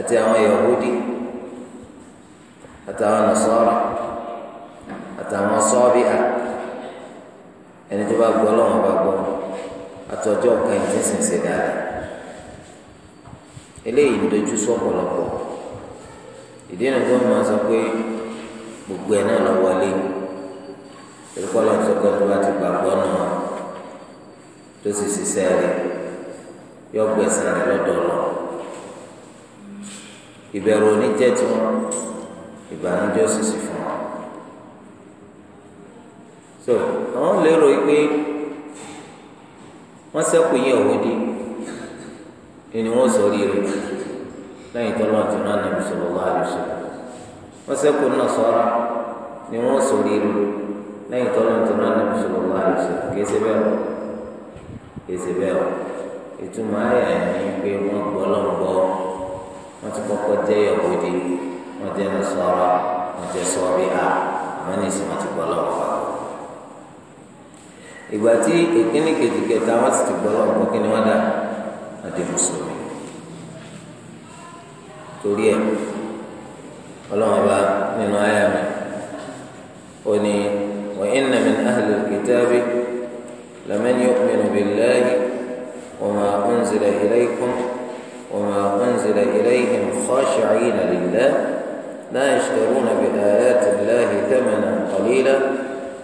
àti àwọn yahudi àtàwọn nasara àtàwọn sọ́ọ́bíà ẹni tó bá gbọ́ lọ́wọ́ bá gbọ́ àtọ́jọ́ kan ìdí sìnsìn dáadáa eléyìí ń dojú sọ ọ̀pọ̀lọpọ̀ ìdí ẹni tó máa sọ pé gbogbo ẹ̀ náà lọ wọlé ìrúkọ lọ sọ pé tó bá ti gbàgbọ́ náà tó sì ṣiṣẹ́ rẹ̀ yọ gbẹ̀sán rẹ̀ lọ́dọ̀ ọlọ́run ìbẹ̀rù òní jẹ́ tiwọn ìbànújẹ́ òṣìṣì fún wọn. so àwọn lérò pé wọ́n sẹ́kù yín òwúdi ni wọ́n sọ rí rẹ̀ lẹ́yìn tó lọ́ọ̀ tó náà nàbì sọ̀rọ̀ wá àlùsọ wọ́n sẹ́kù náà sọ́ra ni wọ́n sọ rí rẹ̀ lẹ́yìn tó lọ́ọ̀ tó náà nàbì sọ̀rọ̀ wá àlùsọ kìí ṣe bẹ́ẹ̀ o kìí ṣe bẹ́ẹ̀ o ìtumọ̀ ayé ni pé wọ́n gbọ́ lọ́wọ́ gbọ́ wọ́n ti kọ́kọ́ jẹ́ yahudi wọ́n jẹ́ nasara wọ́n jẹ́ sọ́ríà àwọn ní ìsìn wọ́n ti gbọ́ lọ́wọ́ wa. ìgbà tí ìkíní kejì kẹta wọ́n sì ti gbọ́ lọ́wọ́ wọn kí ni wọ́n dà wọ́n di mùsùlùmí. torí ẹ̀ ọlọ́wọ́n bá nínú ayé mi ó ní wọ́n inna min ahli al-kitabi laman yu'minu billahi wa ma unzila ilaykum. وما أنزل إليهم خاشعين لله لا يشترون بآيات الله ثمنا قليلا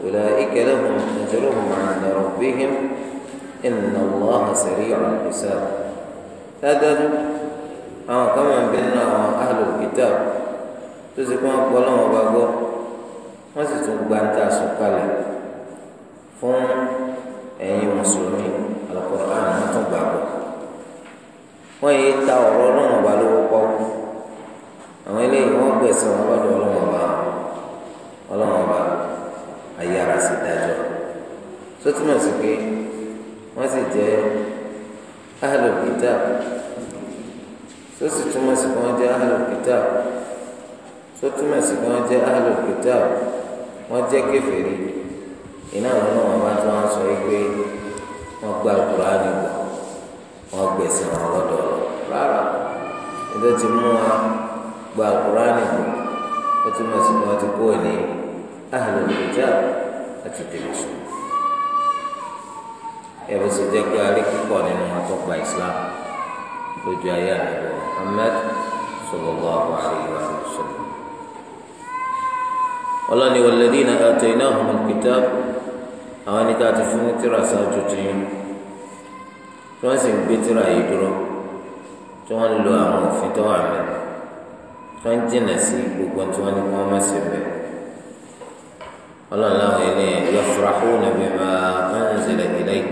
أولئك لهم أجرهم عند ربهم إن الله سريع الحساب هذا أو كما بنا أهل الكتاب تزكون قولهم وبابو ما زتون فهم أي مسلمين القرآن ما تبعبو wọ́n yé ta ọ̀rọ̀ ọlọ́run ọba lówó pọ́kú àwọn eléyìí wọ́n gbẹ̀sẹ̀ wọn lọ́dọ̀ ọlọ́run ọba ọlọ́run ọba ayára sí dájọ́ tó túmọ̀ sí pé wọ́n sì jẹ́ ahlul kitab tó sì túmọ̀ sí pé wọ́n jẹ́ ahlul kitab tó túmọ̀ sí pé wọ́n jẹ́ ahlul wọ́n jẹ́ kèfèrí iná ọlọ́run ọba tó wọ́n sọ yìí pé wọ́n gba Kùránì gbọ́ wọn gbẹ̀sẹ̀ wọn lọ́dọ̀ rárá ẹjọ́ ti mú wa gba alukurani ó ti mọ̀ sí wọn ti kó ní ahlul kitab àti tẹ̀lẹ́sù ẹ̀rọ sì jẹ́ pé arí púpọ̀ nínú wọn islam lójú ayé àdúgbò Muhammad sallallahu alaihi wa sallam ọlọ́ni walladhina ataynahumul kitab àwọn ẹni tá a ti fún tíra ṣáájú tìyẹn tí wọ́n sì ń gbé tíra yìí dúró tí wọ́n ń lo àwọn òfin tó wà mí tí wọ́n ń jìnà sí gbogbo tí wọ́n ní kí wọ́n má ṣe bẹ̀. ọlọ́run láwọn ilé yafrahuna bima unzila ilayk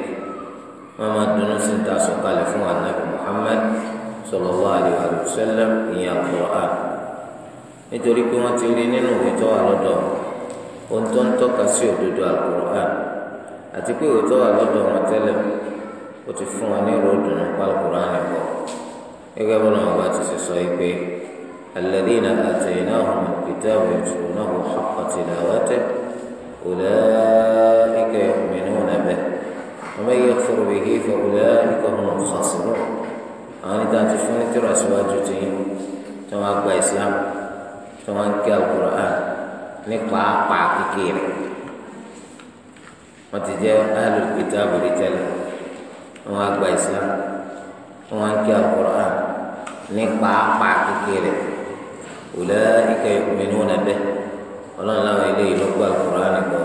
wọ́n máa dunnú sí ta sọ̀kalẹ̀ fún anabi Muhammad sallallahu alaihi wa sallam ìyẹn al nítorí pé wọ́n ti rí nínú ìwé tó wà lọ́dọ̀ ohun tó ń tọ́ka sí òdodo al àti pé ìwé wà lọ́dọ̀ wọn tẹ́lẹ̀ ó ti fún wa ní ròdù nípa alukur'an ẹ̀kọ́ gẹ́gẹ́ bó náà wá ti sọ yìí pé الذين آتيناهم الكتاب يتلونه حق تلاوته أولئك يؤمنون به ومن يكفر به فأولئك هم الخاسرون àwọn ìdá ti fún nítorí aṣíwájú ti yín tí wọn gba islam tí wọn kí alukur'an ní pàápàá kékeré wọn ti jẹ alùpùpù tábìlì tẹ́lẹ̀ wọn á gba islam wọn á kí al-Qur'an ní pàápàá kékeré ulaika yu'minuna bihi ọlọ́run láwọn eléyìí ló gba al-Qur'an gbọ́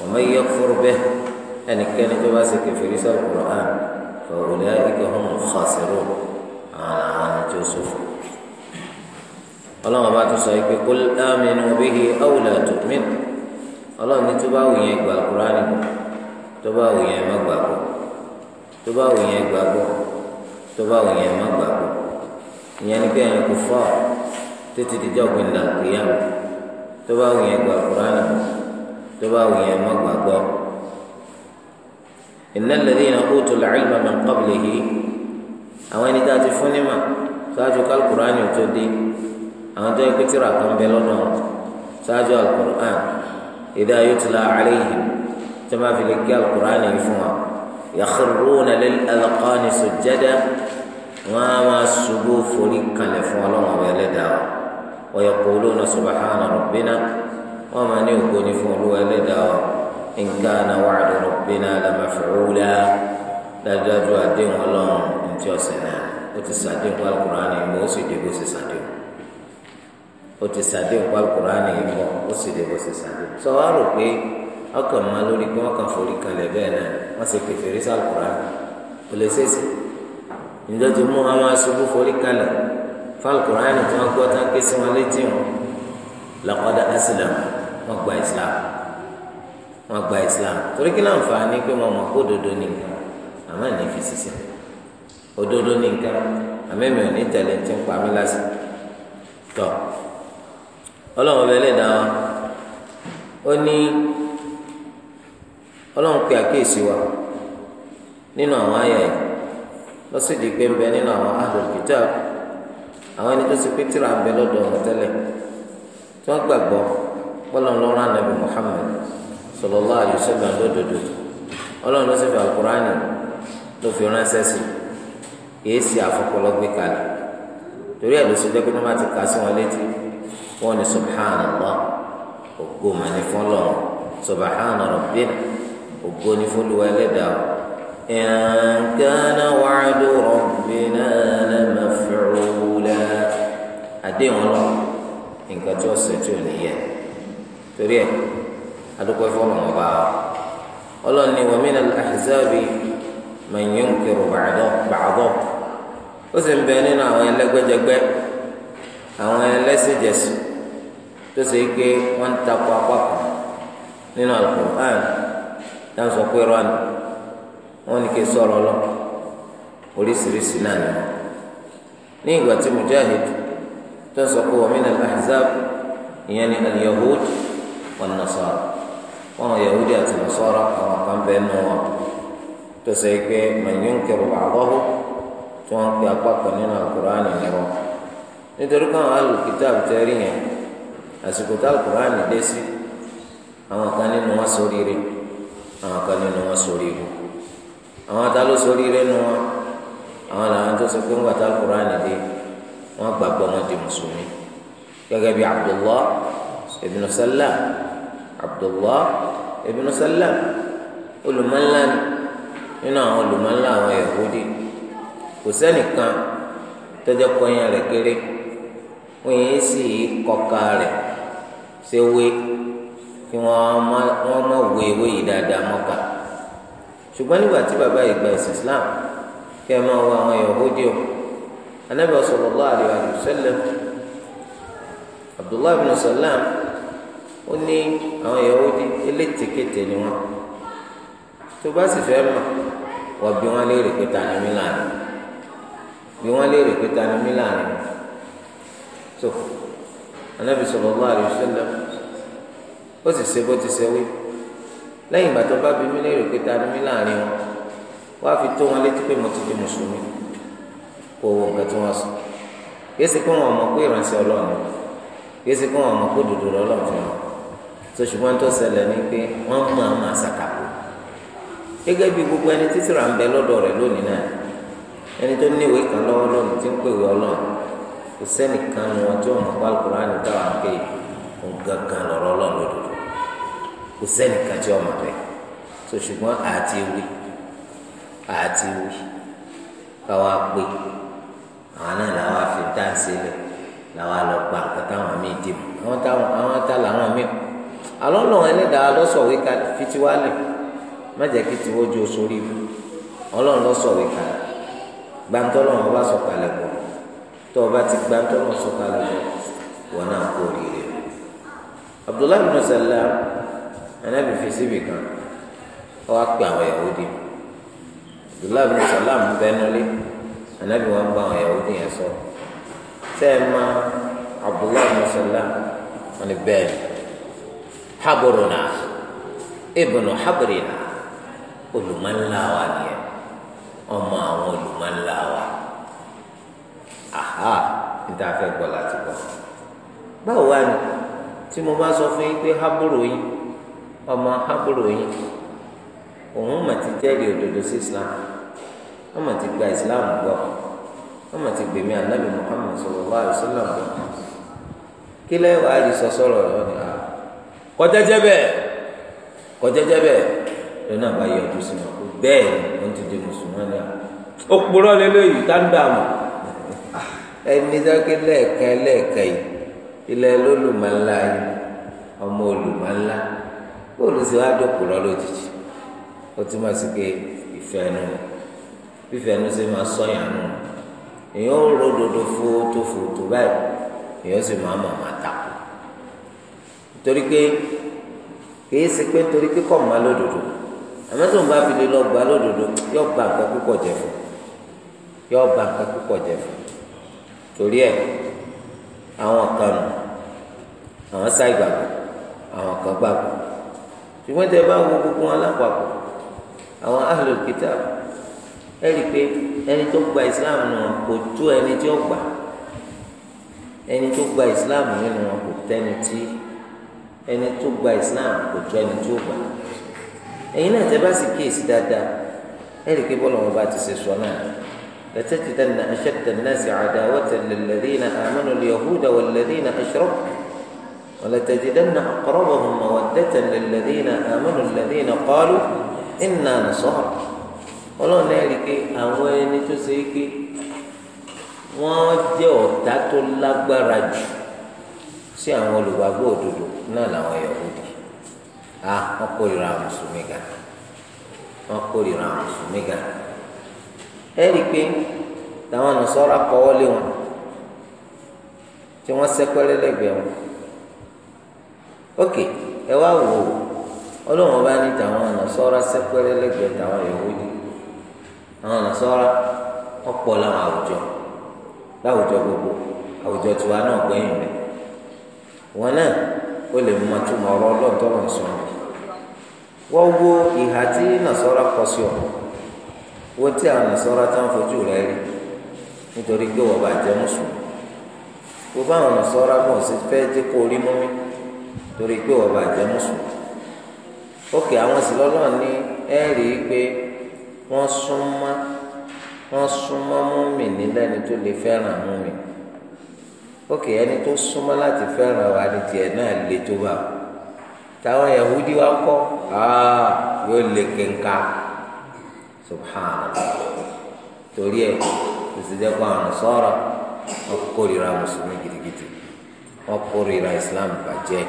wa man yakfur bihi ẹnikẹ́ni tó bá ṣe kèfèrí sí al-Qur'an fa ulaika humul khasirun àwọn àti oṣooṣù ọlọ́run bá tún sọ pé qul aminu bihi aw la tu'minu ọlọ́run ní tó bá wù yẹn gba al-Qur'an tó bá wù yẹn má gbà gbọ́ tó bá wù yẹn gbàgbọ́ tó bá wù yẹn má gbàgbọ́ ìyẹn ni pé ẹ̀yin kò fọ́ títí dídá òpin là kìíyà tó bá wù yẹn gbà kúránì tó bá wù yẹn má gbàgbọ́. innal ladhina utul ilma min qablihi àwọn ẹni tá a ti fún ní mà ṣáájú kálukúránì tó dé àwọn tó yẹ kó tìrà kan bẹ lọ́nà ṣáájú alukur'an idha yutla alayhim tó má fi lè gé alukur'an yìí fún wa yakhruna lil adqani sujada wọn a máa ṣubú forí kalẹ̀ fún ọlọ́run ọba ẹlẹ́dàá wa yaquluna subahana rabbina wọn máa ní ògo ní fún olúwa ẹlẹ́dàá in kana wa'du rabbina la maf'ula dájúdájú àdéhùn ọlọ́run ní ọ̀sẹ̀ náà ó ti sàdéhùn pálí kùránì mọ́ ó sì dé bó sàdéhùn ó ti sàdéhùn pálí kùránì mọ́ ó sì dé bó sàdéhùn sọ wá rò pé ọkàn máa lórí pé wọ́n kàn forí kanlẹ̀ bẹ́ẹ̀ náà wọ́n sì pè fèrè sàkúrà kò lè ṣèṣe níjọ́ ti mú àwọn aṣubú forí kanlẹ̀ fàlùkùrà ẹni tí wọ́n gbọ́ tán ké sí wọn létí wọn làkọ́dá asilam wọ́n gba islam wọ́n gba islam torí kí láǹfààní pé wọ́n mọ̀ kó òdodo ní nǹkan àmọ́ ní fi ṣiṣẹ́ òdodo ní nǹkan àmẹ́mi ò ní tẹ̀lé tí ń pa mí lásìkò tọ́ ọlọ́run ọbẹ̀ lè dá wọn ó ní. ọlọ́run pe àkíyèsí wa nínú àwọn àyà yìí lọ́sídì pé ń bẹ nínú àwọn ahlul kitab àwọn ẹni tó ti pé tírà bẹ lọ́dọ̀ tẹ́lẹ̀ tí wọ́n gbàgbọ́ pọ́lọ́n lọ́rọ́ ànábì Muhammad sallallahu alaihi wasallam ọlọ́run ló sì fi àkùránì ló fi ránṣẹ́ sí ṣe àfọpọ́lọ́ gbé kalẹ̀ torí ẹ̀ ló ògo ni fúluwa ẹlẹ́dàá in kana wa'du rabbina lamaf'ula àdéhùn lọ nǹkan tí ó ṣe tí ò ní yẹ torí ẹ adúpọ̀ fọlọ́ wọn bá ọlọ́run ni wa mina al-ahzabi man ó sì ń bẹ nínú àwọn ẹlẹ́gbẹ́jẹgbẹ́ àwọn ẹlẹ́sìnjẹsìn tó ṣe é pé wọ́n ń takò apá kan nínú Al-Qur'an dáhùn sọ pé rọ́ọ̀nù wọ́n ní kí sọ̀rọ̀ lọ oríṣiríṣi náà ni ní ìgbà tí mujahid tó sọ pé wọ́n mìíràn ahzab ìyẹn ni al-yahud wọn nasara wọn yahudi àti nasara àwọn kan bẹ́ẹ̀ nù wọn tó sọ pé mànyún kẹrù bàbáwò tí wọ́n pe apá kan nínú alukur'an nìyẹn nítorí káwọn alùkìtà àbùtẹ́rì yẹn àsìkò tá alukur'an dé sí àwọn kan nínú wọn sórí rẹ̀ àwọn kan nínú wọn sórí ibu àwọn ata ló sórí ilé nu wọn àwọn làwọn tó sọ pé ń gbàtà kúránì dé wọn gbàgbọ́ wọn di mùsùlùmí gẹ́gẹ́ bí Abdullah ibn Salam Abdullah ibn Salam olùmọ̀lá nínú àwọn olùmọ̀lá àwọn Yahudi kò sẹ́nìkan tọ́jọ́ kọyìn rẹ̀ kéré wọ́n yẹn sì kọ́ka rẹ̀ ṣe wé kí wọ́n má wọ́n má wo ewé yìí dáadáa mọ́ka ṣùgbọ́n nígbà tí bàbá yìí gba ẹ̀sìn Islam kí ẹ máa wo àwọn Yahudi o Ànábì sallallahu alaihi wa sallam Abdullahi bin Salam ó ní àwọn Yahudi elétekéte ni wọn tó bá sì fẹ́ mọ̀ wọ́n bí wọ́n léèrè pé ta ni bí wọ́n léèrè pé ta ni so Ànábì sallallahu alaihi wa sallam. ó sì ṣe bó ti ṣe wí lẹ́yìn ìgbà tó bá bí mi léèrè pé fi tó wọn létí pé mo ti di mùsùlùmí kò wọ nǹkan tí sọ yé sí pé wọn mọ̀ pé ìránṣẹ́ ọlọ́run yé sí pé wọn mọ̀ pé òdòdó ọlọ́run fún wọn tó ṣùgbọ́n tó ṣẹlẹ̀ ni pé wọ́n mọ̀ àwọn àṣàkàkọ́ gẹ́gẹ́ bí gbogbo ẹni títí ra ń bẹ lọ́dọ̀ rẹ̀ lónìí náà ẹni tó ní ìwé kan lọ́wọ́ tí ń pè kò kò sẹ́nìkan tí ọmọ rẹ̀ so ṣùgbọ́n àti wí àti wí káwá pé àwọn náà làwọn àfi dáǹsì lẹ̀ làwọn lọ gba nǹkan táwọn míì dìbò àwọn táwọn àwọn tá làwọn míì àlọ́ lọ́wọ́ ẹlẹ́dàá lọ́sọ̀wé kalẹ̀ fi tiwa lẹ̀ má jẹ́ kí tiwọ́ ju oṣù rí ibu ọlọ́run lọ́sọ̀wé kalẹ̀ gbàǹtọ́ lọ́wọ́ bá sọ kalẹ̀ bọ̀ tó o ti gbàǹtọ́ lọ́wọ́ sọ kalẹ̀ bọ̀ wọn náà kó rẹ̀ Abdullahi bin Salam. anabi fi síbi kan ó wá pè àwọn yahudi abdullahi bin salam bẹnulẹ anabi wọn bá àwọn di yẹn sọ tẹ ẹ ma abdullahi bin salam wọn ni haburuna ibnu haburina olùmọ̀nláwa nìyẹn ọmọ àwọn aha níta fẹ́ gbọ́ láti gbọ́ báwo wá ni tí mo bá ọmọ hábùrò yín òun mà ti jẹ́rìí òdodo sí islam wọ́n mà ti gba islam gbọ́ wọ́n mà ti gbèmí anabi muhammad sallallahu alaihi wasallam gbọ́ kí lẹ́yìn wàá rí sọ sọ̀rọ̀ rẹ̀ ọ̀nà kọjẹ́jẹ́ bẹ́ẹ̀ kọjẹ́jẹ́ bẹ́ẹ̀ lọ́nà bá yọjú sí wọn bẹ́ẹ̀ ni wọ́n ti di mùsùlùmí ó kpọ̀rọ̀ lélẹ́yìí tá ń dààmú ẹni dáké lẹ́ẹ̀kan lẹ́ẹ̀kan yìí ilẹ̀ lọ́lùmọ̀ yìí ọmọ olùmọ̀ bóòlù sì wá dòkú lọ lójijì ó túmọ̀ sí pé ìfẹ́ nu fífẹ́ máa sọ̀yàn nù èèyàn ó ro dodo fótó fòtó báyìí èèyàn sì máa mọ̀ máa takò torí pé kìí ṣe pé torí pé kọ̀ máa lódodo àmọ́ tó ń bá fi lè lọ lódodo yóò gba nǹkan púpọ̀ fún yóò nǹkan púpọ̀ fún torí àwọn kan nù àwọn ṣùgbọ́n tẹ bá wo gbogbo wọn lápapọ̀ àwọn ahlul kitab ẹ rí i pé ẹni tó gba islam nù wọn kò tó ẹni tí ó gbà ẹni tó gba islam nínú wọn kò tẹni tí ẹni tó gba islam kò tó ẹni tí ó gbà ẹ̀yin náà tẹ bá sì kíyèsí dáadáa ẹ rí i pé bọ́lá wọn bá ti ṣe sọ náà لتجدن أشد الناس عداوة للذين آمنوا اليهود والذين أشركوا ولتجدن أقربهم مودة للذين آمنوا الذين قالوا إنا نصارى ọlọ́run náà rí i pé àwọn ẹni tó ṣe é pé wọ́n jẹ́ ọ̀tá tó lágbára jù sí àwọn olùgbàgbọ́ òdodo náà làwọn Yahudi à wọ́n kórìíra àwọn mùsùlùmí ga wọ́n kórìíra àwọn mùsùlùmí ga ẹ rí i pé táwọn Nasara kọ́wọ́ lé wọn tí wọ́n sẹ́pẹ́rẹ́ lẹ́gbẹ̀ẹ́ wọn. ok ẹ wá wò ó ọlọ́run ọba ní tàwọn ànàsọ́ra sẹ́pẹ́rẹ́ lẹ́gbẹ̀ẹ́ tàwọn Yahudi àwọn ànàsọ́ra ọ̀pọ̀ làwọn àwùjọ láwùjọ gbogbo àwùjọ tiwa náà gbẹ̀yìn rẹ̀ wọn náà ó lè mọ àtúmọ̀ wọ́n wo ìhà tí nàsọ́ra kọ sí ọ wo tí àwọn fojú rẹ̀ rí nítorí wọ́n mùsùlùmí torí pé wọ́n bá jẹ́ mùsùlùmí ókè àwọn sì lọ́lọ́ ní ẹ rí i pé wọ́n súnmọ́ wọ́n súnmọ́ múmi tó lè fẹ́ràn múmi ókè ẹni tó súnmọ́ láti fẹ́ràn wa ni tiẹ̀ náà lè tó bá táwọn yahudi wa kọ́ yóò lè kéka torí ẹ gidigidi islam bàjẹ́.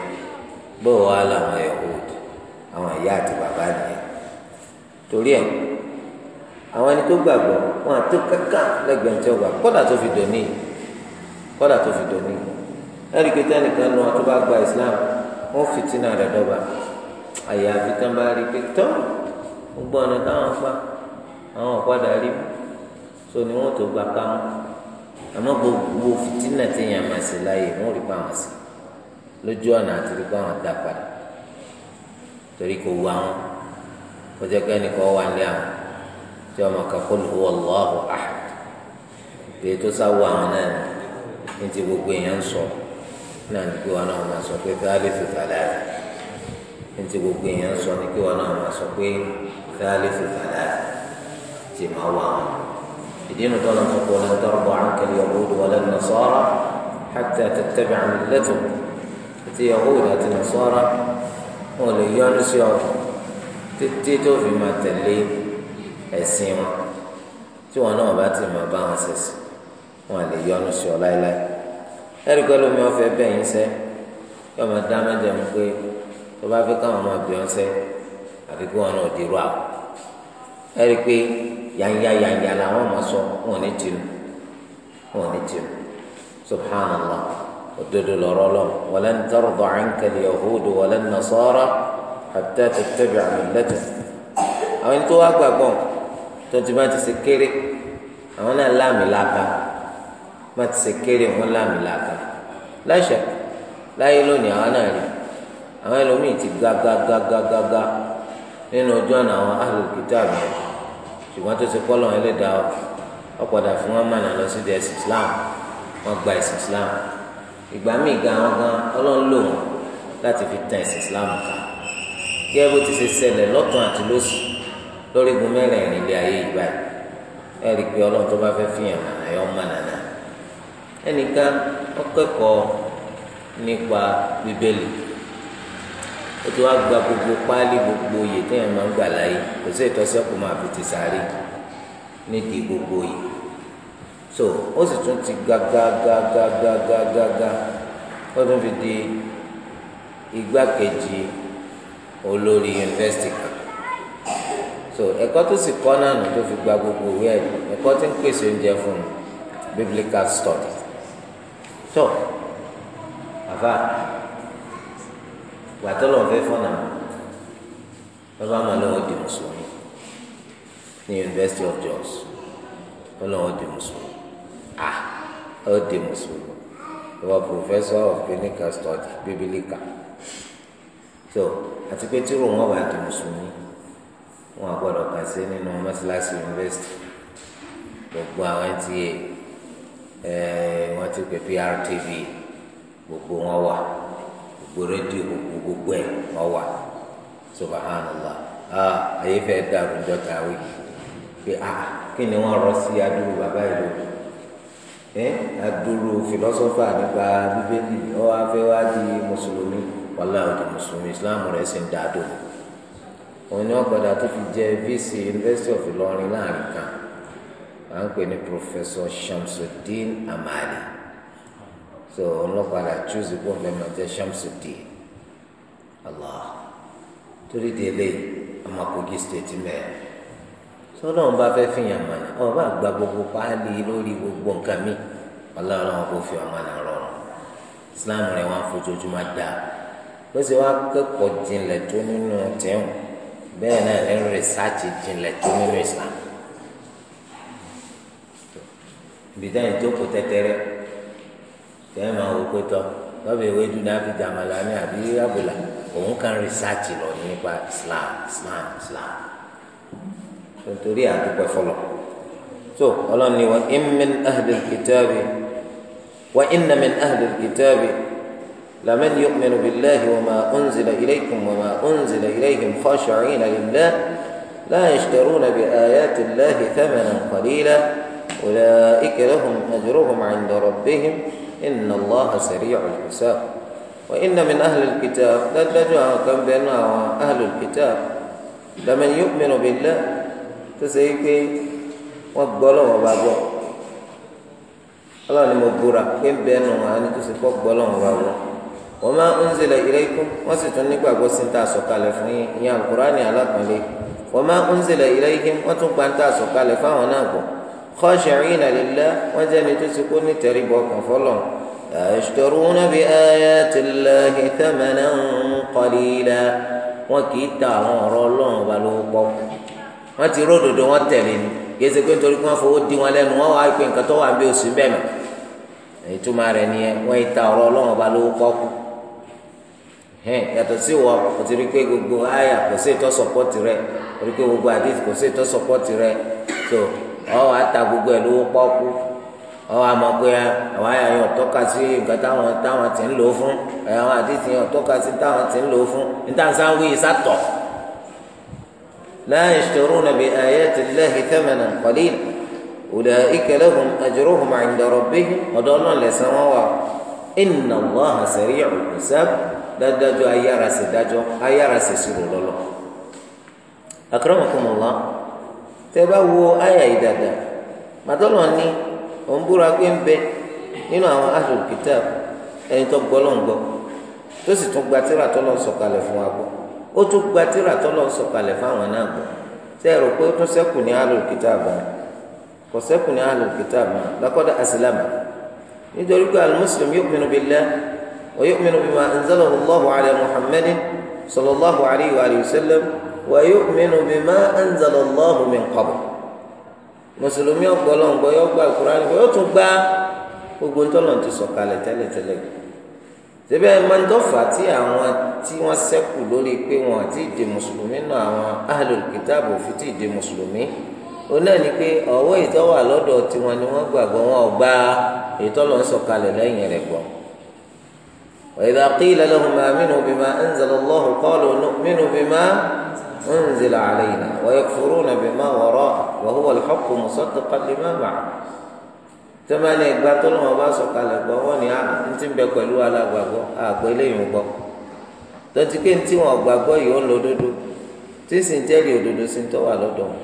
bó wa làwọn yahood àwọn ìyá àti bàbá nìyẹn torí ẹ àwọn ẹni tó gbàgbọ́ wọn àti kankan lẹ́gbẹ̀ẹ́ tí ó gbà kódà tó fi dòní kódà tó fi dòní ẹni pé tẹnìkan nu ọtún bá gba Islam wọn fìtínà rẹ̀ dọ́gba àyàfi tán bá rí pé tọ́ gbogbo ọ̀nà táwọn fa àwọn ọ̀padà rí so ni wọn tó gbà ká wọn àmọ́ gbogbo fìtínà tí yàn máa ṣe láàyè wọn rí pa àwọn sí i lójú ọ̀nà àti rí pé àwọn dá padà torí kò wá wọn kó jẹ́ pé ẹnìkan wà ní àwọn tí ọmọ kan kó lùwọ́ Allahu ahad bẹ́ẹ̀ tó sá wọ àwọn náà ní ti gbogbo èèyàn ń sọ náà ní kí wọn náà máa sọ pé thalithu thalatha ní ti gbogbo èèyàn ń sọ ní kí wọn náà máa sọ pé thalithu thalatha ti máa wà wọn. الدين تنطق ولن ترضى عنك اليهود ولا النصارى حتى تتبع ملتهم àti Yahudi àti Nasara wọn ò lè yọnu sí ọ títí tó fi máa tẹ̀lé ẹ̀sìn wọn tí wọn náà bá ti máa bá wọn ṣẹ̀sìn wọn à lè yọnu sí ọ láéláé ẹ̀rí pẹ́ lómi ọ̀fẹ́ bẹ́yìn sẹ́ yọ máa dá mẹ́jọ mi pé tó bá fẹ́ káwọn máa bẹ̀ ọ́ sẹ́ àfi kí wọn náà dirú àwọn ẹ̀rí pé yanya yanya làwọn máa sọ wọn ò ní tìrù wọn ò ní tìrù subhanallah òdodo lọ́rọ̀ lọ walan tarda anka al-yahudu walan nasara hatta tattabi'a millatahum àwọn ẹni tó wá gbàgbọ́ tó ti bá ti ṣe kéré àwọn náà láàmì làákà má ti ṣe kéré wọn láàmì làákà láṣà láyé lónìí àwọn náà rí àwọn ẹlòmíì ti ga ga ga ga ga ga nínú ojú ọ̀nà àwọn ahlul kitab ṣùgbọ́n tó ṣe kọ́lọ̀ ẹlẹ́dàá ọ̀padà fún wọn mọ̀nà lọ sí ẹ̀sìn Islam wọn gba Islam ìgbà míì gan àwọn gan ọlọ́run lò wọ́n láti fi tan ẹ̀sìn islam ká kí ẹ bó ti ṣe ṣẹlẹ̀ lọ́tún àti lósì lórí igun mẹ́rẹ̀ẹ̀rin ilé ayé ìgbà yìí ẹ rí i pé ọlọ́run tó bá fẹ́ fi hàn mànà yọ ọmọ nànà ẹnìkan ó nípa bíbélì ó ti wá gba gbogbo páálí gbogbo oyè téèyàn máa ń gbà láyé kò sí ìtọ́sí ọkùnrin àfi sáré nídìí gbogbo oyè so ó sì tún ti ga ga ga ga ga ga ga ga ó tún fi di igbákejì olórí yunifásitì kan so ẹ̀kọ́ tó sì kọ́ náà nù tó fi gba gbogbo ìwé ẹ̀rí ẹ̀kọ́ tí ń pèsè oúnjẹ fún un biblical study so àbá gbàtọ́ lọ́n fẹ́ fọ́nà bàbá máa lọ́wọ́ di mùsùlùmí ní yunifásitì of Jos ó lọ́wọ́ di mùsùlùmí. ah ọ dị mùsùlùmí ìwọ professor of clinical study biblical so àti pé tí ròmọ́ wà di mùsùlùmí wọn àgbọ̀dọ̀ kà sí nínú mọ́ṣáláṣí university gbogbo àwọn ẹntì ti pè PRTV gbogbo wọn wà gbogbo rédíò gbogbo wà subhanallah ah, ayé fẹ́ dàrú pé ah kí ni wọ́n rọ sí bàbá ìlú. ẹ adúrú fìlọ́sọ́fà nípa bíbélì ọ wá fẹ́ di mùsùlùmí wàhálà òdì mùsùlùmí ìsìláàmù rẹ̀ sì ń dá dò òun ni wọ́n padà tó fi jẹ vc University of Ìlọrin láàrin kan à ń pè ní Professor Shamsuddin Amali so òun ló padà choose kó fẹ́ máa jẹ Shamsuddin Allah torí délé ọmọ Kogi state mẹ́rin. sọlọ́run bá fẹ́ fi yàn mọ̀nà ọba àgbà gbogbo páálí lórí gbogbo nǹkan mi ọlọ́run kò fi ọmọ náà rọrùn islam rẹ̀ wọ́n fojoojúmọ́ dá bó ṣe wá kẹ́kọ̀ọ́ jinlẹ̀ tó nínú bẹ́ẹ̀ náà islam bìtẹ́ tẹ́tẹ́rẹ́ máa wò nítorí àdúpẹ́ fọlọ́ tó ọlọ́run ni wọ́n in min ahli kìtàbí wọ́n inna min ahli kìtàbí laman yu'minu billahi wa ma unzila ilaykum wa ma unzila ilayhim khashi'ina lillah la yashtaruna bi ayati llahi thamanan qalila أولئك لهم أجرهم عند ربهم إن الله سريع الحساب وإن من أهل الكتاب لدجوا كم بين أهل الكتاب لمن يؤمن بالله tó ṣe é pé wọ́n gbọ́ lọ́wọ́ bá gbọ́ ọlọ́run ni mo búra pé ń bẹ́ẹ̀ nù wọn á ní tó ṣe kọ́ gbọ́ lọ́wọ́ bá gbọ́ wọ́n máa ń zèlè ilaykum wọ́n sì tún nígbàgbọ́ sí ta sọ̀kalẹ̀ fún yín ìyá Al-Qur'ani alákùnrin wọ́n máa ń zèlè ilaykum wọ́n tún gba ta sọ̀kalẹ̀ fáwọn náà gbọ́ khashi'ina lillah wọ́n jẹ́ ni tó ti kó ní tẹ̀ríbọ̀ kan fọlọ́ yashtaruna bi ayatillahi thamanan qalila wọ́n kì í ta àwọn ọ̀rọ̀ ọlọ́run balùwẹ̀ pọ̀ wọ́n ti ró òdòdó wọ́n tẹ̀lé ni kì í ṣe pé nítorí wọ́n fowó di wọn lẹ́nu wọ́n wá pé nǹkan tó wà bí oṣù bẹ́ẹ̀ mọ́ ìtumọ̀ rẹ̀ ni wọ́n yìí ta ọ̀rọ̀ ọlọ́run ọba lówó kọ́kù yàtọ̀ sí wọ kò ti rí pé gbogbo àyà kò sí ìtọ́ sọ̀pọ́tì rẹ̀ kò rí pé gbogbo àdéhùn kò sí ìtọ́ sọ̀pọ́tì rẹ̀ tó ọ̀ àta gbogbo ẹ̀ lówó kọ́kù àwọn amagbé àwọn àyàn tọ́ka sí nǹkan táwọn táwọn ti ń lò fún àwọn àdìsí yàn tọ́ka sí táwọn ti ń lò fún níta sáwé sátọ̀ لا يشترون بآيات الله ثمنا قليلا أولئك لهم أجرهم عند ربهم ودولنا لسماوا إن الله سريع الحساب dájú ayárasẹ̀ dájọ́ ayárasẹ̀ sùrù lọ́lọ́ akramakumullah tẹ bá wo àyà yìí dáadáa màdọ́lọ́ ni òun búra pé ń bẹ nínú àwọn ahlul kitab ẹni tó gbọ́ lọ́ngbọ́ tó sì tún gba tírà tó lọ sọ̀kalẹ̀ fún wa gbọ́ ó tún gba tírà tọ́lọ̀ sọ̀kalẹ̀ fáwọn náà gbọ́ ṣé ẹ rò pé ó tún sẹ́kù ní alùkìtàbù kò sẹ́kù ní alùkìtàbù lakọ́dà asilamu nítorí pé alimuslim yu'minu billah wa yu'minu bima anzalahu allahu ala muhammadin sallallahu alayhi wa sallam wa yu'minu bima anzala allahu min qabl mùsùlùmí ọ̀pọ̀lọpọ̀ yọ gba alukur'an yóò tún gba gbogbo ntọ́lọ̀ ti sọ̀kalẹ̀ tẹ́lẹ̀tẹ́lẹ̀ yìí tẹ́bẹ́ mọ́ńdọ́fà tí àwọn tí wọ́n sẹ́kù lórí pé wọn àti ìdè mùsùlùmí náà àwọn ahlul kitab fi ti ìdè mùsùlùmí ó náà ni pé ọ̀wọ́ ìtọ́wà lọ́dọ̀ tiwọn ni wọ́n gbàgbọ́ wọn ò gba ìtọ́lọ̀ ń sọ̀kalẹ̀ lẹ́yìn rẹ̀ gbọ́. وإذا قيل لهم آمنوا بما أنزل الله قالوا نؤمن بما أنزل علينا ويكفرون بما وراءه وهو الحق مصدقا لما معه tẹ́mẹ́lẹ́ ìgbà tó lọ́wọ́ bá sọ̀kalẹ̀ gbọ́ wọ́n ní àwọn tí ń bẹ pẹ̀lú alágbàgbọ́ àgbọ̀ eléyìí gbọ́ tọ́tí pé tí wọn gbàgbọ́ yìí ó ń lo òdodo tí sì ń jẹ́rìí òdodo sí ń tọ́wà lọ́dọ̀ wọn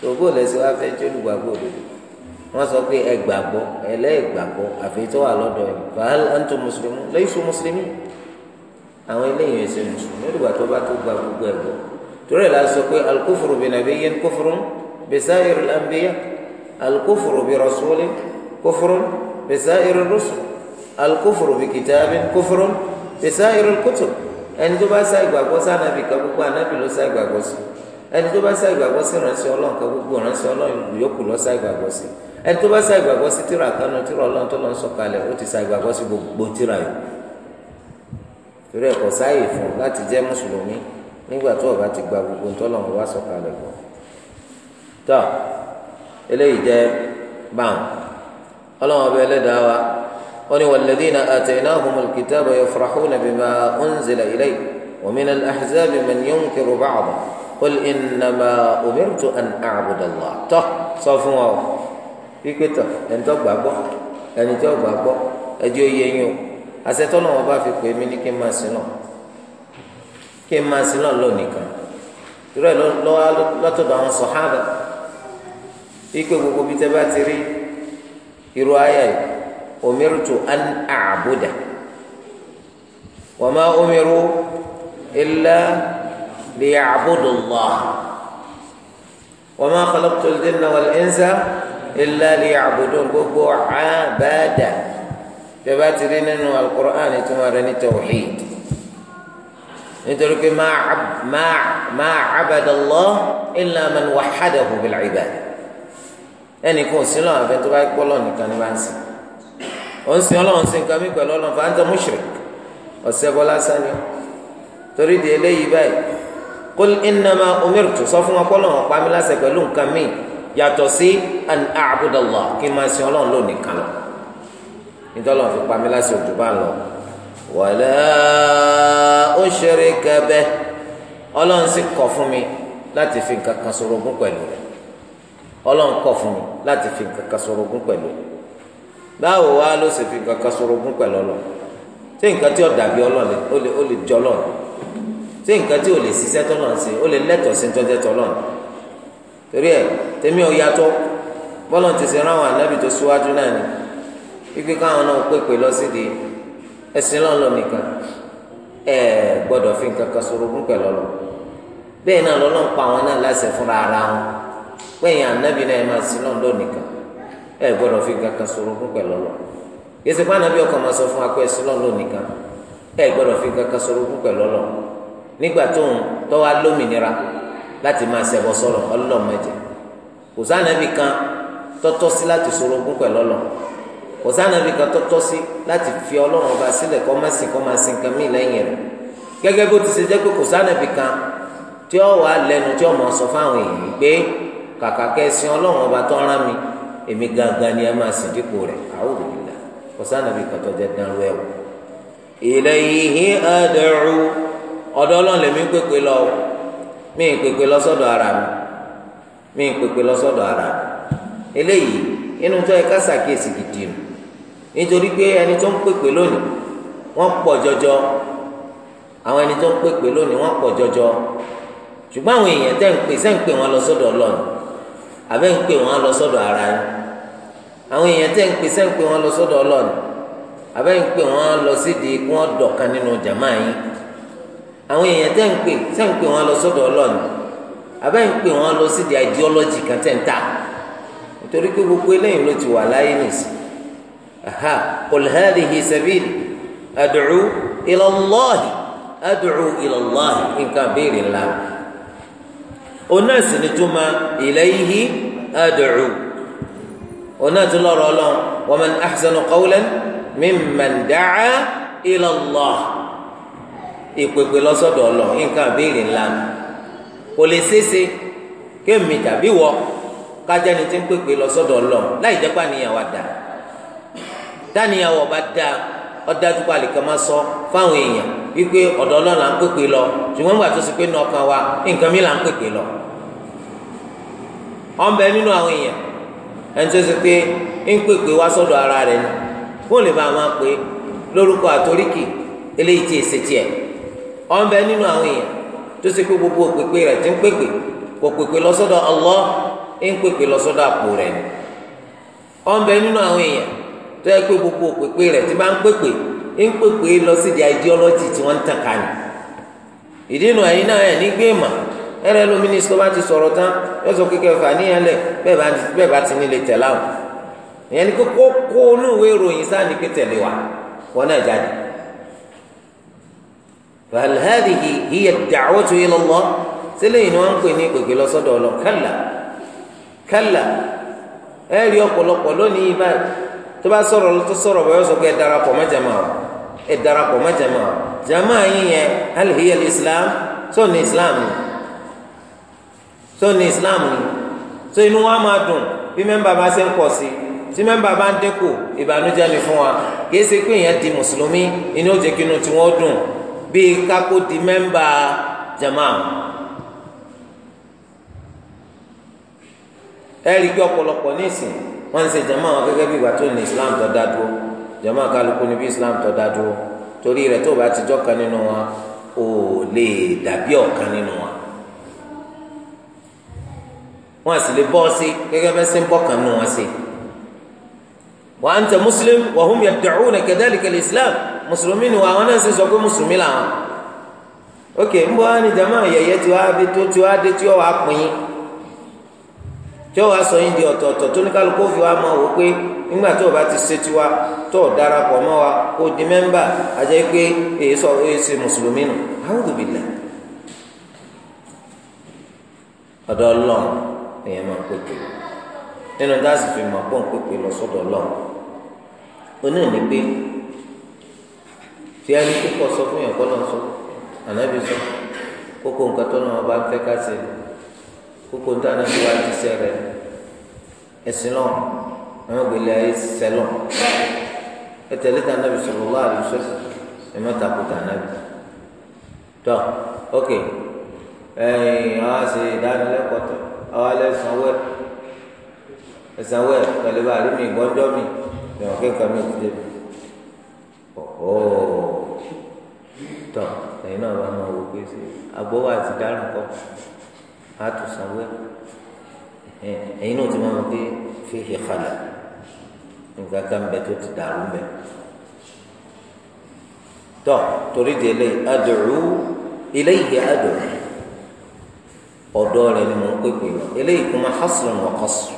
tòbó lẹ́sìn wá fẹ́ jẹ́ olùgbàgbọ́ òdodo wọ́n sọ pé ẹgbàgbọ́ ẹlẹ́gbàgbọ́ àfi tọ́wà lọ́dọ̀ ẹ̀ bàál àǹtò mùsùlùmí lẹ́yìn mùsùlùmí àwọn eléyìí ẹ̀sẹ̀ mùsùlùmí olùgbà tó bá tó gba gbogbo sọ pé alukófòrò bìnnàbí yẹn kófòrò bẹ̀sáyẹ̀rọ̀ làǹbẹ̀yà alukófòrò kufurun بسائر rusul الكفر bikitabin kufurun bisairi kutub ẹni tó bá sá ìgbàgbọ́ sí anabi kan gbogbo anabi ló sá ìgbàgbọ́ sí ẹni tó bá sá ìgbàgbọ́ sí ìránṣẹ́ ọlọ́run kan gbogbo ìránṣẹ́ ọlọ́run yòókù ló sá ìgbàgbọ́ sí ẹni tó bá sá ìgbàgbọ́ sí tíra kanu tíra ọlọ́run tó lọ sọ̀kalẹ̀ ó ti sá ìgbàgbọ́ sí gbogbo tíra yìí torí ẹ̀kọ́ sáàyè fún láti jẹ́ mùsùlùmí nígbà tó ọba ti gba gbogbo ntọ́lọ́run wá ọlọ́wọ́n bẹ ẹlẹ́dàá wa wọ́n ní walladhina ataynahumul kitaba yafrahuna bima unzila ilayhi wa minal ahzabi man yunkiru ba'dahu qul innama umirtu an a'buda Allah tọ́ sọ fún wa o pípé tọ̀ ẹni tó gbàgbọ́ ẹni tó gbàgbọ́ ẹjọ́ yẹ yín o àṣetọ́ náà wọ́n bá fi pè mí ní kí n máa sin náà kí n máa sin náà lọ nìkan ìrọ̀ lọ́tọ̀dọ̀ àwọn sàhábà pípé gbogbo bí tẹ́ bá ti rí irú ayé yìí umirtu an a'buda wa ma umiru illa liya'budu Allah wa ma khalaqtu al-jinna wal-insa illa liya'budu gbogbo àbádà tẹ́bá ti rí nínú al-Qur'an ìtumọ̀ rẹ̀ ní tawhid nítorí pé ma abada Allah illa man wahadahu bil ibada ẹnìkan ò sí lọ́wọ́ àfẹ́ tó bá gbọ́ lọ́wọ́ nìkan ní bá ń sìn ó ń sin ọlọ́run sí nǹkan mi pẹ̀lú ọlọ́run fáńtà mushrik ọ̀sẹ̀ bọ́ lásán ni torí di eléyìí báyìí kul innama umirtu sọ fún wọn lọ́wọ́ pa mí láṣẹ pẹ̀lú nǹkan mi yàtọ̀ sí an a'budallah kí n máa sin ọlọ́run ló nìkan lọ nítorí wọn fi pa mí láṣẹ òjò bá lọ wala ushrika bih ọlọ́run sì kọ̀ fún mi láti fi nǹkan kan sorogún pẹ̀lú rẹ̀ ọlọ́run kọ̀ fún fi nǹkan kan sọ̀rọ̀ ogún pẹ̀lú báwo wá ló fi nǹkan kan sọ̀rọ̀ ogún pẹ̀lú ọlọ́run ṣé nǹkan tí ó dàbí ọlọ́run ó lè ó lè jọ ọlọ́run ṣé nǹkan tí ò lè ṣiṣẹ́ tọ́lọ́run ó lè sí tọ́jẹ́ tọ́lọ́run torí tèmi ò yàtọ̀ bọ́lọ̀ ti ṣe ráwọn ànábì tó síwájú náà ni wípé káwọn náà fi nǹkan kan pẹ̀yìn anabi náà ẹ̀ máa sin náà lónìkan ẹ̀ gbọ́dọ̀ fi kankan sọ̀rọ̀ fún pẹ̀lú ọlọ́ yẹsẹ̀ pé anabi ọkọ̀ máa sọ fún akọ ẹ̀ sin náà lónìkan ẹ̀ gbọ́dọ̀ fi kankan sọ̀rọ̀ fún pẹ̀lú ọlọ́ nígbà tó ń tọ́wá lómìnira láti máa ṣẹbọ sọ̀rọ̀ ọlọ́ mẹ́jẹ kò sí anabi kan tọ́tọ́ sí láti sọ̀rọ̀ fún pẹ̀lú ọlọ́ kò sí anabi kan tọ́tọ́ sí láti fi ọlọ́run ọba sílẹ̀ kàkà kẹsìn ọlọ́run ọba tó rán mi èmi gangan ni ẹ máa sìn dípò rẹ̀ a'udhu billah kọsá nàbí kàtọ́ jẹ́ dánrú ẹ̀ wò. ilayhi ad'u ọ̀dọ̀ ọlọ́run lèmi pépè lọ mí pépè lọ sọ́dọ̀ ara mi mí pépè lọ sọ́dọ̀ ara mi eléyìí inú tó yẹ ká ṣàkíyèsí gidi nù nítorí pé ẹni tó ń pèpè lónìí wọ́n pọ̀ jọjọ àwọn ẹni tó ń pèpè lónìí wọ́n pọ̀ jọjọ ṣùgbọ́n àwọn èèyàn tẹ́ ń pè sẹ́ ń pè wọn lọ sọ́dọ̀ ọlọ́run àbẹ́ ń pè wọ́n lọ sọ́dọ̀ ara yín àwọn èèyàn tẹ́ ń pè sẹ́ ń pè wọ́n lọ sọ́dọ̀ ọlọ́ọ̀ni àbẹ́ ń pè wọ́n lọ sídìí kí wọ́n dọ̀kan nínú jàmá yín àwọn èèyàn tẹ́ ń pè sẹ́ ń pè wọ́n lọ sọ́dọ̀ ọlọ́ọ̀ni àbẹ́ ń pè wọ́n lọ sídìí ideology kan tẹ́ ń ta nítorí pé gbogbo eléyìí ló ti wà láyé nìsí aha qul hadhihi ona sì ni tuma ilayhi ad'u ona ti lọ́rọ̀ Ọlọ́run wa man ahsanu qawlan mimman da'a ila Allah ìpèpè lọ́sọ̀dọ̀ Ọlọ́run nǹkan àbẹ̀rẹ̀ ńlá mi kò lè ṣeéṣe kémi tàbí wọ kájẹni tí ń pèpè lọ́sọ̀dọ̀ Ọlọ́run láì jẹ́ pàníyàwó àdá táníyàwó ọba dá ọdájú pàlìkà má sọ. So fáwọn èèyàn wípé ọ̀dọ̀ ọlọ́run à ń pèpè lọ ṣùgbọ́n gbà tó ṣe pé ní ọkàn wa nǹkan mi là ń pèpè lọ. ọ̀n nínú àwọn èèyàn ẹni tó ṣe pé ń pèpè wá sọ́dọ̀ ara rẹ̀ ni lè máa máa pè lórúkọ àtoríkì eléyìí tiẹ̀. nínú àwọn èèyàn tó ṣe pé gbogbo rẹ̀ ti ń pèpè kò pèpè lọ sọ́dọ̀ ń pèpè lọ sọ́dọ̀ àpò rẹ̀ ni. nínú àwọn èèyàn tó yẹ ń pèpè lọ sí di ideology tí wọ́n ń tàn ká ìdí nu ẹ̀yin náà ma nígbè mà ẹ̀rẹ́ ló mínísítọ́ bá ti sọ̀rọ̀ tán kíkẹ́ fà níyàn lẹ̀ bẹ́ẹ̀ bá ti nílé tẹ̀ láwọn ìyẹn ni kókó kó olúwe ròyìn sáà ní pé tẹ̀lé wa wọn náà jáde. فهل هذه هي الدعوة إلى الله سلين وانكو نيكو كي ẹ̀rí ọ̀pọ̀lọpọ̀ lónìí báyìí tó bá sọ̀rọ̀ lọ́tọ́ sọ̀rọ̀ bọ́ ẹ darapọ̀ mọ́ jama jama yín yẹn alihiyal islam sóòní islam ni sóòní islam ni so inú wa máa dùn bí mẹ́mbà bá ṣe ń pọ̀ sí tí mẹ́mbà bá ń dínkù ìbànújẹ́ ni fún wa kì í ṣe pé èèyàn di mùsùlùmí inú ó jẹ́ kí inú tiwọn dùn bíi kákó di mẹ́mbà jama. ẹ rí i pé ọ̀pọ̀lọpọ̀ ní ìsìn wọ́n ń ṣe jama wọn gẹ́gẹ́ bí ìgbà tó ní islam tó dá dúró jama kálukú ni bí islam tó dá dúró torí rẹ̀ tó bá ti jọkan nínú wa ò lè dàbí ọ̀kan nínú wa wọn sì lè bọ́ sí gẹ́gẹ́ bẹ́ẹ̀ sí ń bọ́ kan nínú wa sí wa anta muslim wa hum yad'una kadhalika al-islam mùsùlùmí ni wa àwọn náà sì sọ pé mùsùlùmí làwọn ok ń bọ́ wá ní jama yẹ̀yẹ́ tí wàá dé tí wàá pín yín. tí ó wá sọ yín di ọ̀tọ̀ọ̀tọ̀ tó ní kálukú fi wá mọ̀ wò pé nígbà tó o bá ti ṣe tiwa tó o darapọ̀ mọ́ wa kó o di mẹ́mbà àjẹ́ pé èyí sọ èyí ṣe mùsùlùmí nù a'udhu billah ọ̀dọ̀ ọlọ́run èèyàn máa lọ sọ́dọ̀ ọlọ́run oní ìní pé sọ fún yàn kọ́ sọ ànábì sọ kókó nǹkan kókó ń tàná sí wa ti sẹ rẹ ẹsìn lọ àwọn ògbélé ayé sẹ lọ ẹtẹlẹ tà nàbì sallallahu alaihi wasallam ẹmọ tako tà nàbì tọ ok ẹyìn àwọn àṣẹ ìdánilẹ́kọ̀ọ́ tọ àwọn alẹ sanwó ẹsanwó ẹ pẹ̀lú bá rí mi gbọdọ mi ìwọn kẹ́kọ̀ọ́ mi ti débi ọhọ tọ ẹ̀yin náà wà máa wò pé agbọwọ àti dáràn kọ. هاتوا سوي اينو تما مبي فيه خلل إذا كان بتوت دارون به تو تريد لي ادعو اليه ادعو ودور المؤمن اليكم حصل وقصر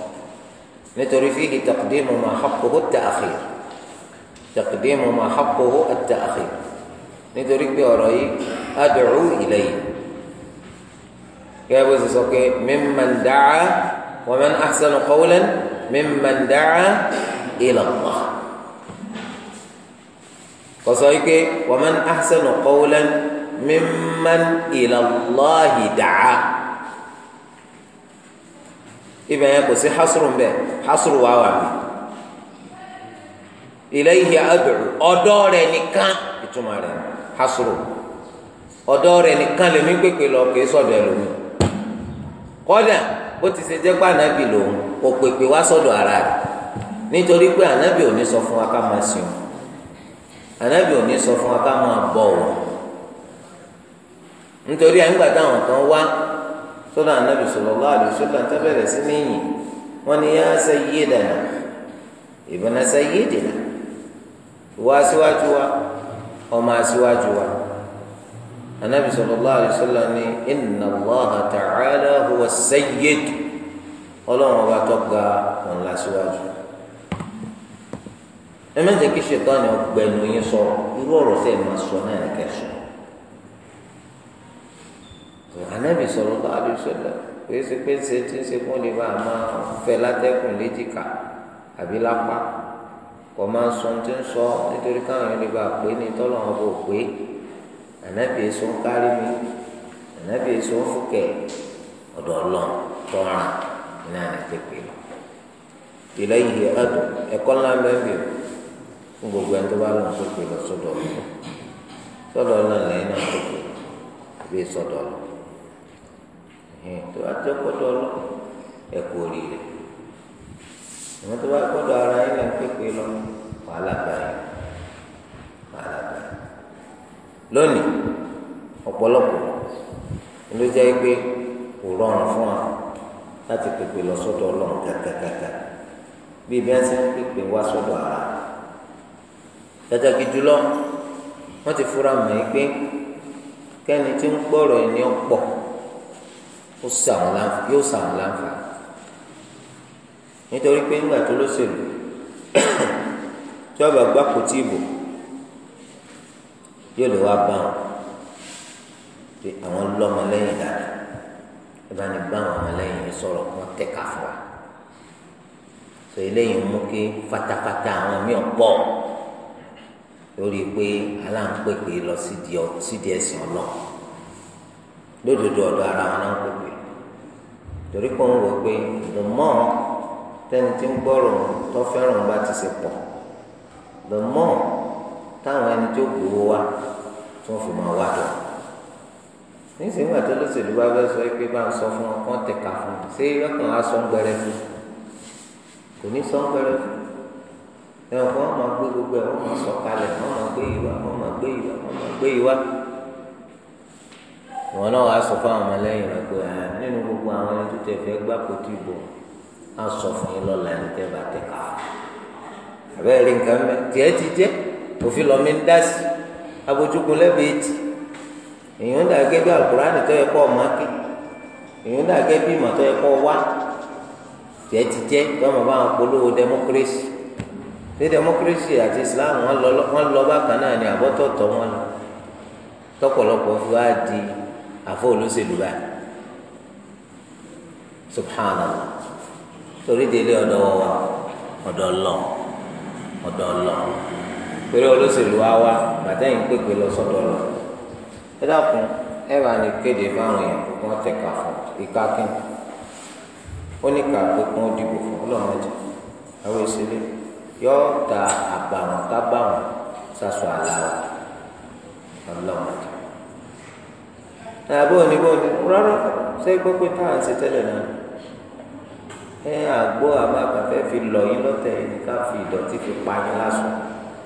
نتري فيه تقديم ما حقه التاخير تقديم ما حقه التاخير نتري به ادعو اليه gẹ́gẹ́ bó ṣe sọ pé mimman da'a wa man ahsanu qawlan mimman da'a ila Allah kọsọ yìí pé wa man ahsanu qawlan mimman ila Allahi da'a ibẹ̀ yẹn kò sí hasuru mbẹ hasuru wà wà mí ilayhi ad'u ọ̀dọ̀ rẹ̀ nìkan ìtumọ̀ rẹ̀ hasuru ọ̀dọ̀ rẹ̀ nìkan lèmi gbẹgbẹ lọ kì í sọdọ ẹ kọ́dà ó ti ṣe jẹ́ pé ànábì lòun kò pèpè wá ara rẹ̀ nítorí pé ànábì ò ní sọ fún wa ká máa sìn ànábì ò ní sọ fún wa ká máa bọ̀ ọ́ nítorí táwọn kan wá sọ́dọ̀ ànábì sallallahu alaihi wasallam tó sí níyìn wọ́n ní yá sayyidana ibn sayyidina wá síwájú wa ọmọ anabi sallallahu alaihi wasallam ní inna allaha ta'ala huwa sayyid ọlọ́run ọba tó ga òun la síwájú ẹ má jẹ́ kí ṣètọ́ni ọgbẹ́nu yín sọ irú ọ̀rọ̀ tẹ́ ẹ máa sọ náà ní kẹsàn anabi sallallahu alaihi wasallam pé ṣe pé ṣe tí ń ṣe fún lè máa máa fẹ́ látẹ́kùn léjìká àbí lápá kò máa sọ tí ń sọ nítorí káwọn lè bá pé ní tọ́lọ́wọ́n bò pé ànábì èso ń kárí mi ànábì èso ń fúkẹ ọ̀dọ̀ Ọlọ́run tọràn iná àtẹpẹ lọ ìlẹ yìí ẹdùn ẹ̀kọ́ ńlá mẹbi o fún gbogbo ẹni tó bá lọ sókè lọ sọ́dọ̀ Ọlọ́run sọ́dọ̀ Ọlọ́run lẹ́yìn náà sókè àbí sọ́dọ̀ Ọlọ́run tó bá jẹ kọdọ Ọlọ́run ẹ̀kọ́ oríire àwọn tó bá kọdọ ara yín lẹ ń lọ wàhálà báyìí wàhálà báyìí lónìí ọ̀pọ̀lọpọ̀ ló jẹ́ pé kò rọrùn fún wa láti pèpè lọ sọ́dọ̀ ọlọ́run kàkàkàkà bíi bí wọ́n ti ń pèpè wá sọ́dọ̀ ara pàtàkì jùlọ wọ́n ti fura mọ̀ ẹ́ pé kẹ́ni tí ń gbọ́rọ̀ ẹni ọ̀pọ̀ yóò sàwọn láǹfà nítorí pé ńgbà tó lóṣèlú tí ọba gbà kò tí ì bò yóò lè wá bá wọn pé àwọn lọ́mọ lẹ́yìn dàda ẹ bá ní bá àwọn lẹ́yìn yẹn sọ̀rọ̀ kí wọ́n tẹ̀ka fún wa sọ eléyìí mú kí fatafata àwọn míì pọ̀ lórí pé aláǹpẹ̀pẹ̀ lọ sídìí ẹ̀sìn ọlọ́run lódodo ọ̀dọ̀ ara wọn náà pèpè torí pé òun wò pé more, tẹ́ni tí ń gbọ́rọ̀ tó fẹ́ràn bá ti ṣe pọ̀ lọ́mọ́ táwọn ẹni tó gbowó wa tí wọ́n fi máa wá dọ̀ nísìnyí wà tó lóṣèlú bá fẹ́ sọ pé bá ń sọ fún ọ kán tẹ̀ka fún un ṣé lọ́kàn á sọ ń gbẹrẹ fún un kò ní sọ ń gbẹrẹ fún un ẹ̀wọ̀n kan máa gbé gbogbo ẹ̀ wọ́n máa sọ kalẹ̀ wọ́n máa gbé ìwà wọ́n máa gbé ìwà wọ́n máa gbé ìwà wọn náà wàá sọ fún àwọn ọmọlẹ́yìn rẹ pé ẹ nínú gbogbo àwọn ẹni tó tẹ fẹ́ gbá kótó ìbò á sọ fún yín lọ́la ẹni tẹ́ bá tẹ̀ka àbẹ́rẹ́ nǹkan mẹ́ tiẹ́ ti jẹ́ òfin lọmi ń dá sí abojúkun lẹ́bi etí èèyàn dà gẹ́gẹ́ bí alukurani tó yẹ kọ́ ọmọ ake èèyàn dà gẹ́gẹ́ bí yẹ ti bá wọn polówó Islam wọn lọ bákan náà ní àbọ̀tọ̀tọ̀ wọn lọ tọ̀pọ̀lọpọ̀ fi wá di àfọ olóṣèlú báyìí subhanallah torí délé ọ̀dọ̀ pèrè olóṣèlú wa bàtẹ́yìn pépè lọ sọ́dọ̀ lọ ẹ dákun ẹ bá ní kéde fáwọn èèyàn kó wọ́n tẹ̀ka fún ìka kín ó ní ká pé kó wọ́n dìbò fún ọlọ́run ẹ̀jẹ̀ àwọn ìṣẹ̀lẹ̀ yọ ta àbàwọ̀n kábàwọ̀n sásọ àlà ọlọ́run ẹ̀jẹ̀ àbó ni rárá ṣé gbọ́ pé ṣe tẹ́lẹ̀ náà ẹ àgbo àbá kàfẹ́ fi lọ yín lọ́tẹ̀ yìí ká fi ìdọ̀tí fi pa yín lásán.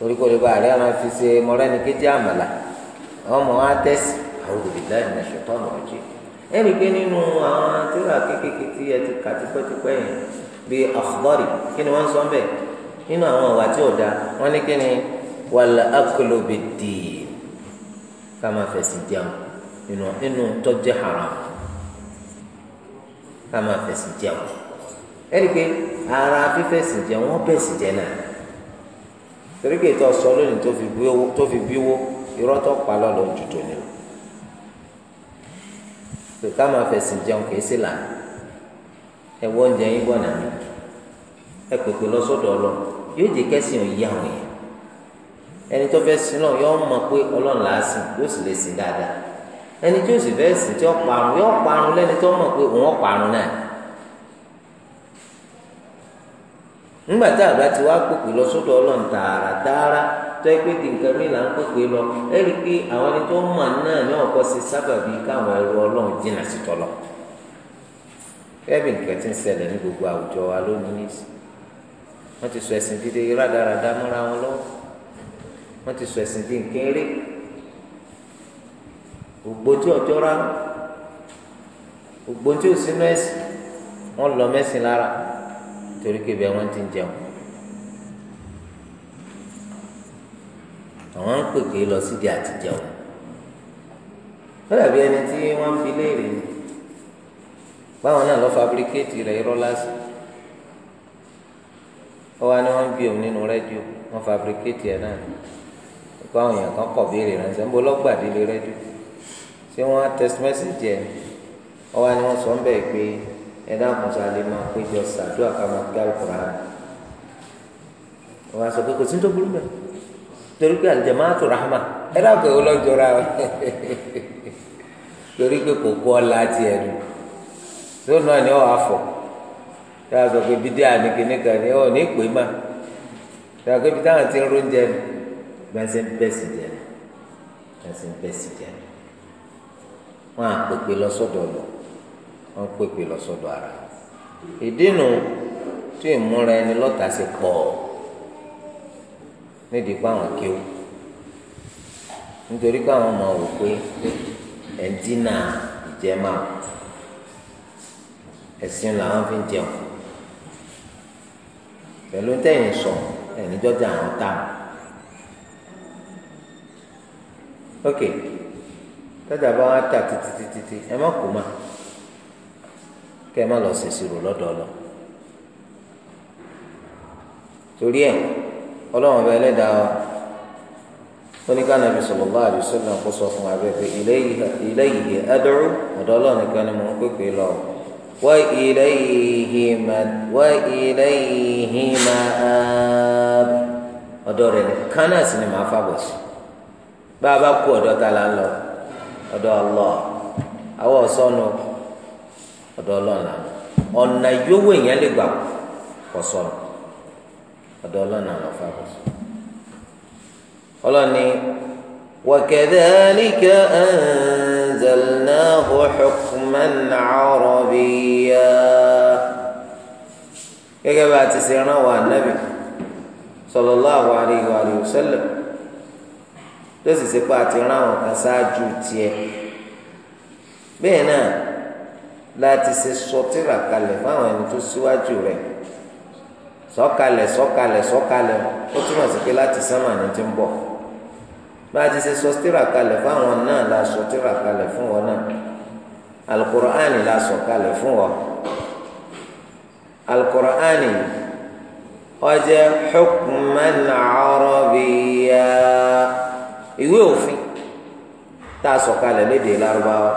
torí kò lè ba àrẹ ara fi ṣe mọ́rẹ́ni kéjì àmàlà àwọn ọmọ wa tẹ̀sí àwọn olùdílé ìrìnà ṣètò ọ̀nà ọ̀jẹ̀ ẹnì pé nínú àwọn tíra kéékèèké tí ẹ ti kà tipẹ́tipẹ́ yẹn bíi akhdari kí ni wọ́n sọ bẹ́ẹ̀ nínú àwọn ọ̀wà tí ò da wọ́n ní kí ni wàlà akọlọ́bì dìé ká máa fẹ̀sì jẹun nínú nínú tọ́jú haram ká máa fẹ̀sì jẹun ẹnì pé ara fífẹ̀sì jẹun wọ́n bẹ̀sì jẹ náà. torí pé ètò lónìí tó fi bíwó irọ́ tó pa lọ́dọ̀ jùjọ ni pé ká máa fẹ̀sìn jẹun kìí sí lànà ẹ wọ oúnjẹ yín bọ̀ nàní ẹ pèpè lọ́sọ̀dọ̀ ọlọ yóò jẹ́ kẹ́sìn òye àwọn èèyàn ẹni tó fẹ́ sin náà yóò mọ̀ pé ọlọ́run là á sìn yóò sì lè sìn dáadáa ẹni tó sì fẹ́ sìn tí ó parun yóò parun lẹ́ni tó mọ̀ pé òun ó parun náà. ńgbà tá a bá ti wá pèpè lọ sọ́dọ̀ Ọlọ́run tààrà dára tó ẹ pé nǹkan mi là ń pèpè lọ ẹ rí i pé àwọn ẹni tó mọ̀ náà ní ọ̀pọ̀ sí sábàbí káwọn ẹrú Ọlọ́run jìnnà sí tọ́lọ̀ kẹ́bìn nǹkan ti ń ṣẹlẹ̀ ní gbogbo àwùjọ wa lónìí nìyí wọ́n ti sọ ẹ̀sìn dídé rádaràdá mọ́ra wọn lọ́wọ́ wọ́n ti sọ ẹ̀sìn dín kéré ògbó tí ọjọ́ rárá ògbó tí ò ẹ̀sìn wọ́n lọ mẹ́sìn lára. torí kébì àwọn ti ń jẹun àwọn ń pèké lọ sídi àti jẹun ó dàbí ẹni tí wọ́n fi léèrè báwọn náà lọ fabricate rẹ̀ irọ́ si ó wá ní wọ́n bí òun nínú rẹ́díò wọ́n fabricate ẹ̀ náà kó àwọn èèyàn kan kọ̀ béèrè ránṣẹ́ ń bọ́ lọ́gbàdélé rẹ́díò ṣé wọ́n á text message ẹ̀ ó wá ní wọ́n ẹ̀dá àkùnṣe alẹ́ máa péjọ sàdúrà ká máa gbá ọkọ̀ rà wọ́n á sọ pé kò sí tó burú bẹ́ẹ̀ torí pé aljamaatu rahma ẹ̀dá àkùnṣe wo lọ́jọ́ra o torí pé kò kọ́ láti ẹ̀dùn tó náà ni ọ̀ afọ̀ tí a sọ pé bídé àníkíní kan ni ọ̀ ní pè má tí a sọ pé bídé àwọn ti ń róúnjẹ nù bẹ́sẹ̀ bẹ́sì jẹ bẹ́sẹ̀ bẹ́sì jẹ wọ́n á lọ sọ́dọ̀ lọ wọ́n pèpè lọ́sọ̀dọ̀ ara ìdínú tí ìmúra ẹni lọ́tà sí pọ̀ nídìí pé àwọn kéwù nítorí pé àwọn ọmọ wò pé ẹ̀ńdínà ìjẹ́mà ẹ̀sìn làwọn fi ń jẹun pẹ̀lú tẹ̀yìn sọ ẹ̀yìn jọ́jà àwọn tá ok tọ́jà bá wá tà títí títí ẹ má kó máa kẹ́ ẹ má lọ ṣèṣirò lọ́dọọlọ torí ẹ ọlọ́run ọba ẹlẹ́dàá wa ó ní káná ibi sọ̀rọ̀ bá àbí sọ́nà kó sọ fún abẹ́ pé ilé yìí adúrú ọ̀dọ́ ọlọ́run nìkan ni mò ń pèpè lọ wá ilé yìí máa ọ̀dọ́ rẹ̀ nìkan náà sì ni màá fàbọ̀ sí bá a bá kú ọ̀dọ́ ta là ń lọ ọ̀dọ́ ọlọ́ọ̀ àwọ̀ sọ́nù ọ̀dọ̀ ọlọ́run lànà ọ̀nà yówó èèyàn lè gbà kọ̀ sọ̀rọ̀ ọ̀dọ̀ ọlọ́run lànà ọ̀fà kọ̀ sọ̀rọ̀ ọlọ́ni وكذلك أنزلناه حكما عربيا gẹ́gẹ́ bá a ti ṣe rán wa nábì sallallahu alayhi wa sallam tó sì ṣe pa àti rán àwọn kan ṣáájú tiẹ̀ bẹ́ẹ̀ náà láti ṣe sọtìrà kalẹ̀ fáwọn ẹni tó síwájú rẹ̀ sọ̀kalẹ̀ sọ̀kalẹ̀ sọ̀kalẹ̀ ó túmọ̀ sí pé láti sánmà ní ti ń bọ̀ bá ṣe sọtìrà kalẹ̀ fáwọn náà la sọtìrà kalẹ̀ fún wọn náà alukur'ani la sọ̀kalẹ̀ fún wọn alukur'ani ọjọ́ jẹ́ hukman arabiyya ìwé òfin tá a sọ̀kalẹ̀ lédè lárúbáwá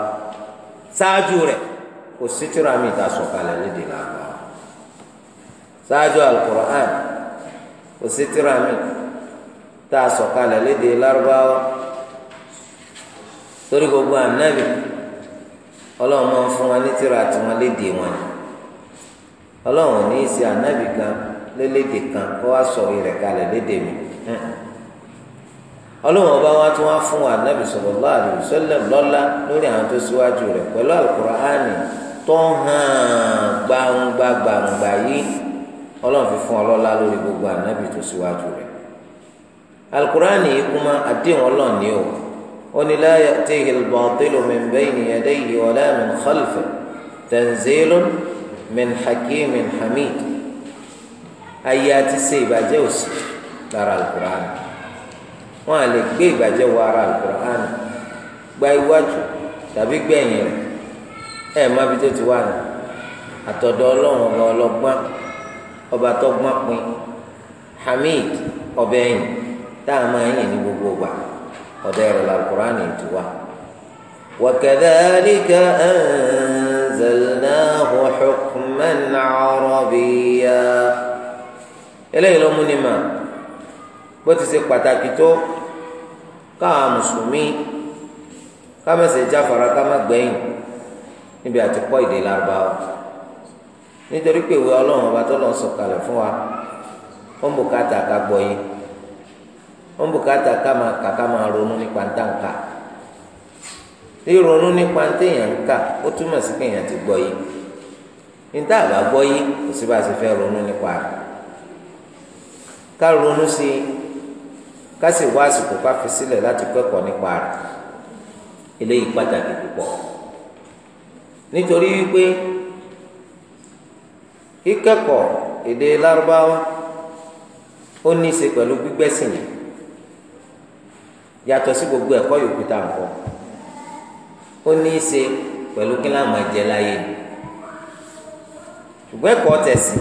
ṣáájú rẹ̀. kò sí mi ta sọ̀kalẹ̀ lédè làbá ṣáájú alukur'an kò sí mi ta torí gbogbo máa fún wa ní wọn ni ní í ṣe ànábì kan lélédè kan kó sọ ìrẹ̀ kalẹ̀ lédè mi ọlọ́run ọba wa tún wá fún wa tó hàn gbangba gbangba yìí ọlọ́run fi fún ọlọ́lá lórí gbogbo ànábì tó síwájú rẹ̀ alukurani yìí kuma àdéhùn ọlọ́run o ó ní la ya'tihi al-batilu min bayni yadayhi wala min khalfihi tanzilun min hakimin hamid ayé àti ṣe ìbàjẹ́ òsì lára alukurani wọn à lè gbé ìbàjẹ́ wọ ara alukurani gba iwájú tàbí gbẹ̀yìn rẹ̀ ẹ má bi tó ti wà ní àtọ̀dọ̀ ọlọ́run ọba ọlọ́gbọ́n ọba tọ́gbọ́n pin hamid ọba ẹ̀yìn tá a máa yìn ní gbogbo gbà ọ̀dọ̀ ẹ̀rọ làkùránì ti wà. وكذلك أنزلناه حكما عربيا eléyìí ló mú ni mà bó ti ṣe pàtàkì tó káà mùsùlùmí ká má jáfara ká má gbẹ̀yìn níbi àti kọ́ èdè lárúbáwá nítorí pé ìwé ọlọ́run ọba tó lọ sọ̀kalẹ̀ fún wa ó ń bùkátà ká gbọ́ yín ó ń bùkátà ká máa kà ká máa ronú nípa ń tà ríronú nípa ń téèyàn ń kà ó túmọ̀ sí pé èèyàn ti gbọ́ yín níta àbá gbọ́ yín kò sí bá a ṣe fẹ́ ronú nípa rẹ̀ ká ronú sí i ká sì wá àsìkò ká fi sílẹ̀ láti kọ́ ẹ̀kọ́ nípa rẹ̀ eléyìí pàtàkì púpọ̀ nítorí wípé kíkẹ́kọ̀ọ́ èdè lárúbáwá ó ní í ṣe pẹ̀lú gbígbẹ́sìn yìí yàtọ̀ sí gbogbo ẹ̀kọ́ yòókù tá à ń kọ́ ó ní í ṣe pẹ̀lú kí láàmú ẹ̀jẹ̀ láyé ṣùgbọ́n ẹ̀kọ́ tẹ̀sí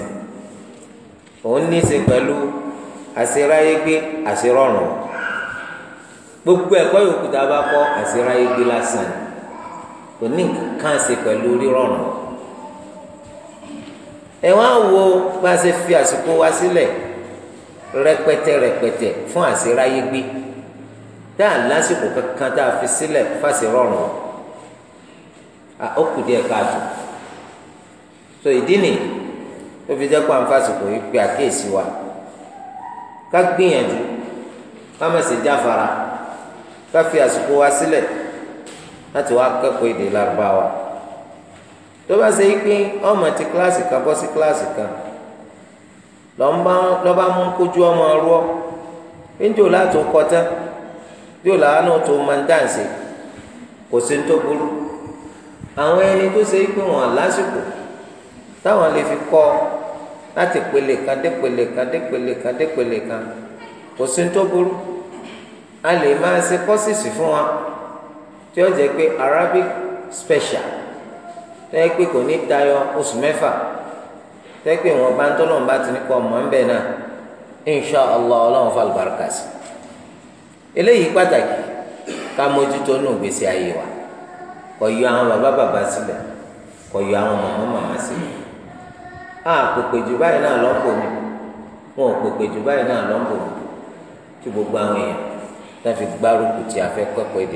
òun ní í ṣe pẹ̀lú àṣeráyé gbé àṣerọ̀rùn gbogbo ẹ̀kọ́ yòókù tá a bá kọ́ àṣeráyé gbé lásán ni kò ní nǹkan ṣe pẹ̀lú rírọ̀rùn ẹ wá wo bá a ṣe fi àsìkò wa sílẹ̀ rẹpẹtẹ rẹpẹtẹ fún àṣeráyé gbé tá a lásìkò kankan tá a fi sílẹ̀ fàṣẹ rọrùn a ó kù díẹ̀ káàtó so ìdí nì tó fi jẹ́ pé à ń fàṣìkò yìí pe àkéèsí wa ká gbìyànjú ká má ṣe jáfara ká fi àsìkò wa sílẹ̀ láti wá kẹ́kọ̀ọ́ èdè lárúbáwá tó bá ṣe pé ọmọ ti kíláàsì kan bọ́ sí kíláàsì kan lọ́ba mú kójú ọmọ rúọ́ níjò láti ń kọtá yóò làánú tó máa ń dáǹsì kò sí ní tó burú àwọn ẹni tó ṣe pé wọn lásìkò táwọn lè fi kọ́ láti pele kan dé pele kan dé pele kan dé pele kan kò sí tó burú a lè máa ṣe kọ́sìsì fún wa. tí ó jẹ pé arabic special tẹ́ kò ní tayọ oṣù mẹ́fà tẹ́ pé wọn bá ń ti ní ọmọ ń náà insha allah ọlọ́run fa eléyìí pàtàkì ká mójútó nù gbèsè ayé yọ àwọn bàbá bàbá sílẹ̀ kò àwọn màmá màmá sílẹ̀ a pèpè báyìí náà lọ́pọ̀ mi wọn báyìí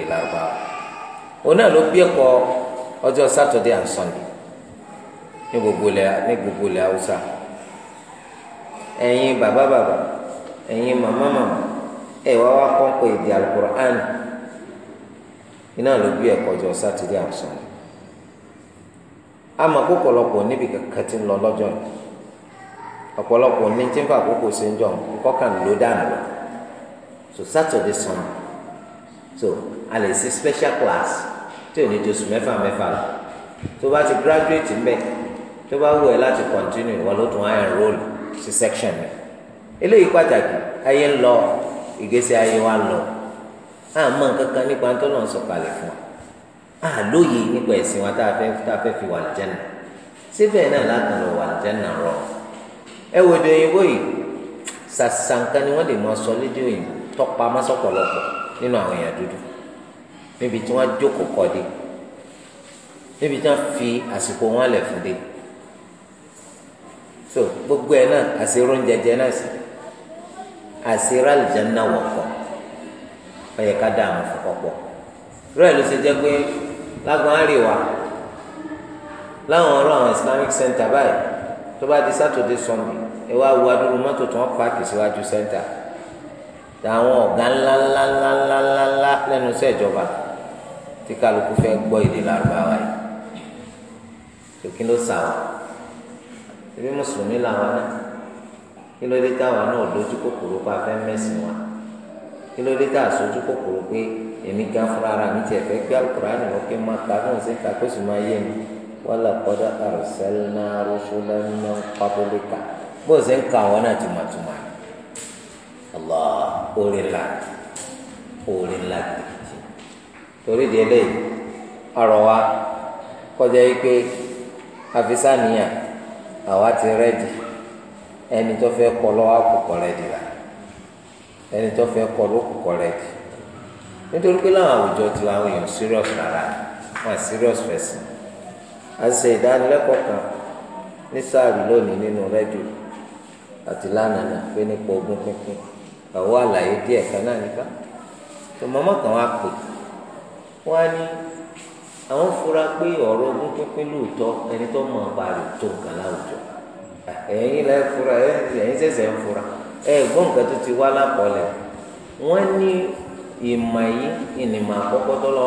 náà òun náà ló bí ẹ̀kọ́ Saturday and Sunday ní gbogbo ilẹ̀ ní gbogbo ilẹ̀ Haúsá ẹ̀yin bàbá bàbá ẹ̀yin màmá màmá ẹ̀ wá wá èdè iná Saturday and Sunday ama kó níbi kankan tí ń lọ lọ́jọ́ yìí ọ̀pọ̀lọpọ̀ ní tí ń so Saturday Sunday so a lè ṣe special class tí ò ní ju oṣù mẹ́fà mẹ́fà lọ tó bá ti graduate ń bẹ̀ tó bá wù ẹ́ láti continue wọn ló tún á enroll sí section rẹ̀ eléyìí pàtàkì ayé ń lọ ìgbésí ayé wa ń lọ àmọ́ nǹkan kan nípa tó náà sọ̀kalẹ̀ fún wa àlóye nípa ẹ̀sìn wa tá a fẹ́ tá a fẹ́ fi wà lìjẹ́nà síbẹ̀ náà látàn lọ wà lìjẹ́nà rọ ẹ wo èdè òyìnbó yìí sàṣàǹkan ni wọ́n lè máa sọ lédè òyìnbó tọ́pa mọ́sọ̀pọ̀lọpọ̀ nínú àwọn èèyàn dúdú níbi tí wọ́n jókòó kọ́ de níbi tí wọ́n fi àsìkò wọn lẹ̀ fún de so gbogbo ẹ̀ náà àṣírò ń jẹjẹ náà sí àṣírò àlùjáná wọ̀ kọ́ ọ yẹ ká dáhùn fún ọ̀pọ̀ rẹ̀ ló ṣe jẹ́ pé lágbọ́n àríwá láwọn ọ̀rọ̀ àwọn Islamic Center báyìí tó bá di Saturday Sunday ẹ wá wo adúrú mọ́tò tó wọ́n paaki síwájú center tàwọn ọ̀gá ńláńláńláńláńlá lẹ́nu iṣẹ́ ìjọba tí kálukú fẹ́ gbọ́ èdè lárúbáwá yìí tòkí ló sà wá ebi mùsùlùmí làwọn náà kí ló dé táwa náà lójú kòkòrò pa fẹ́ mẹ́sìn wa kí ló dé táà sójú kòkòrò pé èmi gan fúnra ara mi tiẹ̀ fẹ́ gbé alukurani lọ kí n máa ta bí wọ́n ṣe ń ta kó sì máa yé mi wàlà kọ́dá àrùsẹ́lẹ́nà rúṣúlẹ́nà pábólíkà bó ṣe ń ka àwọn náà tùmọ̀tùmọ̀ Allah orin la orin la gbé. torí di eléyìí wa kọjá yìí pé àwa ti rẹ́dì ẹni tó fẹ́ kọ́ lọ la ẹni tó nítorí pé láwọn àwùjọ ti èèyàn serious rárá wọn serious person a ìdánilẹ́kọ̀ọ́ kan ní sáàrì lónìí nínú rẹ́díò àti lánàá pé nípa ogún pínpín àwọn àlàyé díẹ̀ kan wọn á ní àwọn fura pé ọ̀rọ̀ ogún tó pé lóòótọ́ ẹni tó mọ̀ ọ́n parí tó nǹkan láwùjọ ẹ̀yin lẹ́ fura ẹ̀yin ṣẹ̀ṣẹ̀ ń fura ẹ̀ gbọ́n nǹkan tó ti wá lápọ̀lẹ̀ wọ́n ní ìmọ̀ yìí ìnìmọ̀ àkọ́kọ́ tó lọ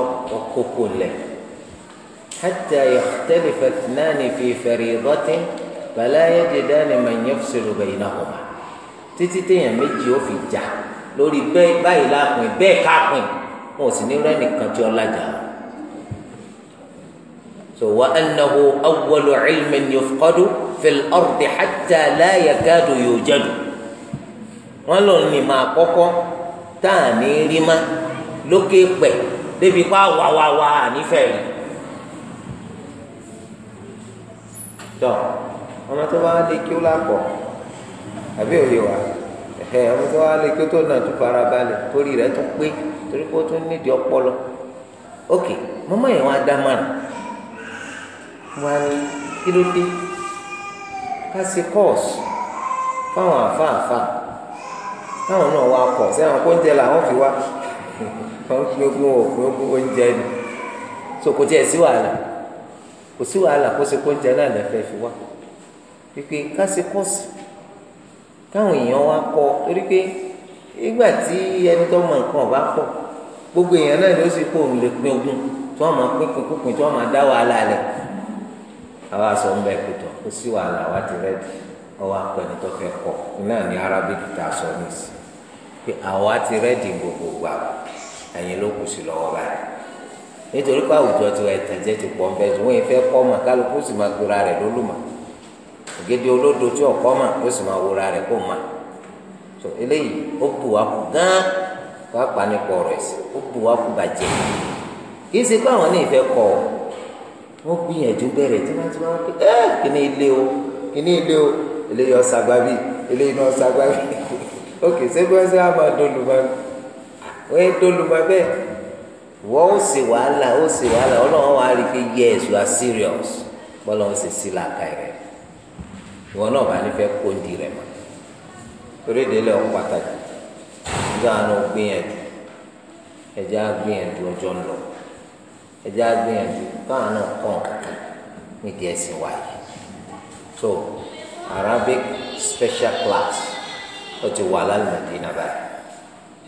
kókó lẹ̀ hatta yaxtalifa tnani fi faridatin fala yajidani man yafsilu baynahuma títí téèyàn méjì ó fi jà lórí báyìí láàpin bẹ́ẹ̀ káàpin wọn ò sì ní rẹ́ nìkan tí ọlájà so wa annahu awwalu ilmin yufqadu fil ardi hatta la yakadu yujadu wọn lọ ní ma kọ́kọ́ tá à ní rí ma lókè pẹ̀ débi pa wàwàwà ànífẹ́ rí tọ́ ọmọ tó bá lè kí ó lápọ̀ àbí òye wa ọmọ tó bá lè kí ó tó nà tó fara balẹ̀ torí rẹ̀ tó pé torí pé ó tún nídìí ọpọlọ ok mọ́mọ́ yẹn wá dá mọ́ra wá ní kí ló dé ká ṣe kọ́ọ̀sì fáwọn àfáàfá táwọn náà wá kọ̀ sí àwọn oúnjẹ làwọn fi wá wọn fi ogún òfin ogún oúnjẹ ni so kò tiẹ̀ sí wàhálà kò sí wàhálà kó ṣe oúnjẹ náà lẹ́fẹ̀ẹ́ fi wá pípé ká ṣe kọ́ọ̀sì káwọn èèyàn wá kọ́ torí pé ìgbà tí ẹni tó mọ nǹkan ọba pọ̀ gbogbo èèyàn náà ló sì kó òun lè pín ogún tí wọ́n máa pín kúnkún tí wọ́n máa dá wàhálà lẹ̀ àwa sọ ń bẹ kùtọ kó sí wàhálà wá ti rẹ di ọwọ́ apẹni tó fẹ́ kọ náà ní arabic tá a sọ níìsí pé àwa ti rẹ di gbogbo gbà ẹ̀yin ló kù sí lọ́wọ́ báyìí nítorí pé àwùjọ ti wà ìtàjẹ ti pọ̀ nbẹ tí wọ́n yẹn fẹ́ kọ́ mà kálukú sì máa gbéra rẹ̀ lólùmọ̀ ògèdè olódo tí ọ̀kọ́ mà ó sì máa wúra rẹ̀ kó mà so eléyìí ó bù wá kù gán pàápàá nípa ọ̀rọ̀ ẹ̀sìn ó bù wá kù bàjẹ́ kìí ṣe pé àwọn ní ìfẹ́ kọ wọ́n gbìyànjú bẹ̀rẹ̀ tí wọ́n ti wá pé ẹ́ kíní ilé o kíní ilé o eléyìí ọ̀sà gbábí eléyìí náà ọ̀sà gbábí ok ṣé bí á máa dolu ma wọ́n yé dolu ma bẹ́ẹ̀ wọ́n ó ṣe wàhálà ó ṣe wàhálà ọlọ́run wàá rí i pé yes you are serious bọ́lá wọn ṣe sí làákàyè rẹ̀ ìwọ náà bá nífẹ̀ẹ́ kó di rẹ̀ mọ́ torí ìdílé ọ̀hún pàtàkì nígbà wọn gbìyànjú ẹ̀jẹ̀ á gbìyànjú ọjọ́ ń lọ ẹ̀jẹ̀ á gbìyànjú káwọn náà kàn kankan nídìí wáyé so Arabic special class ó ti wà lálùmọ̀dé náà báyìí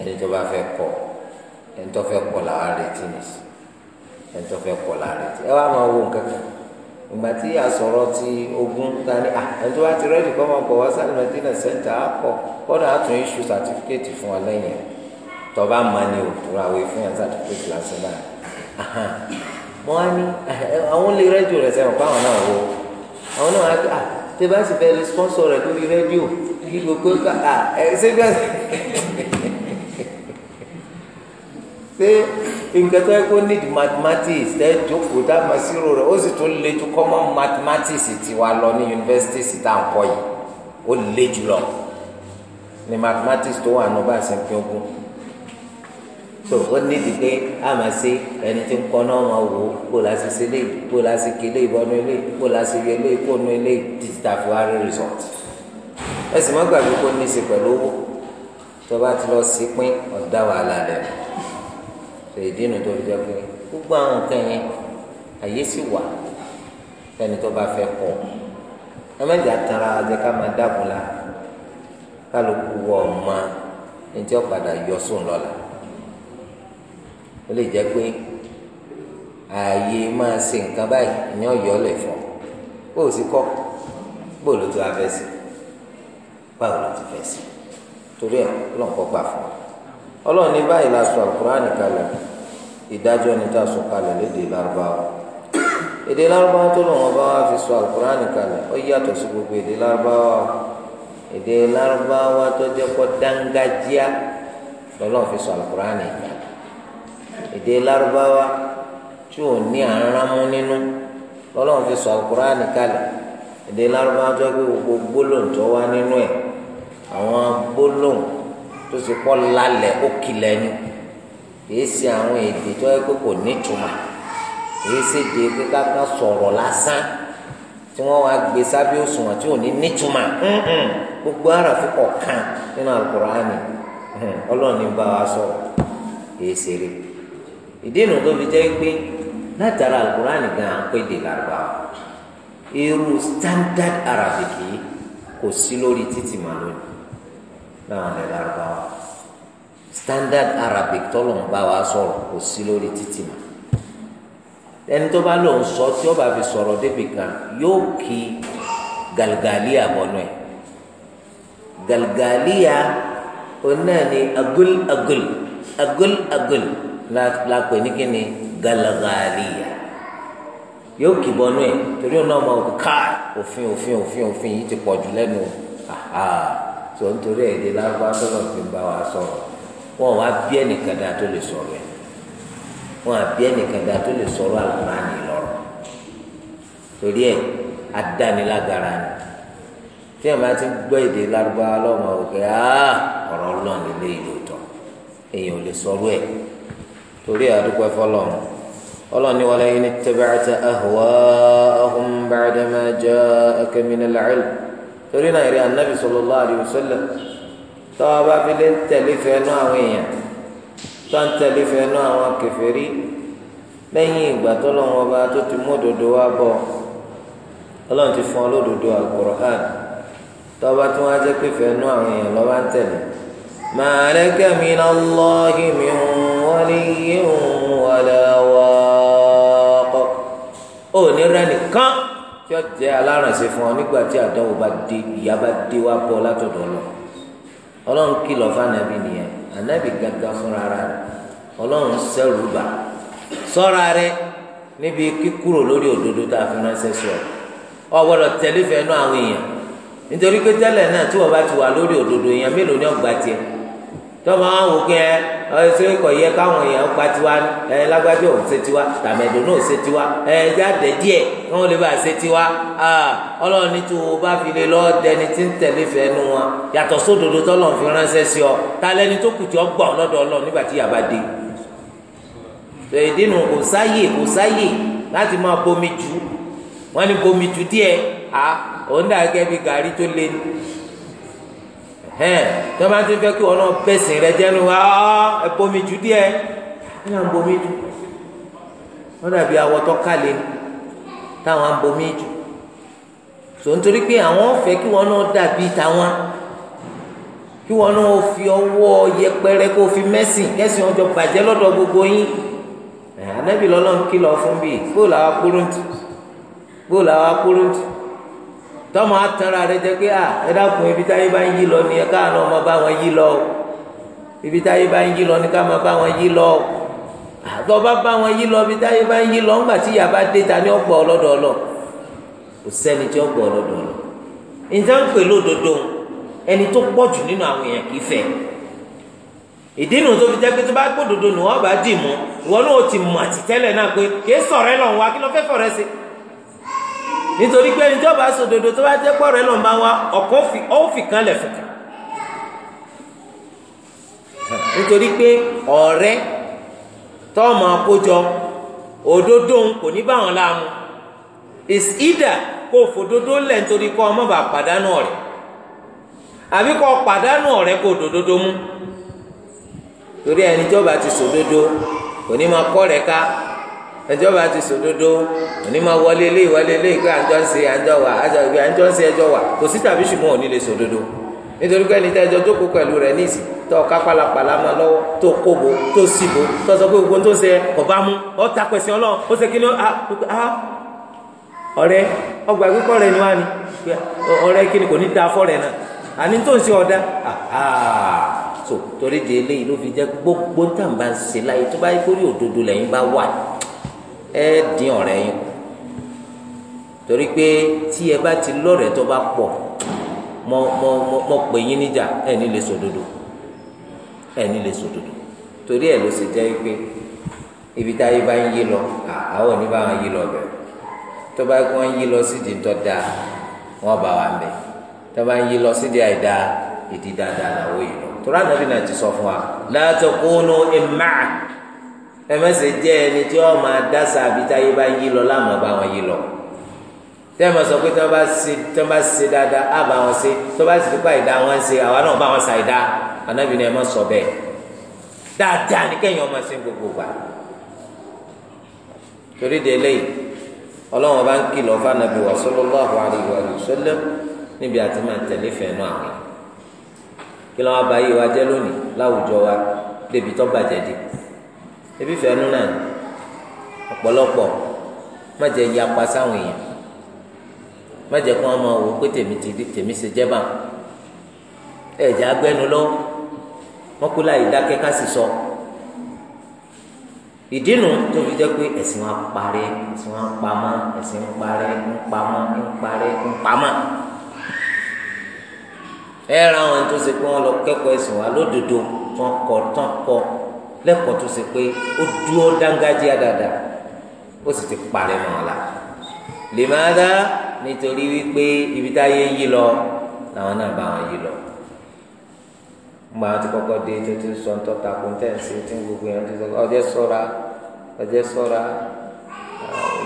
ẹni tó bá fẹ́ kọ́ ẹni tó fẹ́ kọ́ làwọn arètí nìsí ẹni tó fẹ́ kọ́ làwọn arètí ẹ wá máa wo nǹkan kan ìgbà tí a sọ̀rọ̀ ti ogun ta ni ah, ẹni tó bá ti rẹ́dì kọ́ máa bọ̀ wá sáré mẹ́tínà sẹ́ńtà á pọ̀ kọ́dà á tún iṣu sàtífíkẹ́tì fún wa lẹ́yìn tọ́ba máa ní òtúra wẹ̀ fún yàn sàtífíkẹ́tì lásán báyìí wọ́n á ní eh, eh, àwọn lè rẹ́díò rẹ̀ sẹ́wọ̀n pa àwọn náà wọ àwọn náà á gbà ah, tẹ bá sì bẹ́ẹ̀ lè sponsor rẹ̀ lórí rẹ́díò kí gbogbo ká ah, ẹ ṣé bẹ́ẹ̀ ṣe nǹkan tó yẹ kó need mathematics tẹ́ jókòó dá máa ṣírò rẹ̀ ó sì tún le ju common mathematics tiwa lọ ni university sì tá à ń kọ́ yìí ó le jù lọ ní mathematics tó wà náà bá ṣe ń pín ogún so ó ní di pé a máa ṣe ẹni tí ń náà máa wò kó la ṣe ṣe kó la ṣe ké léyìí bọ́nú kó la ṣe yẹ kó nu eléyìí títí ta result ẹ sì má gbàgbé kó ní í ṣe pẹ̀lú owó tó bá ti lọ sí pín ọ̀dá wàhálà rẹ̀ sọ èdè nu tó fi jẹ pé gbogbo àwọn nǹkan yẹn àyè sì wà fẹni tó bá fẹ́ kọ́ ẹmẹjì àtàrà àjẹ ká máa dàbò la kálukú wọ ọmọ ẹni tí ó padà yọ sùn lọ́la ó lè jẹ pé ààyè máa ṣe nǹkan báyìí ni ó lè fọ bó o sì kọ bó o lò tó a sí báwo ló ti fẹ́ sí torí ẹ̀ lọ́nkọ́ gbà fún ọ ọlọ́run ní báyìí la sọ àkùránì kalẹ̀ ìdájọ́ ni tá a sọ kalẹ̀ lédè lárúbáwá èdè lárúbáwá tó lọ́wọ́ bá wá fi sọ àkùránì kalẹ̀ ó yàtọ̀ sí gbogbo èdè lárúbáwá èdè lárúbáwá tó jẹ́ kó dángájíá lọ́lọ́run fi sọ àkùránì kalẹ̀ èdè lárúbáwá tí ò ní àrámú nínú lọ́lọ́run fi sọ àkùránì kalẹ̀ èdè lárúbáwá tó gbé gbogbo gbólóǹtọ́ wá nínú ẹ̀ àwọn gbólóǹtọ́ tó ti pọ́ lálẹ́ ó kilẹ̀ ni kìí ṣe àwọn èdè tó yẹ kó kò nítumọ̀ kìí ṣe èdè pé kákan sọ̀rọ̀ lásán tí wọ́n wá gbé sábẹ́ òṣùwọ̀n tí ò ní nítumọ̀ gbogbo àràfin kọ̀ọ̀kan nínú al ọlọ́run ní bá wa sọ̀rọ̀ kìí ṣeré ìdí ìnù tó fi jẹ́ pé látara gan dè láwọn ilẹ̀ lárúbáwá standard arabic tọ́lọ̀ ń bá wa sọ̀rọ̀ kò sí lórí títì mà ẹni tó bá lòun sọ tí ó bá fi sọ̀rọ̀ débi kan yóò kí galgalia bọ̀nù ẹ̀ galgalia onáà ni agul agul agul agul lápẹ̀ ní kí ni galgalia yóò kì bọnú ẹ torí ọ̀nà ọmọ òkú ká òfin òfin òfin òfin yìí ti pọ̀ jù lẹ́nu aha tó ń torí èdè lárúbá sọ̀rọ̀ fi ń bá wa sọ̀rọ̀ wọn wá bí ẹnìkan dáa tó lè sọ̀rọ̀ ẹ̀ wọn àbí ẹnìkan dáa tó lè sọ̀rọ̀ àlùmáàní lọ́rọ̀ torí ẹ̀ adánilágara ni tí ẹ̀ máa ti gbọ́ èdè lárúbá lọ́mọ òkè ọ̀rọ̀ ọlọ́run lè lè tọ̀ èèyàn lè sọ̀rọ̀ ẹ̀ torí ẹ̀ àdúgbò ẹ̀fọ́ lọ́run ni wọlé yín ní tẹ́bẹ̀rẹ̀ tẹ́ ahwa'ahum ba'da ma ja'aka torí náà eré anabi sallallahu alaihi wasallam tọ́wọ́ bá fi lé tẹ̀lé fẹ́ nú àwọn èèyàn tó ń tẹ̀lé fẹ́ nú àwọn kèfèrí lẹ́yìn ìgbà tó lọ́wọ́ ọba tó ti mú òdodo wá bọ̀ ọlọ́run ti fún ọ lódodo al-Qur'an tọ́wọ́ bá tún wá jẹ́ pé fẹ́ nú àwọn èèyàn lọ́wọ́ ń tẹ̀lé ma laka minallahi min waliyyin wala waq ò ní rẹ́ nìkan yọ jẹ alárànṣe fún ọ nígbà tí àdánwò bá dé ìyà bá dé wá bọ látọ̀dọ̀ lọ Ọlọ́run kìlọ̀ fànàbí nìyẹn ànábì gàgà fúnra rẹ̀ Ọlọ́run sẹrù bà ṣọ́ra rẹ̀ níbi kíkúrò lórí òdodo tá a fi ránṣẹ́ sọ ọ gbọ́dọ̀ tẹ̀lé fẹnu àwọn èèyàn nítorí pé tẹ́lẹ̀ náà tí wọn bá ti wà lórí òdodo èèyàn mélòó ni ọgbà tiẹ̀ tọ́ bá wọn wò ọ ṣe kọ yẹ káwọn èèyàn gba tiwa ẹ lágbájọ ò ṣe tiwa tàmẹdò náà ò ṣe tiwa ẹ jáde díẹ̀ káwọn lè bá ṣe tiwa Ọlọ́run ní tó o bá fi lè lọ dẹni tí ń tẹ̀lé fẹ nu wọn yàtọ̀ sódodo tọlọ fi ránṣẹ́ sí ọ ta lẹni tó kùtì ọ gbọ lọ́dọ̀ Ọlọ́run nígbà tí yàrá dé ìdínú kò sáyè kò sáyè láti máa bomi jù wọn ni bomi jù díẹ̀ hẹn tó bá ti fẹ́ kí wọn náà bẹ̀sìn rẹ jẹ́nu wa ah, ẹ bomi jù díẹ̀ ẹ náà bomi jù wọn dàbí awọ tó kálẹ̀ táwọn á bomi jù sọ nítorí pé àwọn fẹ́ kí wọn náà dàbí tàwọn kí wọn náà fi ọwọ́ yẹpẹrẹ kó fi mẹ́sìn kẹ́sìn ọjọ́ bàjẹ́ lọ́dọ̀ gbogbo yín anabi lọ́lọ́run kìlọ̀ fún bíi bóòlù àwọn akúrúntù bóòlù àwọn akúrúntù. tọ́mọ atara rẹ jẹ pé à ẹ dákun ibi táyé bá ń yí lọ ni ẹ káàánú ọmọ bá wọn yí lọ ibi bá ni ká máa bá wọn yí lọ àtọ́ bá bá wọn yí lọ ibi táyé bá tí ìyá bá dé ta ni ó gbọ́ ọlọ́dọ̀ ọlọ kò sẹ́ni tí ó gbọ́ ọlọ́dọ̀ ọlọ ń pè lódodo ẹni tó pọ̀ jù nu tó fi jẹ́ nítorí pé ẹni tí ọba sòdodo tó bá jẹ́ pọ̀rọ̀ ẹ lọ́n bá wa ọ̀kọ́ ó fi kan lẹ̀ fìkà nítorí pé ọ̀rẹ́ tọ́ọ̀mù àkójọ òdodo kò ní bá wọn láàmú is either kó o fòdodo lẹ̀ nítorí kọ́ ọmọ bá pàdánù ọ̀rẹ́ àbí kọ́ pàdánù ọ̀rẹ́ kó o dòdodo mú torí ẹni tí ọba ti sòdodo kò ní máa kọ́ rẹ̀ ká ẹjọ́ bá ti sòdodo òní máa wọlé ilé ìwọlé ilé ìgbé àjọ ń ṣe àjọ wà àjọ ìgbé àjọ ń ṣe ẹjọ́ wà kò sí tàbí ṣùgbọ́n òní lè sòdodo nítorí pé ẹni tẹ́ ẹjọ́ jókòó pẹ̀lú rẹ̀ ní ìsìn tó ọ̀ká pàlàpàlà máa lọ́wọ́ tó kóbo tó síbo tó sọ pé gbogbo tó ń ṣe ọba mú ọ ta pẹ̀sìn ọlọ́run ó ṣe kíni ah, ah, ọ̀rẹ́ ọgbà ìgbékọ̀ rẹ̀ ni wá ni ọ̀rẹ́ kíni kò ní da afọ́ rẹ̀ náà àní tó ń ṣe ọ̀dá ah, so torí de eléyìí ló fi jẹ́ gbogbo tàǹbà ń ṣe láyé tó bá yẹ kórè òdodo lẹ́yìn bá wà ẹ dín ọ̀rẹ́ yín torí pé tí ẹ bá ti lọ́rẹ̀ẹ́ tó bá pọ̀ mọ mọ mọ pè yín níjà ẹ ní sòdodo ẹ ní sòdodo torí ẹ ló ṣe jẹ́ pé ibi táyé bá ń yí lọ àwọn òní bá wọn yí lọ bẹ̀rẹ̀ tó bá wọn yí lọ sídìí tó dáa wọn bá wa mẹ́ tó bá ń yí lọ sídìí àìdá ìdí dáadáa làwọn yìí lọ torí ànábì náà ti sọ fún wa látọkùnú ìmáà ẹ mẹsẹ jẹ ẹni tí wọn máa dásà àbí táyé bá yí lọ láàmú bá wọn yí lọ tẹ ẹ máa sọ pé tí wọn bá ṣe tí wọn bá ṣe dáadáa á bá wọn ṣe tí wọn bá sì dípa ìdá wọn ṣe àwa náà bá wọn ṣe àìdá ànábì ni ẹ má sọ bẹ́ẹ̀ dáadáa ní kẹyìn ọmọ ṣe ń gbogbo gbà torí de eléyìí bá ń kìlọ̀ fánàbí wa sallallahu alaihi wa sallam níbi àti máa tẹ̀lé fẹ̀ẹ́nù àwọn kí lọ́wọ́ bá yìí wá jẹ́ lónìí láwùjọ wa débi tó bàjẹ́ dé ebi fẹnu náà ọ̀pọ̀lọpọ̀ má jẹ ya pa sáwọn èèyàn má jẹ kó wọn máa wò pé tèmi ti di tèmi ṣe jẹ bá ẹjẹ agbẹnu lọ wọn kó láyé dákẹ́ ká sì sọ ìdínú tó fi jẹ pé ẹsìn wọn parẹ́ ẹsìn wọn pamọ́ ẹsìn ń parẹ́ ń pamọ́ ń parẹ́ ń pamọ́ ẹ ra àwọn tó ṣe pé wọn lọ kẹ́kọ̀ọ́ ẹsìn wa lódodo tán kọ tán kọ lẹ́kọ̀ọ́ tó ṣe pé ó dúró dángájíá dáadáa ó sì ti parẹ́ mọ́ ọ la lèmọ́dá nítorí wípé ibi táyé ń yí lọ làwọn náà bá wọn yí lọ gbogbo àwọn ti kọ́kọ́ dé tó ti sọ ńtọ́ ta kó ntẹ́ǹsì tí gbogbo yẹn ti sọ ọjọ́ sọ́ra ọjọ́ sọ́ra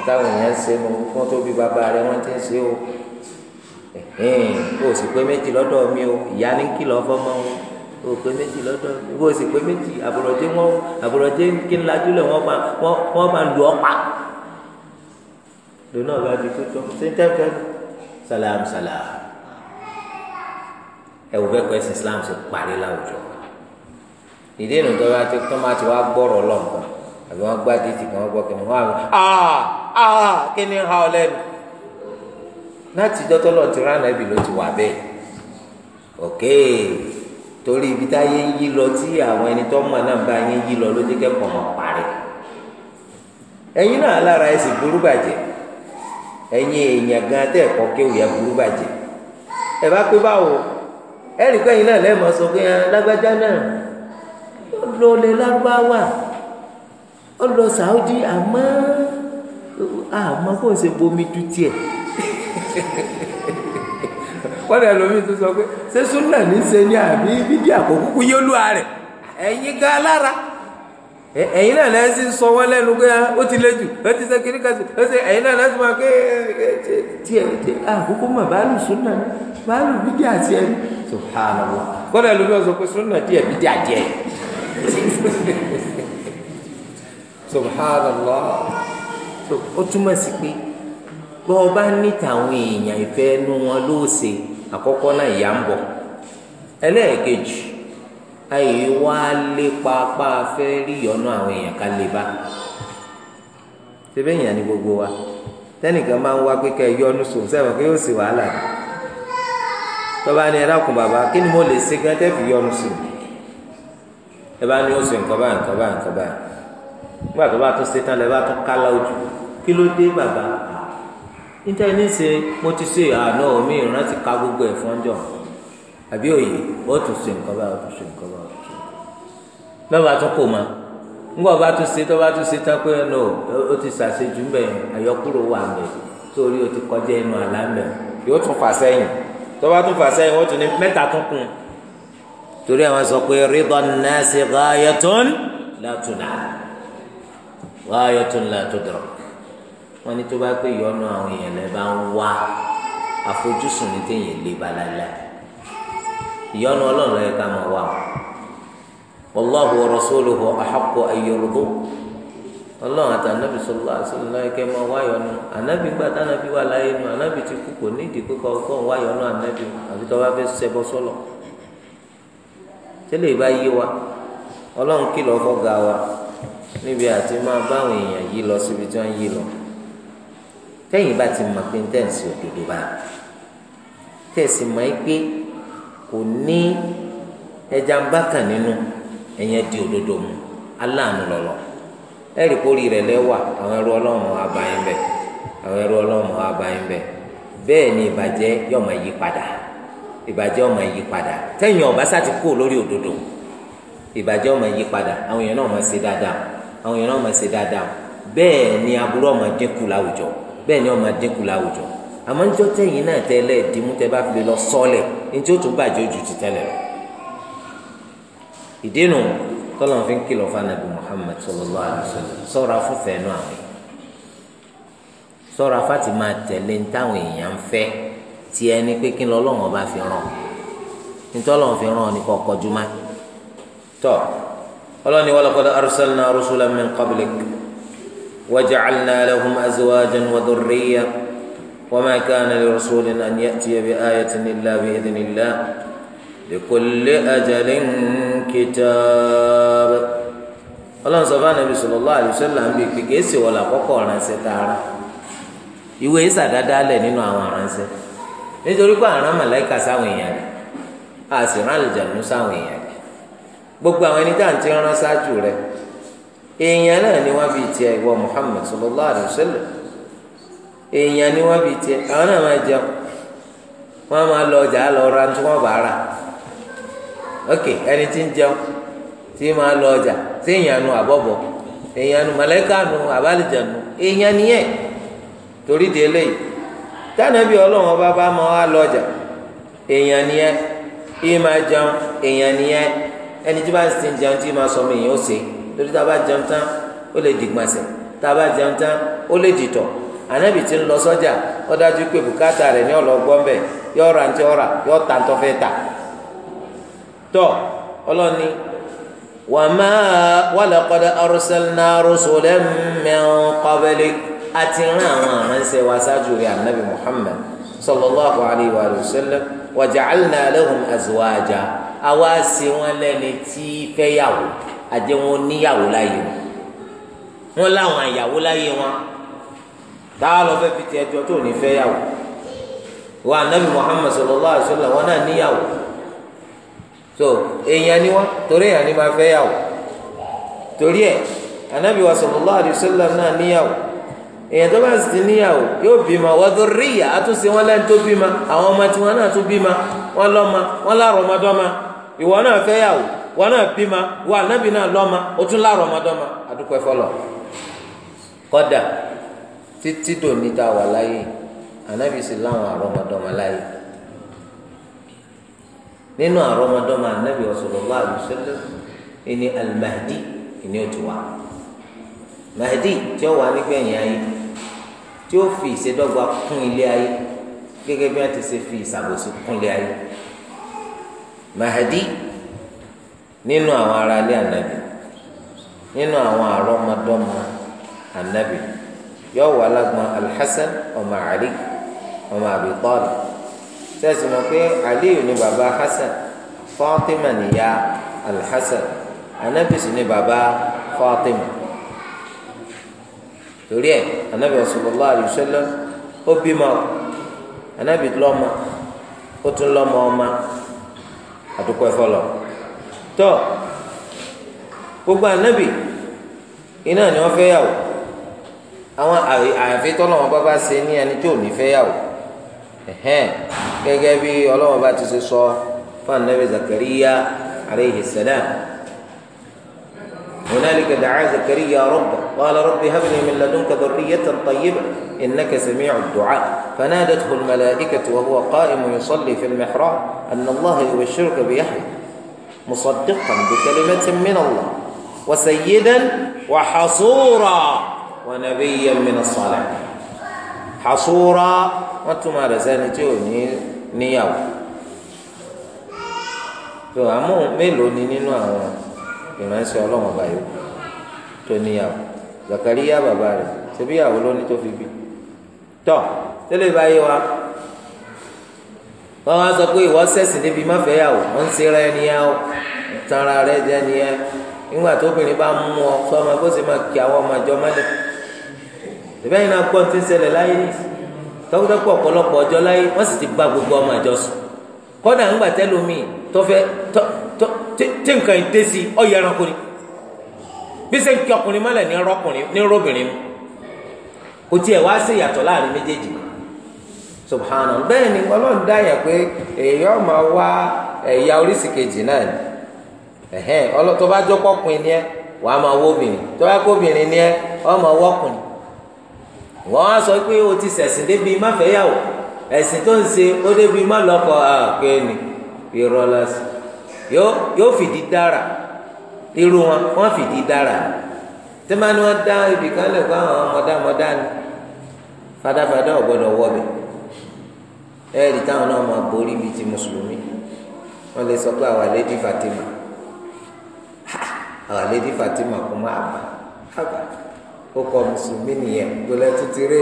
táwọn èèyàn ń ṣe nu fún tó bí bàbá rẹ wọ́n ti ń ṣe o kò sì pé méjì lọ́dọ̀ mi o ìyá ní kìlọ̀ fọ́mọ wọn o pé méjì lọ́dọ̀ mi bó o sì pé méjì àbùrọ̀jẹ́ wọn àbùrọ̀jẹ́ kí n lajú lẹ̀ wọ́n máa wọ́n máa lù ọ́ pa lónà ọba di tó tọ́ sẹ́ńtẹ́fẹ́ salam salam ẹ wò bẹ́ẹ̀ kọ́ ẹ̀sìn Islam ṣe parí láwùjọ ìdí ìnù tó bá ti tọ́ máa ti wá gbọ́rọ̀ lọ́nkàn àbí wọ́n gbá títì kan wọ́n gbọ́ kẹ́mi wọ́n á ah ah kí ni ha ọ lẹ́nu láti dọ́tọ́ lọ́ọ̀ ti rán ẹ̀bì ló ti wà bẹ́ẹ̀ okay torí ibi tá yé yí lọ tí àwọn ẹni tó mọ̀ náà bá yé yí lọ ló dé kẹ́kọ̀ọ́ mọ̀ parí ẹ̀yin náà lára ẹ̀sìn burú bàjẹ́ ẹ̀yin èèyàn gan tẹ́ ẹ̀kọ́ kéwù yẹn burú bàjẹ́ ẹ bá pé báwo ẹ̀rì pé ẹ̀yin náà lẹ́ẹ̀mọ́ sọ pé ah, lágbájá náà ó lọ lẹ lárúbáwá ó lọ Saudi àmọ́ àmọ́ kò ń ṣe bomi dútiẹ̀. kọ́dà ẹlòmíì tó sọ pé ṣé súnà ní ṣe ní àbí bíbí àkókò kú yóò lúwa rẹ̀ ẹ̀yin gan alára ẹ̀yin náà lẹ́yìn sí sọ wọ́n lẹ́nu pé ah, ó ti lé jù ó ti ṣe kiri kan sí ó ṣe ẹ̀yin náà lẹ́sìn máa pé eh, eh, eh, tiẹ̀ tiẹ̀ ah, àkókò mà báàlù súnà ní báàlù bíbí àti ẹni subhanallah kọ́dà ẹlòmíì sọ pé súnà tiẹ̀ bíbí àti ẹni subhanallah ó túmọ̀ sí pé bọ́ọ̀ bá ní tàwọn èèyàn ìfẹ́ nu wọn ló ṣe. àkọ́kọ́ náà ìyá ń bọ̀ ẹlẹ́ẹ̀kejì ayé wá lépa apá afẹ́ rí ìyọnu àwọn èèyàn ká lè bá tẹ́bẹ̀yàn ni gbogbo wa tẹ́nìkan máa ń wá pé kẹ́ ẹ sòun sẹ́wọ̀n pé yóò sì wàhálà tọ́ba ni ẹ bàbá kí ni mo lè ṣe gan tẹ́ fi yọnu ẹ bá ní oṣù nǹkan báyìí nǹkan báyìí nǹkan báyìí nígbà tó bá tún ṣe tán bá tún kálá ojú kí ló níta ní ṣe mo ti ṣe àná omi ìrántí ka gbogbo ẹ̀ fọ́njọ́ àbí òye ó tún ṣe nǹkan báyìí ó tún ṣe nǹkan báyìí lọ́ba tó kò mọ́ ńgbọ́ bá tún ṣe tó bá tún tán pé ó ti ṣàṣejù ń bẹ̀ àyọkúrò wà o ti kọjá ẹnu àlá ń yóò tún fà sẹ́yìn tó bá tún fà sẹ́yìn wọ́n tún ní mẹ́ta tún kù torí wọn ní tó bá pé ìyọnu àwọn èèyàn lẹ bá ń wá àfojúsùn ní téèyàn lè ba láìláì ìyọnu ọlọ́run yẹ ká máa wà o wallahu wa anabi sallallahu alaihi wasallam yẹ kẹ́ anabi gba tá anabi wà láyé nu anabi ti kú kò ní ìdí pípa anabi àti tó bá fẹ́ ṣẹbọ sọ́lọ̀ tẹ́lẹ̀ bá wa wa níbi àti máa tẹ́yìn bá ti mọ̀ pé ń tẹ̀sí òdodo bá tẹ̀sí mọ́ ẹ pé kò ní ẹja ń bá kàn nínú ẹ̀yẹn di òdodo mu aláàánú lọ́lọ́ ẹ̀rì kórì rẹ̀ lẹ́wà àwọn ẹrú ọlọ́run bẹ̀ àwọn ẹrú ọlọ́run bẹ̀ bẹ́ẹ̀ ni ìbàjẹ́ yóò máa yí padà ìbàjẹ́ yóò yí padà tẹ́yìn sá ti lórí òdodo ìbàjẹ́ yí padà àwọn bẹ́ẹ̀ ni ọmọ dínkù láwùjọ àmọ́ ń jọ́ tẹ̀yìn náà tẹ́lẹ̀ dìímú tẹ́ bá fi lè lọ sọ́ọ̀lẹ̀ ní tí ó tún bàjẹ́ ojú ti tẹ́lẹ̀ lọ. ìdínú tọ́lọ̀ fi ń kìlọ̀ fanabi Muhammad sallallahu alaihi wasallam sọ́ra fún fẹ́ẹ́nu àwìn sọ́ra fati máa tẹ̀lé ní táwọn èèyàn ń fẹ́ tí ẹni pé kí lọ́lọ́wọ́n bá fi ràn nítọ́lọ́ fi ràn ní kọ́kọ́ tọ́ ọlọ́ni walaqad arsalna rusulan min qablik وجعلنا لهم أزواجا وذرية وما كان لرسول أن يأتي بآية إلا بإذن الله لكل أجل كتاب الله سبحانه fún anabi sọlọ́lá àlùsọ́lá ń bí kékeré sì wọlé àkọ́kọ́ ránṣẹ́ tààrà ìwé ìsàdáadáa lẹ̀ nínú àwọn ránṣẹ́ nítorí pé àrán màláìka sáwọn èèyàn rẹ̀ àsìrán àlùjànnú sáwọn èèyàn rẹ̀ gbogbo àwọn ẹni tá à ti rán ṣáájú rẹ̀ èèyàn náà ni wọ́n fi tiẹ̀ ìwọ Muhammad sallallahu alayhi wa sallam èèyàn ni wọ́n fi tiẹ̀ àwọn náà máa máa lọ ọjà lọ ra tí wọ́n bá rà ok ẹni tí ń jẹun tí máa lọ ọjà tí èèyàn nu àbọ̀bọ̀ èèyàn nu màláíkà nu àbálìjà nu èèyàn nìyẹn torí eléyìí tánàbí bá máa ọjà èèyàn nìyẹn jẹun èèyàn nìyẹn ẹni tí bá ń sin jẹun tí máa torí tá a bá jẹun tán ó lè dìgbọ̀nsẹ̀ tá a bá jẹun tán ó lè dìtọ̀ ànábì tí ń lọ sọ́jà ó dájú pé bùkátà rẹ̀ ní ọ̀lọ́gbọ́n bẹ̀ yọ ra ntí ọ̀ra yọ ta ntọ́ fẹ́ ta tọ́ ọlọ́ni wàmà walaqad arsalna rusulan min qablik àti rán àwọn àránṣẹ́ wa ṣáájú rẹ̀ ànábì Muhammad sallallahu alayhi wa sallam wa ja'alna lahum azwaja àwa sì wọn lẹ́ni tí fẹ́yàwó. àjẹ wọn níyàwó láyé wọn láwọn àyàwó láyé wọn táwa lọ fẹ́ fi ti tó ní yàwó wa anabi muhammad sallallahu alaihi wọn náà níyàwó so èèyàn ni wọn torí èèyàn ni máa fẹ́ yàwó torí ẹ anabi wa sallallahu alaihi náà níyàwó èèyàn tó bá sì ti níyàwó yóò bímọ wọn tó rí ìyá àtúnṣe wọn tó bímọ àwọn ọmọ náà tó bímọ wọn wọn ìwọ náà yàwó. wọn náà bí ma wọn ànábì náà lọ o tún ma fọlọ títí wà láyé ànábì sì láwọn àrọmọdọ́mọ láyé nínú àrọmọdọ́mọ ànábì sallallahu alaihi wasallam ẹni alimahdi ẹni ti mahdi tí ó wà nígbẹ̀yìn ayé tí ó fi ìṣèdọ́gba kún ilé ayé gẹ́gẹ́ bí wọ́n ti ṣe fi ìṣàbòsí kún ilé ayé mahdi. nínú àwọn aráalé ànábì nínú àwọn àrọmọdọ́mọ ànábì yóò wà lágbọn alhassan ọmọ ali ọmọ abi talib sẹ́sì mọ̀ pé aliyu ni baba hassan fatima níyà alhassan ànábì sì ni baba fatima torí ẹ ànábì sallallahu alaihi wasallam ó bímọ ànábì lọ́mọ ó tún lọ́mọ ọmọ àdúpẹ́ fọlọ́. tọ́ gbogbo ànábì iná ni wọ́n fẹ́ yàwó wò àwọn àwọn àyàfi tọ́lọ̀ wọn bá bá ṣe ní ẹni tí ò yàwó ẹ̀hẹ́n gẹ́gẹ́ bí ọlọ́wọ́n bá ti ṣe sọ fún ànábì Zakariya alayhi salam. هنالك دعا زكريا ربه قال رب هب لي من لدنك ذرية طيبة إنك سميع الدعاء فنادته الملائكة وهو قائم يصلي في المحراب أن الله يبشرك بيحيى مصدقا بكلمة من الله وسيدا وحصورا ونبيا من الصالحين حصورا وانتم على زانتي نياو tó àmọ́ mélòó ni nínú àwọn ìránṣẹ́ ọlọ́run ọba yòókù tó níyàwó Zakariya bàbá rẹ̀ ṣe bíyàwó lónìí tó fi bí tọ́ tẹ́lẹ̀ báyé wa wọ́n wá sọ pé ìwọ sẹ̀sìn débi má fẹ́ ń o tara rẹ jẹ́ ni yẹn nígbà tó obìnrin bá mú ọ sọ ma bó ṣe máa kí àwọn ọmọ àjọ mọ́lẹ̀ ìbẹ́ yìí náà gbọ́ ti ń ṣẹlẹ̀ láyé ọ̀pọ̀lọpọ̀ ọjọ́ ti gba gbogbo ọmọ àjọ sùn kọ́dà ńgbà tí nǹkan bí ṣe ń kí ọkùnrin ní ní rọ́bìnrin kò tiẹ̀ subhana bẹ́ẹ̀ ni ọlọ́run dáyàn pé èèyàn máa wá ẹ̀yà oríṣi kejì náà ni ẹ̀hẹ́n ọlọ́tọ́ bá jọ́pọ̀ pin ni ẹ wà á máa wọ obìnrin tó bá kó obìnrin ni ẹ ọ máa wọ́kùnrin wọ́n á sọ pé o ti ṣẹ̀sìn débi máfẹ́yàwó ẹ̀sìn tó ń ṣe ó débi má lọ́kọ̀ àkéènì irọ́ lásán yóò fìdí dára irú wọn wọ́n fìdí dára tẹ́mánú wọn dá ibìkan lẹ̀ kó àwọn ọmọdé ọmọdé ni fadáfadá ọ̀gbọ́dọ̀ wọ̀ bẹ́ẹ̀. ẹ̀ẹ́dì táwọn náà máa borí bíi ti mùsùlùmí wọ́n lè sọ pé àwa lady Fatima àwa lady Fatima kò má bà àbà ó kọ mùsùlùmí nìyẹn gbọlẹ́ tó ti rí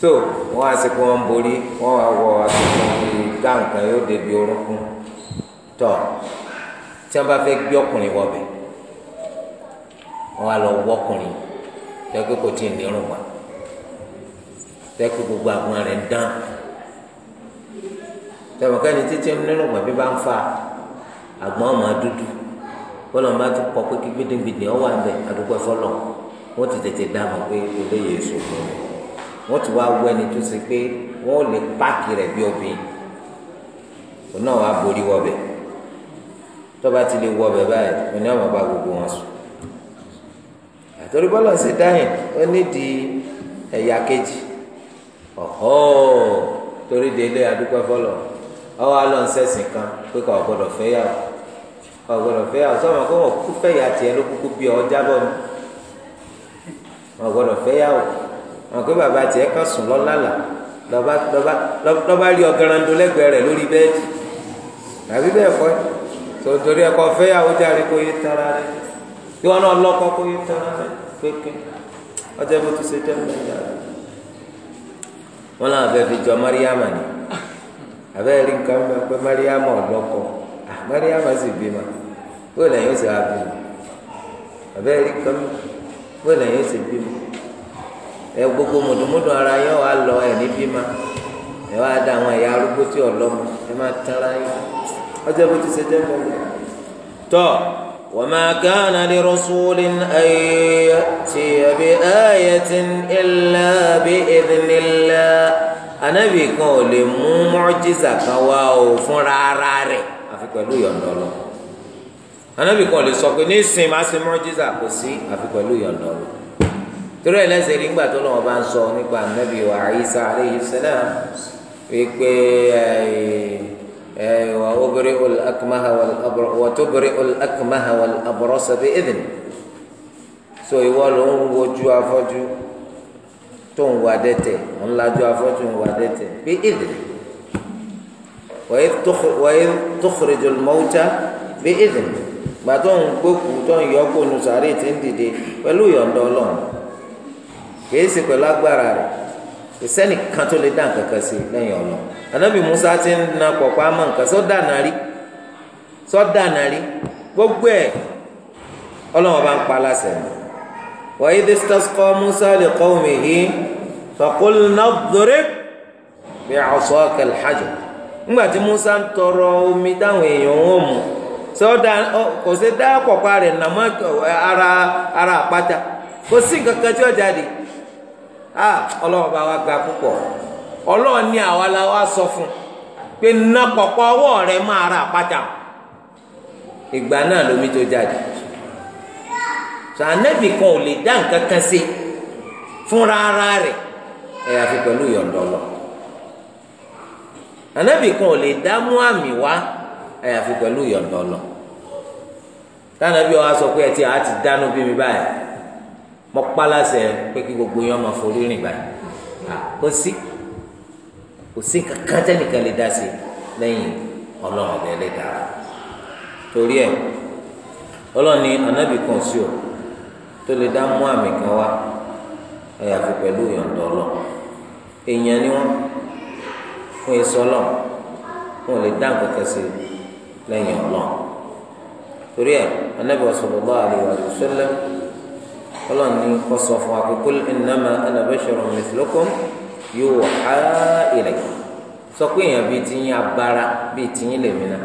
so wọ́n á sì kó wọn borí wọ́n wá wọ àtúntò gáǹkan yóò débi orúnkún tọ́ tí wọ́n bá fẹ́ gbé ọkùnrin wọbẹ̀ wọ́n á lọ wọ́kùnrin tẹ́ pé kò tí ì nírùn wọn tẹ́kù gbogbo àgbọn rẹ̀ ń dán tẹ̀wọ̀kẹ́ni títí nírùngbọ̀n bí bá ń fa àgbọn ọmọ dúdú bọ́lọ̀mọ́ bá ti pọ̀ pé kí gbẹdẹ́gbẹdẹ́ ọwọ́ àbẹ̀ àdúgbò fọlọ̀ wọ́n ti tètè dáhùn pé olóyè èso fún un wọ́n ti wá wọ ẹni tó ṣe pé wọ́n lè páàkì rẹ̀ bí obìnrin òun náà wàá borí wọ́bẹ̀ tọ́ba ti lè wọ́bẹ̀ báyìí òun ni àwọn bá gbogbo wọn sùn àtòrí bọ́lọ̀ ṣe dáhìn ó nídìí ẹ̀yà kejì ọ̀họ́ torí délé adúpẹ́ fọlọ́ ọwọ́ alọ́ ń sẹ̀sìn kan pé kò gbọ́dọ̀ fẹ́ yà kò gbọ́dọ̀ fẹ́ yà sọ́mọ kó wọ́n kú fẹ́ yà tiẹ̀ ló kúkú bí ọ jábọ̀ ni wọ́n gbọ́dọ̀ fẹ́ yà o wọn pé bàbá tiẹ̀ kan sùn lọ́làlà lọ́ba lọ́ba lọ́ba rí ọ̀garando lẹ́gbẹ̀ẹ́ rẹ̀ lórí bẹ́ẹ̀dì tàbí bẹ́ẹ̀ kọ́ tòtòrí ẹ̀kọ́ fẹ́ yà ó jáde kó yé tara rẹ̀ kí wọ́n náà lọ́kọ́ kó tara rẹ̀ pé kí ọjọ́ bó ti ṣe jẹ́ mọ́ ìyá rẹ̀. wọn làwọn fẹẹ fi jọ mariama ni àbẹ́rẹ́ rí nǹkan mọ́ pé mariama ọ̀lọ́kọ mariama sì si wọ́n lẹ́yìn ó sì wá bímọ àbẹ́rẹ́ ẹ gbogbo mùdùmùdù ara yẹn wà lọ ẹ̀ ní ẹ dá àwọn arúgbó tí ẹ ara yẹn bó ti ṣe وما كان لرسول أن يأتي بآية إلا بإذن الله anabi kan ò lè mú mọ́jísà kan wá o fúnra ara rẹ̀ àfi pẹ̀lú ìyọ̀ǹda lọ anabi kan ò lè sọ pé ní ìsìn máa ṣe mọ́jísà kò sí àfi pẹ̀lú ìyọ̀ǹda lọ torí ẹ̀ lẹ́sẹ̀ rí ńgbà tó lọ́wọ́ bá ń sọ nípa anabi wa Isa alayhi salam wípé ẹ̀ẹ́. وأبرئ الأكمه والأبر وتبرئ الأكمه والأبرص بإذن so ìwọ ló ń wojú afọ́jú tó ń wà dẹ́tẹ̀ ń lajú afọ́jú ń wà dẹ́tẹ̀ bí ìdè wàyí tókèrèjò mọ́wútà bí ìdè gbà tó ń gbókù tó ń yọkù nù sàárè tí ń dìde pẹ̀lú ìyọ̀ǹda ọlọ́run kìí ṣe pẹ̀lú agbára rẹ̀ kò sẹ́nìkan tó lè dá nǹkan kan sí lẹ́yìn ọlọ́run. anabi musa ti ń na pọ̀pọ̀ ama nǹkan sọ́dà nàrí gbogbo ẹ̀ ọlọ́wọ́n bá ń pa aláṣẹ ni. wa idh kọ musa liqawmihi faqulna idrib bi'asaka al-hajar ńgbà tí musa ń tọrọ omi táwọn èèyàn ń mú sọ́dà kò sí dá pọ̀pọ̀ rẹ̀ ara ara àpáta kò sí nǹkan kan tí ó jáde ah, bá wa ọlọ́run ní àwa la wá sọ fún pé ná pọ̀pọ̀ ọwọ́ rẹ máa ra àpáta ìgbà náà lomi tó jáde sọ ànábì kan ò lè dá nǹkan kan ara rẹ ẹ àfi pẹ̀lú ìyọ̀ǹda lọ ànábì kan ò lè dá mú àmì wá ẹ ọ sọ pé ẹ ti àá ti mọ pé kí gbogbo yẹn ọmọ forí rìn báyìí kò sí kankan tẹ́nìkan lè dá sí lẹ́yìn ọlọ́run ọ̀bẹ ẹlẹ́dàá torí ẹ̀ ọlọ́run ní anábì kan sí o tó lè dá mú àmì kan wá àyàfi pẹ̀lú ìyọ̀ǹda ọlọ́run èèyàn ni wọ́n fún èso ọlọ́run wọn lè dá nǹkan kan sí lẹ́yìn ọlọ́run torí ẹ̀ anábì sallallahu alaihi wasallam ọlọ́run ní kó sọ fún wa pé kul innama ana basharun mithlukum. yóò há ilẹ̀ sọ pé èèyàn bíi tiyín abara bíi tiyín lèmínà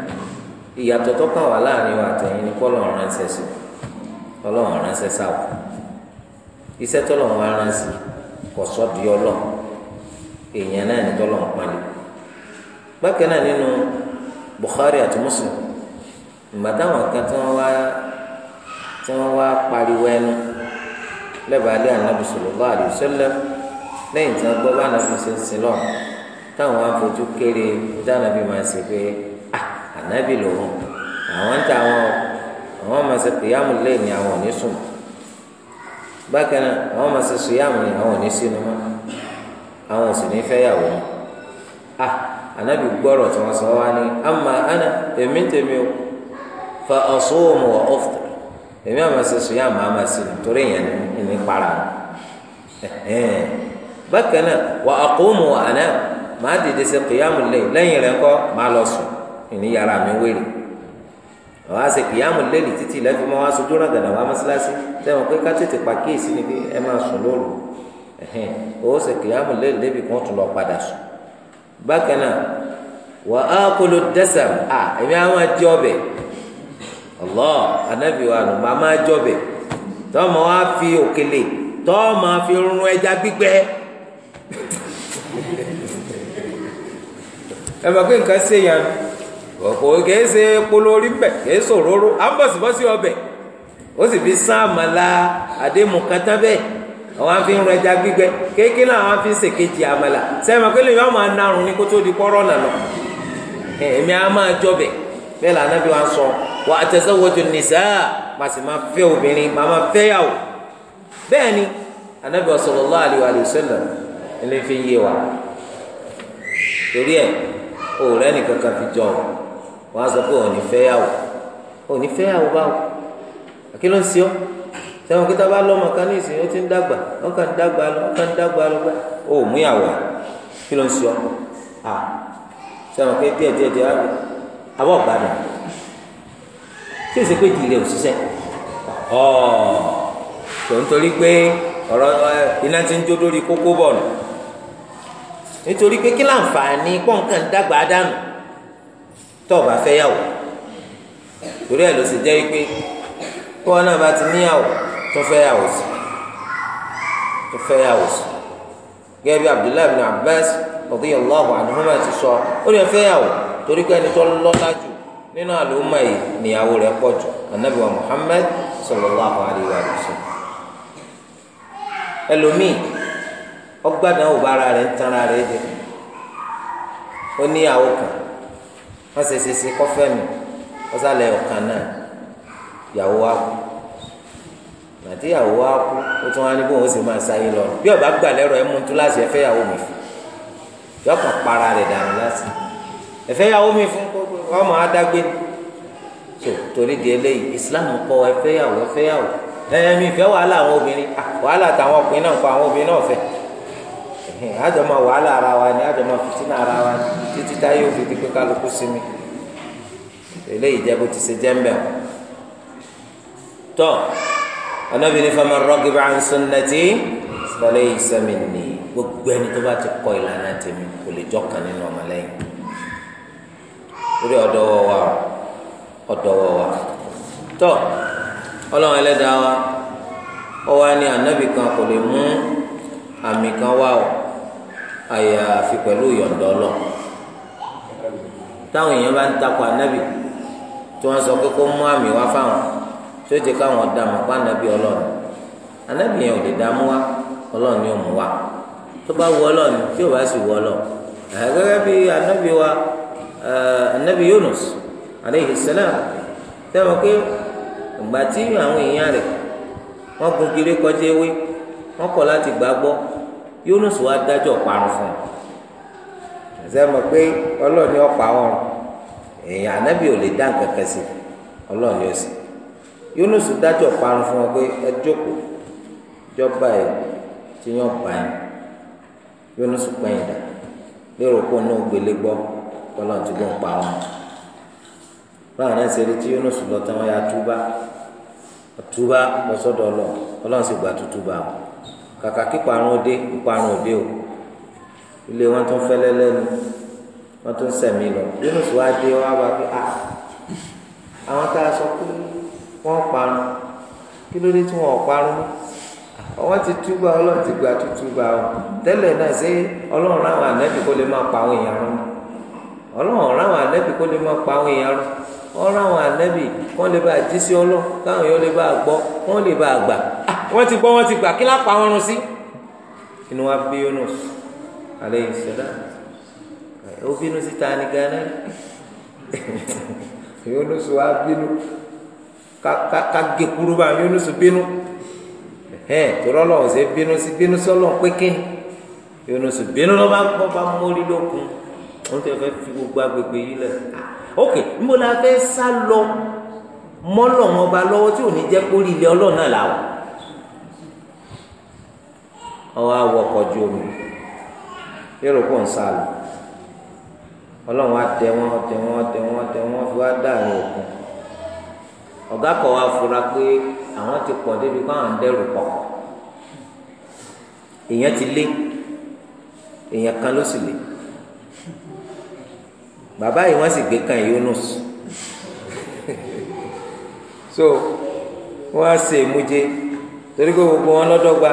ìyàtọ̀ tó kà wá láàrin wa àtẹ̀yìn ni kọ́lọ̀ ránṣẹ́ sí ọlọ́run ránṣẹ́ sáwọ́ iṣẹ́ tọ́lọ́run wá ránṣẹ́ kò di èèyàn náà ní náà nínú àti Muslim ìgbà táwọn kan tí wọ́n wá tí wọ́n wá pariwo ẹnu lẹ́bàá lé lẹ́yìn tí wọ́n gbọ́ bá nàbì ṣe ń sin lọ táwọn afojú kéré níta nàbì máa ṣe pé ànábì lòun àwọn ń ta àwọn àwọn máa ṣe pèyàmù lẹ́yìn àwọn òní sùn bákan náà àwọn máa ṣe sùyàmù ni àwọn òní sínú mọ́ àwọn ò sì ní fẹ́ yàwó mọ́ a ànábì gbọ́rọ̀ tí wọ́n sọ wá ní èmi tèmi o fa ọ̀ṣọ́wọ̀mù wà ọ̀fùtà èmi àmà ṣe sùyàmù àmà sínú ní bákan náà wà àkóòmù wà àná màá dìde ṣe kìyàmù lẹ́yìn lẹ́yìn rẹ̀ kọ́ màá lọ sùn ìní yàrá mi wéèrè wàá ṣe kìyàmù lẹ́yìn títí lẹ́fí mọ́ wá sojú rẹ̀ gàdà wá mọ́sálásí sẹ́wọ̀n pé kátètè pàkíyèsí ni pé ẹ máa sùn lóru ẹ̀hìn ó ṣe kìyàmù lẹ́yìn débi kan tún lọ padà sùn bákan náà wà á kolo dẹ́sẹ̀ à èmi àwọn àjọ ọbẹ̀ Allah anabi wa nù màmá àjọ ọbẹ̀ tọ́ ma fi òkèlè tọ́ ma fi rún ẹja gbígbẹ́ ẹ máa pé nǹkan ṣe yan kò kìí ṣe polo orí mbẹ kìí ṣòróró à ọbẹ̀ ó sì fi sán àmàlà àdéhùn bẹ́ẹ̀ àwọn afi ń rọ gbígbẹ kéèké náà àwọn afi ń ṣèkejì àmàlà sẹ́yìn máa pé lè yọ máa kó tó di kọ́rọ́ nà lọ èmi máa jọbẹ̀ bẹ́ẹ̀ lànà bí wọ́n sọ sì máa fẹ́ obìnrin máa fẹ́ yàwó bẹ́ẹ̀ ilé fi ń yé wa torí ẹ o rẹ nìkan kan fi jọ wọn á sọ pé òní fẹ́ yàwó òní fẹ́ yàwó báwo àkí ló ń ṣe ọ sẹ́wọ̀n kí tábà lọ́mọ kan ní ìsìn ó ti ń dàgbà wọ́n kàn ń dàgbà lọ wọ́n kàn ń dàgbà lọ gbà ó mú yàwó kí ló ń ṣe ọ à sẹ́wọ̀n kí díẹ̀ díẹ̀ díẹ̀ abọ́ gbàdùn tí o sì pé jìrì òṣìṣẹ́ ọ̀ tó ń torí pé ọ̀rọ̀ iná ti ń jó lórí kókó bọ̀ọ̀lù nítorí pé kí láǹfààní pọ́ǹkàn dàgbà dànù tó o bá fẹ́ yàwó torí ẹ̀ ló sì jẹ́ pé kó o náà bá ti níyàwó tó fẹ́ yàwó sí tó fẹ́ yàwó sí gẹ́gẹ́ bí Abdullahi bin Abbas radiyallahu anhuma ti sọ ó lè fẹ́ yàwó torí pé ẹni tó lọ́lá jù nínú àlùmọ́ yìí níyàwó rẹ̀ pọ̀ jù anabi wa Muhammad sallallahu alayhi wa sallam ẹlòmíì ọgbàdàn ò bára rẹ̀ ń tanra rẹ̀ jẹ ó ní ìyàwó kan wọ́n ṣe ṣe ṣe kọ́fẹ́ mi wọ́n sálẹ̀ ọ̀kan náà ìyàwó wa kú nàti ìyàwó wa kú ó tún wá ní bóun ó sì máa sáyé lọ bí ọba gbà lẹ́rọ ẹ mú un tú láti ẹ fẹ́ ìyàwó mi fún yọ kàn para rẹ̀ dànù láti ẹ fẹ́ ìyàwó mi fún ọmọ adágbé tó torí di eléyìí Islam kọ ẹ fẹ́ ìyàwó ẹ fẹ́ ìyàwó ẹ mi fẹ́ wàhálà àwọn obìnrin ah, wàhálà tàwọn ọkùnrin náà kọ àwọn obìnrin náà fẹ́ àjọ máa wàhálà ara wa ni àjọ máa fìtínà ara wa ni títí táyé òfin ti pé kálukú sinmi eléyìí jẹ́ bó ti ṣe jẹ́ ń bẹ̀ tọ́ anábìíní fama rọ́gìbà ń sunnati falaysa minni gbogbo ẹni tó bá ti kọ ìlànà tèmi kò lè jọ́kan nínú ọmọlẹ́yìn orí ọ̀dọ́wọ́ wa ọ̀dọ́wọ́ wa tọ́ ọlọ́run ẹlẹ́dàá wa ọ wá ní kan kò lè mú àmì kan wá o àyàfi pẹ̀lú ìyọ̀ǹda ọlọ́run táwọn èèyàn bá ń takò ànábì tí wọ́n sọ pé kó mú àmì wá fáwọn tí ó jẹ́ káwọn dá mọ̀ pé ànábì ọlọ́run ànábì yẹn ò lè dá mú wá ọlọ́run ni ó mú wá tó bá wù ọlọ́run tí ò bá sì wù ọlọ́run gẹ́gẹ́ bí ànábì wa eh, ànábì Yunus aleyhi salam tẹ́wọ̀n pé ìgbà tí àwọn èèyàn rẹ̀ wọ́n gun kiri kọjá ewé wọ́n kọ̀ láti gbàgbọ́ Yunus wá dájọ́ parun fún un ṣe mọ̀ pé ọlọ́ọ̀ni ọ̀pá wọn èèyàn anábì ò lè dá nǹkan kan sí ọlọ́ọ̀ni ó sì Yunus dájọ́ parun fún wọn pé ẹ jókòó jọba ẹ tí yàn bá yẹn Yunus pẹ́yìn dà lérò pé ọ̀nà ògbélé gbọ́ kọ́lọ́ ti gbọ́n pa wọn báwọn náà ṣe rí tí Yunus lọ tán wọn yà túbá túbá lọ sọ́dọ̀ ọlọ́ọ̀ ọlọ́ọ̀ sì gbà tútú bá kàkà kí parun òde kí parun òde o ilé wọn tún fẹlẹ lẹnu wọn tún sẹmí lọ Yunus wá dé wá wá pé a àwọn tá a sọ pé wọn parun kí ló dé tí wọn ò parun àwọn ti túbà Ọlọ́run ti gbà tútúbà o tẹ́lẹ̀ náà ṣé Ọlọ́run ráwọn ànẹbí kó lè máa pa àwọn èèyàn rún Ọlọ́run ráwọn ànẹbí kó lè máa pa àwọn èèyàn rún Ọlọ́run ànẹbí kó lè bá jí sí Ọlọ́run káwọn yóò lè bá gbọ́ kó lè bá gbà wọ́n ti gbọ́ wọ́n ti gbà kí lápá wọn rún sí inú wa bí Yunus aleyhi salam ó bínú síta ní gánà Yunus wa bínú ká gé kúrú bá Yunus bínú ẹn tòrọ lọ ọsẹ bínú sí bínú sọlọ pékè Yunus bínú lọ bá gbọ bá mórí lókun wọ́n ti fẹ́ fi gbogbo agbègbè yìí lẹ ok nbola fẹ́ sálọ mọlọ wọn ba lọ́wọ́ tí ò ní jẹ́ kórìí ilé Ọlọ́run náà làwọn. wọn wá ọkọ̀ ju omi yóò rò pọ̀ lọ ọlọ́run á tẹ wọn tẹ wọn tẹ wọn tẹ wọn fi wá dá àwọn òkun ọ̀gá kọ̀ wá fura pé àwọn ti pọ̀ débi kó àwọn ń pọ̀ èèyàn ti lé èèyàn kan ló sì lè bàbá yìí wọ́n sì gbé kan Yunus so wọ́n á ṣe èmúje torí pé gbogbo wọn lọ́dọ́gba.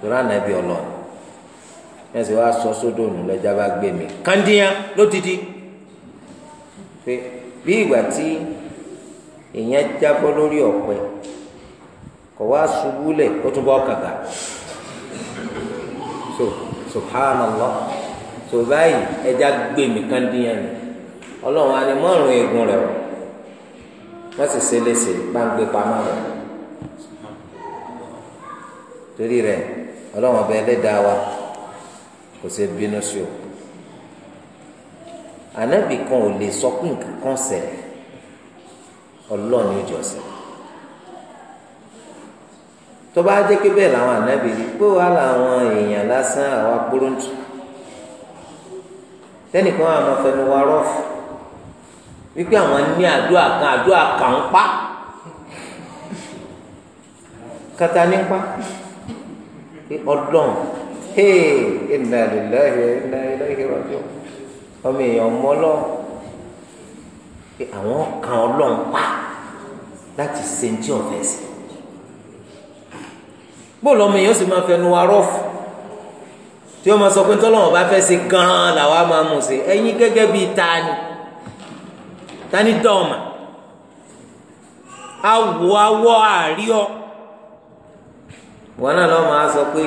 torí ànábì Ọlọ́run mẹsì wá sọ sódò nù lọjà bá gbé mi kàndínyà lódìdí pé bí ìgbà tí èèyàn jábọ́ lórí ọ̀pẹ kò wá ṣubú lẹ̀ ó tún bọ́ kàkà so subhanallah so báyìí ẹja gbé mi kàndínyà mi Ọlọ́run á ní mọ́rùn eegun rẹ̀ o wọ́n sì ṣe léṣe bá ń gbé pamọ́ rẹ̀ torí rẹ̀ ọlọ́wọ́n ọba ẹlẹ́dàá wa kò ṣe bínú sí o ànábì kan ò lè sọ pé nǹkan kan ṣẹlẹ̀ ọlọ́ọ̀ni ò jọ ṣẹlẹ̀ tó bá jẹ́ pé bẹ́ẹ̀ làwọn ànábì rí pé wàá làwọn èèyàn lásán àwọn akpọ́rọ́ǹtù tẹ́nìkan àwọn afẹnu wa rọ́ọ̀fù wípé àwọn ní àdúrà kan àdúrà kàn ń pa kátà ní pa pé ọlọ́run hee inna lillahi wa inna ilaihi raji'un ọmọ èèyàn mọ́ ọlọ́run pé àwọn kan ọlọ́run pa láti ṣe ní tí ọ̀fẹ́ sí bóòlù ọmọ èèyàn sì máa fẹnu wa rọ́ọ̀fù tí wọ́n máa sọ pé tọ́lọ́wọ́n bá fẹ́ ṣe gan-an làwa máa mú ṣe ẹ̀yin gẹ́gẹ́ bíi tani tani dọ́ọ̀mà awọ awọ àríọ́. wọn náà lọ́ọ́ máa sọ pé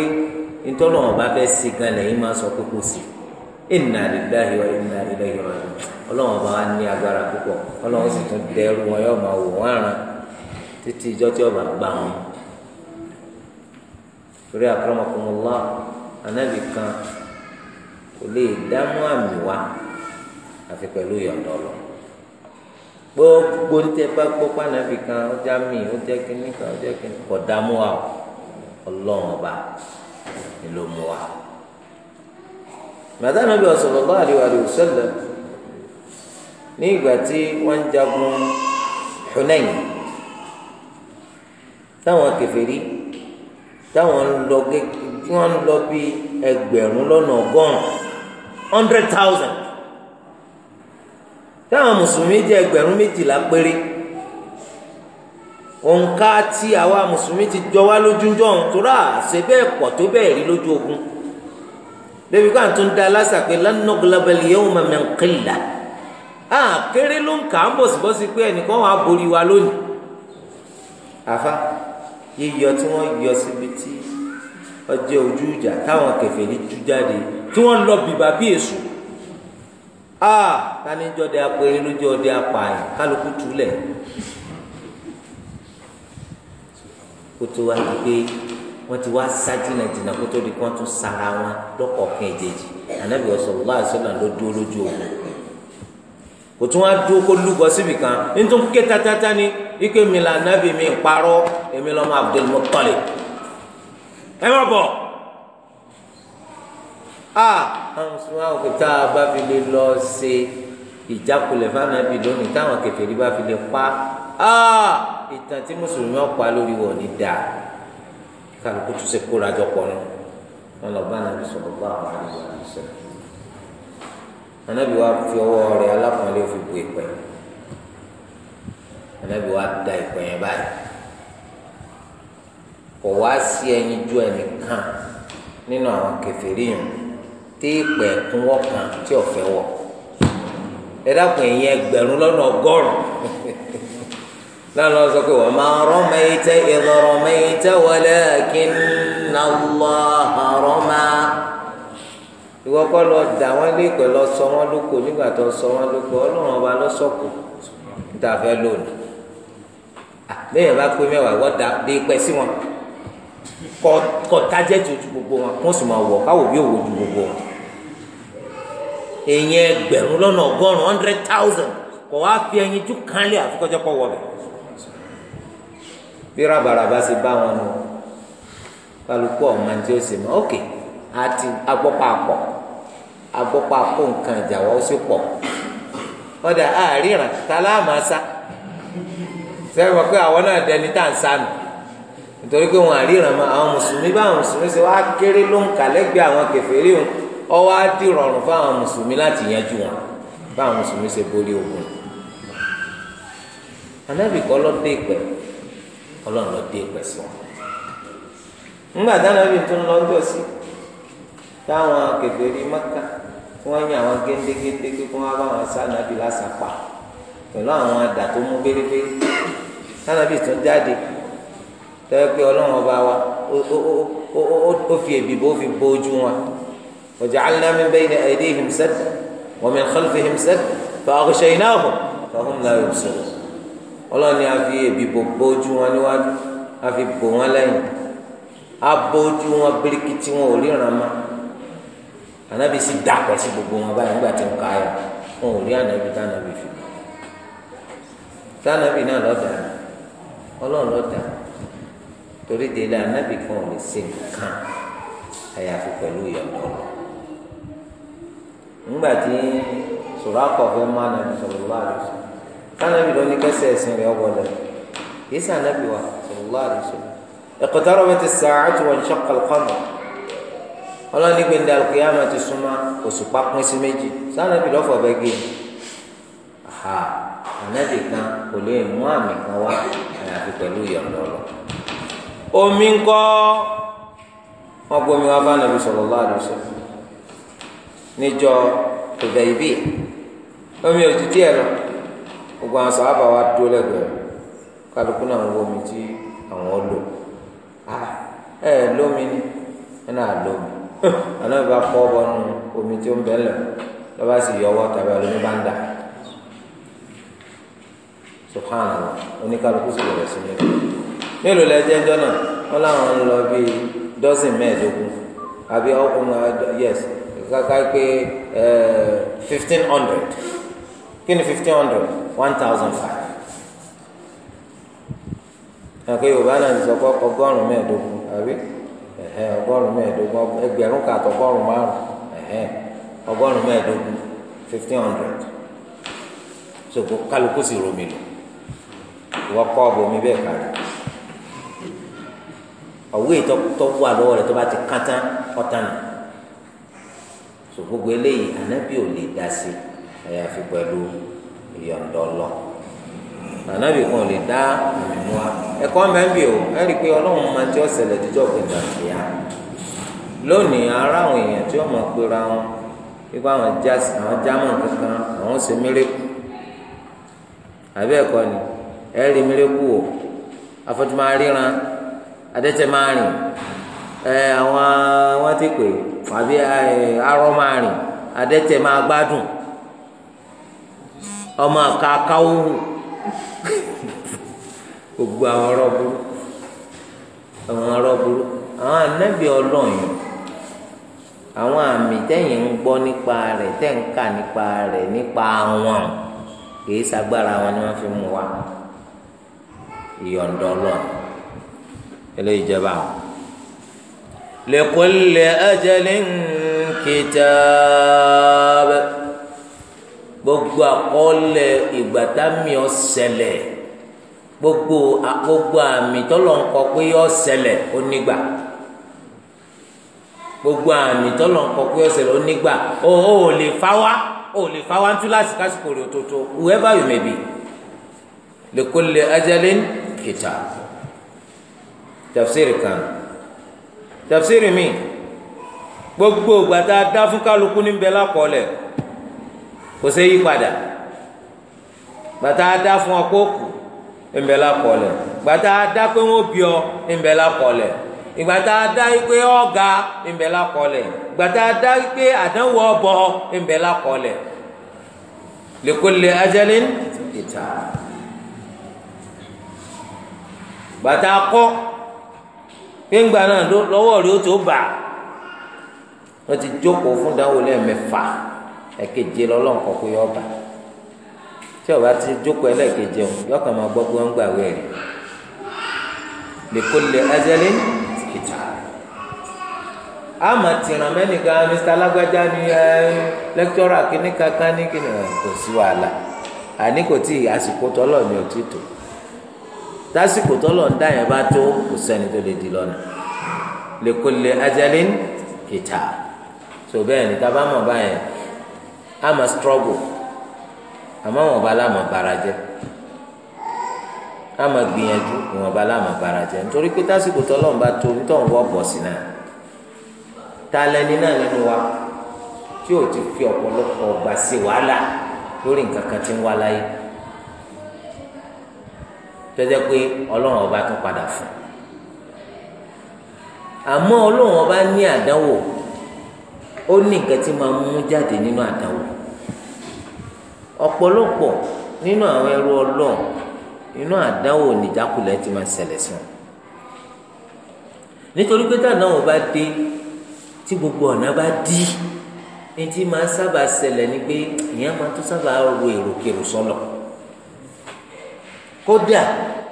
ntọ́nà ọba fẹ́ sí gan lẹ́yìn máa sọ pé kò sí inna lillahi wa inna ilayhi raji'un ọlọ́wọ́n bá wà ní agbára púpọ̀ ọlọ́wọ́n sì tún dẹrù wọn yóò máa wò àràn títí ìjọ tí ọba gbà wọn. torí akramakumullah anábì kan kò lè dámú àmì wá àfi pẹ̀lú ìyọ̀dọ̀ lọ gbogbo bá gbọ́ kan ó mi ó jẹ́ kínní kan ó jẹ́ kínní kọ̀ ọlọ́run ọba ni ló mú wa. màdá nàbí sallallahu alaihi wasallam ní ìgbà tí wọ́n ń jagun Hunain táwọn kèfèrí táwọn ń lọ gẹ́gẹ́ wọ́n ń lọ bí ẹgbẹ̀rún lọ́nà ọgọ́rùn-ún hundred thousand táwọn mùsùlùmí jẹ́ ẹgbẹ̀rún méjìlá péré òǹkà tí àwa mùsùlùmí ti jọ wá lójújọ́ ọ̀hún tó rà ṣe bẹ́ẹ̀ pọ̀ tó bẹ́ẹ̀ rí lójú ogun débi ká tún da lásà pé lánàgọlábẹ́lì yẹ́wò mẹ́mẹ́ ń kìlà á kéré ló ń kà á ń bọ̀sibọ́sí pé ẹnìkan wà á borí wa lónìí àfa yíyọ tí wọ́n yọ síbi tí ọjọ́ ojú ìjà táwọn kèfèrí tú jáde tí wọ́n lọ bìbà bí èṣù á tani jọdẹ apẹ̀rẹ̀ lójú ọdẹ apààyàn kálukú túlẹ̀ kótó wá ti pé wọ́n ti wá sá jìnnà jìnnà kótó di kó tún sara wọn lọ́kọ̀ọ̀kan ìjèjì ànábì sallallahu alaihi wasallam ló dúró lójú òkú kò tún wá dúró kó lúgọ síbì kan nítorí ké tatata ni ike mi là ànábì mi ń èmi lọ́mọ Abdul Muttalib ẹ má bọ̀ a ah, àwọn sùnwọ̀n àwọn kò a bá fi lè lọ ṣe ìjákulẹ̀ fáwọn ẹbí lónìí táwọn kèfèrí bá fi lè pa ah! ìtàn tí mùsùlùmí ọ̀pá lórí wọn ni dáa kálukú tún ṣe kóra jọ pọ̀ nù wọn lọ bá nàbì sọ̀rọ̀ bá àwọn àlejò àlejò sọ̀rọ̀ anabi wa fi ọwọ́ rẹ̀ alákùnrin lè fi bu ìpẹ́ anabi wa da ìpẹ́ yẹn báyìí kò wá sí ẹyin ju ẹnìkan nínú àwọn kèfèrí yìí tí ìpẹ́ kún wọ́n kan tí ọ̀fẹ́ wọ̀. eda dákun ẹgbẹ̀rún lọ́nà ọgọ́rùn lọ́nà sọ pé wa ma ramayta idh ramayta walakinna kí rama ìwọ kọ́ lọ dà wọ́n lé lọ sọ wọn lóko nígbà tó sọ wọn lóko ọlọ́run ọba níta fẹ́ lónìí bá pé mẹ́wàá dà dé pẹ́ sí wọn gbogbo wọn kó sì máa wọ̀ káwọ́ bí òwò gbogbo èèyàn ẹgbẹ̀rún lọ́nà ọgọ́rùn-ún hundred thousand kò wá fi ẹyin jú kánlẹ̀ àfikọ́jọ́ pọ̀ wọ̀ bẹ̀. bí rabaraba ṣe bá wọn nù kálukú ọ̀ma tí ó sì mọ́ ok àti agbọ́pọ̀ àpọ̀ nǹkan ìjàwọ́ ó sì pọ̀ ọ̀dà àríran kálámà sá sẹ́yìn mọ̀ pé àwọn náà dẹni tá à ń nítorí pé wọn àríran ọwọ́ adịrọrọ di rọrùn fáwọn mùsùlùmí láti yanjú wọn báwọn mùsùlùmí ṣe borí ogun anábì kọ́ ló dé ìpẹ́ ọlọ́run ló dé ńgbà tánábì tó ń lọ táwọn kèfèrí Mákà tí wọ́n àwọn géńdégéńdé kí bá wọn sá àwọn àdá tó mú jáde pé ọba wa ó وجعلنا من بين أيديهم سدا ومن خلفهم سدا فأغشيناهم فهم لا يبصرون ọlọ́run ni a fi ebi gbogbo ojú wọn níwájú a fi bò wọn lẹ́yìn a bò ojú wọn birikiti wọn ò ríran ma anabi sì dàpọ̀ sí gbogbo wọn báyìí nígbà tí ń ka ayọ̀ wọn ò rí anabi tànàbì fi tànàbì náà lọ́dà ọlọ́run lọ́dà torí délé anabi kan ò lè ṣe nǹkan àyàfi pẹ̀lú ìyọ̀dọ̀ lọ. nígbà tí sòrákọ̀ fẹ́ má nàbí sọ̀rọ̀lá àdùsọ kánàbí ló ní kẹsẹ̀ ẹ̀sìn rẹ̀ wọlé kìí sàn nàbí wa sọ̀rọ̀lá àdùsọ iqtarabati as-sa'atu wa inshaqqa al-qamar ọlọ́ni gbẹ̀ndẹ̀ al-qiyamah ti sí méjì gé ha ànábì kan kò lè mú àmì kan wá àyàfi omi níjọ Hudaybi ibe òtútù ẹ̀ lọ gbogbo àwọn sàhábà wa dúró lẹ́gbẹ̀ẹ́ kálukú náà ń wo omi ti àwọn lò á ẹ lómi ni ẹ náà lómi àná ìbá kọ́ bọ́nu omi tí ó ń bẹ́lẹ̀ lọ́ba sì yọ ọwọ́ tàbí àlómi bá ń dà subhanallah oníkálukú sì bẹ̀rẹ̀ sí ní. mélòó lẹ jẹ́ ẹjọ́ náà wọ́n láwọn ń lọ bíi dọ́sìn mẹ́ẹ̀ẹ́dógún àbí yes kàkà pé eh, fifteen hundred kí ni fifteen hundred one thousand five àkè yorùbá náà sọ pé ọgọ́rùn-ún mẹ́ẹ̀ẹ́dógún àbí ọgọ́rùn-ún mẹ́ẹ̀ẹ́dógún ẹgbẹ̀rún kàtọ́ ọgọ́rùn-ún márùn-ún ọgọ́rùn-ún mẹ́ẹ̀ẹ́dógún fifteen hundred so kálukú sì romi lò ìwọ kọ́ ọ̀bọ mi bẹ́ẹ̀ kárí ọ̀wé tó wà lọ́wọ́ rẹ̀ tó bá ti kán tán náà so gbogbo eléyìí anabi ò lè dá sí àyàfi pẹ̀lú ìyọ̀ǹda ọlọ anabi kan ò lè dá àmìmú wa ẹ̀kọ́ mẹ́bí o ẹ rí i pé ọlọ́run máa ti ọ̀sẹ̀lẹ̀ jíjọ́ gbẹ̀dà ìyá lónìí ara àwọn èèyàn tí wọ́n máa pera wọn wípé àwọn jámọ̀ kankan àwọn ṣe mírèkù àbí ẹ̀kọ́ ni ẹ rí mírèkù o afọ́jú máa ríran adẹ́tẹ̀ máa rìn ẹ àwọn wọn ti pè àbí arọ máa rìn máa gbádùn ọmọ àka káwó gbogbo àwọn ọrọ burú àwọn ọ̀rọ̀ burú àwọn àwọn àmì tẹ́yìn ń gbọ́ nípa rẹ̀ tẹ́ kà nípa rẹ̀ nípa wọn kì í sagbára wọn ni wọ́n fi mú wa ìyọ̀ǹdọ̀ eléyìí jẹba لكل أجل كتاب gbogbo àkọọ́lẹ̀ ìgbà támì ọ̀sẹ̀lẹ̀ gbogbo gbogbo àmì tọ́lọ̀ ń kọ pé ọ̀sẹ̀lẹ̀ ó nígbà gbogbo àmì tọ́lọ̀ ń kọ pé ọ̀sẹ̀lẹ̀ ó ó lè fa wá ó lè fa wá ń láti kásìkò rè òtótó whoever you may be لكل أجل كتاب tafsir kan tafsiri mi gbogbo gbàtà dá fún kálukú níbẹ̀ lákọọ́lẹ̀ kò sí yí padà gbàtà dá fún ọkọ òkú níbẹ̀ lákọọ́lẹ̀ gbàtà dá pé wọ́n bí ọ níbẹ̀ lákọọ́lẹ̀ ìgbàtà dá pé ọ̀gá níbẹ̀ lákọọ́lẹ̀ gbàtà dá pé àdánwò ọbọ níbẹ̀ lákọọ́lẹ̀ likulli ajalin kitab gbàtà kọ́. gbẹ̀ngbà náà lọ́wọ́ rí o tó bà wọ́n ti jókòó fún dáwọ́ lẹ́ẹ̀mẹ́fà ẹ̀keje lọ́lọ́nkọ́ pé yọ tí ọba ti jókòó ẹlẹ́ẹ̀keje o yọkàn máa gbọ́ pé wọ́n ń gbàwé rẹ̀ lèkó lè ẹzẹ́lẹ́ kìtà ama mẹ́nìkan mr alágbájá ni ẹ lẹ́kítọ́rà kìnnìkan kan kò sí wàhálà àní kò tí àsìkò tọ́lọ̀ ni ò tò. tásìkò tọ́lọ̀ ń dá yẹn bá tó kò sẹ́ni tó lè di lọ́nà li kulli ajalin tó bẹ́ẹ̀ ni tábà mọ̀ báyẹn á máa struggle àmọ́ wọn bá láàmú bara jẹ́ á máa gbìyànjú wọn bá láàmú bara jẹ́ nítorí pé tásìkò tọ́lọ̀ ń bá tó nítorí wọ́n bọ̀ sí náà ta lẹni náà nínú wa tí ò ti fi ọ̀pọ̀lọpọ̀ ọgbà sí wàhálà lórí nǹkan kan tí ń wá láyé tọ́jẹ́ pé ọlọ́run ọba tún padà fún un àmọ́ ọlọ́run ọba ní àdánwò ó ní nǹkan tí máa mú jáde nínú àdánwò ọ̀pọ̀lọpọ̀ nínú àwọn ẹrú ọlọ́run inú àdánwò nìjákulẹ̀ ti máa ṣẹlẹ̀ sí wọn nítorí pé tàdánwò bá dé tí gbogbo ọ̀nà bá dí ní tí máa sábà ṣẹlẹ̀ ni pé ìyẹn máa tún sábà ro èròkèrò sọlọ. So kódà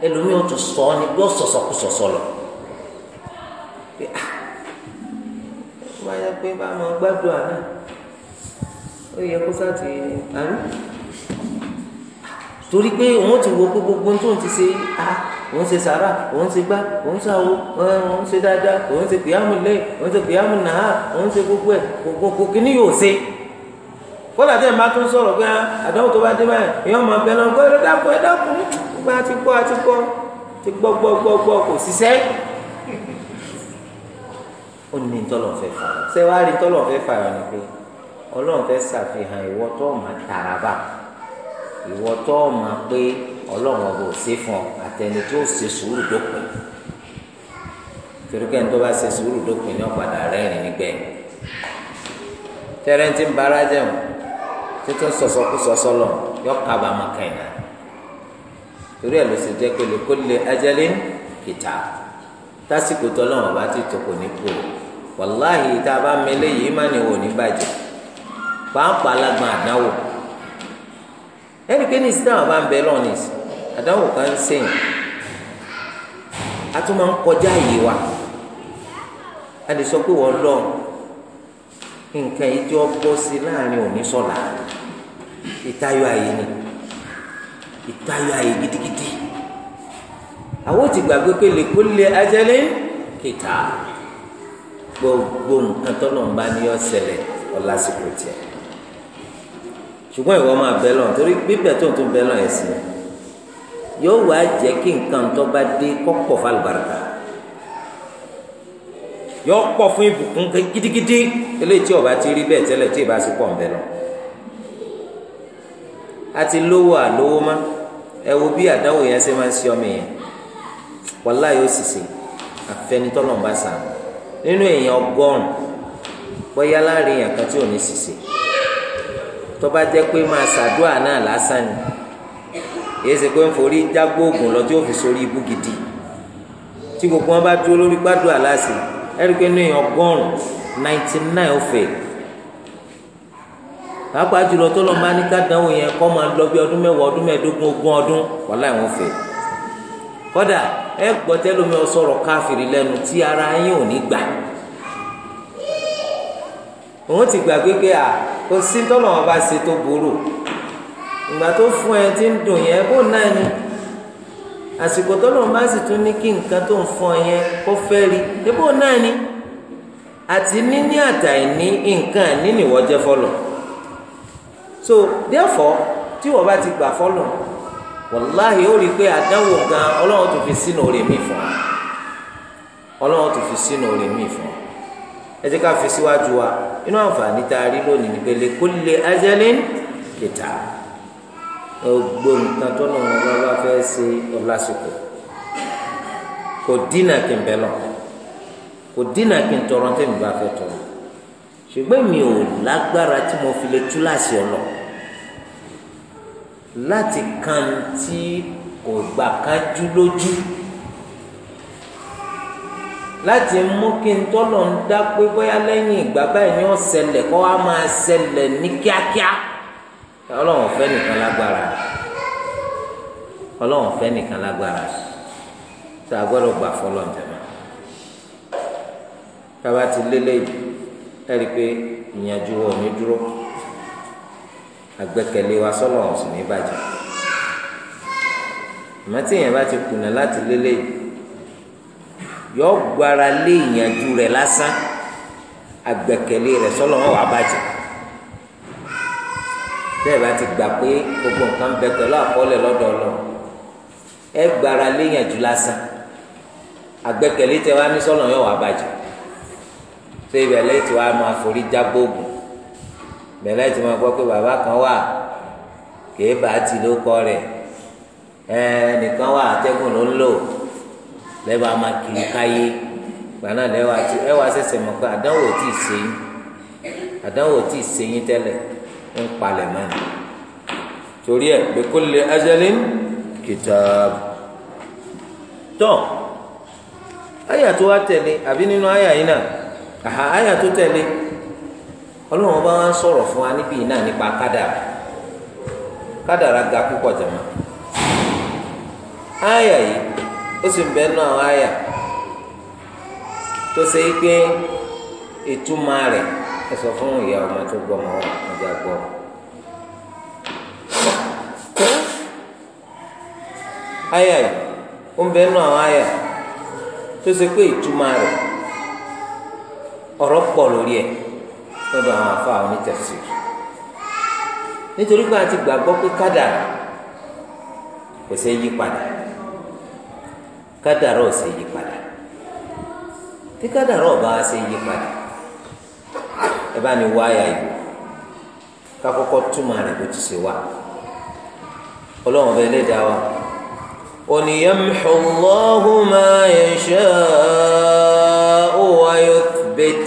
ẹlòmíì ò tún sọ ọ ni yóò sọsọkú sọsọ lọ pé ah ó bá yẹ pé bá a máa gbádùn àná ó yẹ kó sáà ti àná torí pé òun ti wo pé gbogbo tóun ti ṣe a ah, òun ṣe sàrà òun ṣe gbá òun ṣàwo òun ṣe dáadáa òun ṣe kìyàmù lé òun ṣe kìyàmù nàá òun ṣe gbogbo ẹ gbogbo kìíní yóò ṣe kódà tẹ̀ máa tún sọ̀rọ̀ pé ah, àdánwò tó bá dé báyìí èèyàn máa bẹ lọ́nà kọ́ ẹ̀rọ dákun ẹ̀ dákun gba ti gbọ́ àti gbọ́ ti gbọ́ gbọ́ gbọ́ gbọ́ kò ṣiṣẹ́ ó ní tọ́lọ̀ fẹ́ fà yọ ṣé wàá rí tọ́lọ̀ fẹ́ fà yọ ni pé ọlọ́run fẹ́ ṣàfihàn ìwọ tó máa tàràbà ìwọ tó máa pé ọlọ́run ọba ò ṣe fún ọ àtẹni tó ṣe sùúrù dópin torí kẹ́ni tó bá ṣe sùúrù dópin ní ọ̀padà rẹ́rìn nígbẹ̀yìn tẹ́rẹ́ntì ń bara jẹun títí ń sọsọ kú sọsọ lọ yọ kaba ma kẹyìnà torí ẹ ló sì jẹ pé lóko lè ajẹlé kìtà tásìkò tọlọ́run bá ti tòkò ní kú wàláhì tá a bá mẹlẹ yìí má ní wò ní bàjẹ́ pàápàá lágbọn àdánwò ẹnì pé ní ìsìlámù bá ń bẹ lọ́ọ̀nì àdánwò kan sèyìn a ń kọjá yìí wa a lè sọ wọ́n lọ́ọ̀ nǹkan yìí tí ó bọ́ sí láàrin òní sọ̀la ìtayọ àyè ni ìtayọ àyè gidigidi àwọn ti gbàgbé pé lè kó lé ajẹ́lé kìtà gbogbo nǹkan tọ́nà ń bá ní ọ̀sẹ̀lẹ̀ ọ̀làsìkò tiẹ̀ ṣùgbọ́n ìwọ máa bẹ lọ́n torí bíbẹ̀ tó ń tún bẹ lọ́n ẹ̀sìn yóò wá jẹ́ kí nǹkan tó bá dé kọ́pọ̀ fálùbáràkà yọ pọ̀ fún ìbùkún gidigidi eléyìí tí ọba ti rí bẹ́ẹ̀ tẹ́lẹ̀ tí ìbá sì pọ̀ ń bẹ lọ. àti lówó àlówó má ẹ wo bí àdánwò yẹn ṣe máa ń ṣe ọmọ yẹn wàhálà yóò sì ṣe àfẹnitọ́nà bá sàn nínú èèyàn ọgọ́rùn bóyá láàrin èèyàn kan tí ò ní sì ṣe tó jẹ́ pé máa ṣàdúrà náà lásán ni èyí ṣe pé ń forí jágbóògùn lọ tí ó fi sórí ibú gidi tí gbogbo wọn bá dúró lórí gbàdúrà láṣìí ẹ̀ríkẹ́ ní èèyàn ọgọ́rùn-ún ninety nine ọ̀fẹ́ pàápàá jùlọ tó lọ́ọ́ máa ní kádàáwò yẹn kọ́ máa lọ bí ọdún mẹ́wàá ọdún mẹ́ẹ̀ẹ́dógún ogún ọdún wàhálà ẹ̀wọ̀n fẹ́ kódà ẹ gbọ́ tẹ́lómi ọ̀sọ̀rọ̀ káfìrí lẹ́nu tí ara yín ò ní gbà òun ti gbàgbé pé à kò sí tọ́lọ́wọ́n bá ṣe tó burú ìgbà tó fún ẹ ti ń dùn yẹn bó náà ni àsìkò tọ́lọ̀ bá sì tún ní kí nǹkan tó ń fọn yẹn kó fẹ́ rí débò náà ni àti níní àtàìní nǹkan níní wọ́n jẹ́ fọlọ̀ so therefore tí wọ́n bá ti gbà fọlọ̀ wàláhì ó rí i pé àdánwò gan ọlọ́run tó fi sínú orí mi fún ọlọ́run tó fi sínú orí mi fún ẹ jẹ́ ká fi síwájú wa inú àǹfààní tá a rí lónìí ni pé lè kulli ajalin kitab gbogbo nǹkan tó náà wọn bá fẹ́ ṣe ọ̀làsìkò kò dínà kí n bẹ lọ kò dínà kí n tọrọ tẹ́mi bá fẹ́ tọrọ ṣùgbọ́n mi o lágbára tí mo fi lè tú láṣẹ ọ lọ láti kan tí láti mú kí n tọ́lọ̀ ń dá pé bóyá lẹ́yìn ìgbà báyìí ni ó ṣẹlẹ̀ kó wá máa ṣẹlẹ̀ ní kíákíá ọlọ́run ọ̀fẹ́ nìkan lágbára ọlọ́run ọ̀fẹ́ nìkan lágbára tá a gbọ́dọ̀ gbà fọlọ́ ìjọba bàbá ti lélẹ̀ yìí ẹ̀rí pé ìyànjú wọn ò ní dúró àgbẹ̀kẹ̀lé wa sọ́lọ̀ ọ̀sùn ní bàjẹ́ àmọ́ tí èèyàn bá ti kùnà láti lélẹ̀ yìí yọ gbára lé ìyànjú rẹ̀ lásán àgbẹ̀kẹ̀lé rẹ̀ sọ́lọ̀ wọn wà bàjẹ́. bẹ́ẹ̀ bá ti gbà pé gbogbo nǹkan bẹ pẹ̀lú àkọọ́lẹ̀ lọ́dọ̀ Ọlọ́run ẹ gbára léyànjú lásán àgbẹ́kẹ̀lé tẹ wá ní sọ́nà yóò wá bàjẹ́ tó ibẹ̀ tí máa forí já gbóògùn ibẹ̀ lẹ́yìn tí gbọ́ pé bàbá kan wà bá ti ló kọ́ rẹ̀ ẹ nìkan wà àtẹ́gùn ló ń lò a máa kiri káyé gbaná ẹ wá sẹ̀sẹ̀ mọ̀ pé àdánwò tí ì sẹ́yìn àdánwò tí ì sẹ́yìn tẹ́lẹ̀ ń palẹ̀ mọ́ ni torí ẹ̀ bi kulli ajalin kitab tọ́ àyà tó wá tẹ̀lé àbí nínú àyà yìí náà àhà àyà tó tẹ̀lé ọlọ́run bá wá ń sọ̀rọ̀ fún wa níbí yìí náà nípa kádàrà kádàrà ga púpọ̀ jẹ̀mọ́ àyà yìí ó sì ń bẹ nú àwọn àyà tó ṣe é pé ìtumọ̀ rẹ̀ ẹ sọ fún ìyá ọmọ tó gbọ́ ọmọ ọjà gbọ́. àyà yìí ó ń bẹ nù àwọn àyà tó ṣe pé ìtumọ̀ rẹ̀ ọ̀rọ̀ pọ̀ lórí ẹ̀ lọ́dọ̀ àwọn afá onítẹ̀sí nítorí pé a ti gbàgbọ́ pé kádàrá kò ṣe yí padà kádàrá ò ṣe yí padà tí kádàrá ò bá ṣe yí padà ẹ bá ní wáyà yìí kakọkọ túmọ̀ rẹ̀ bó ti ṣe wá ọlọ́run ọba ẹlẹ́dàá wa oníyàmùhù Allahu ma yasha'u wa yuthbit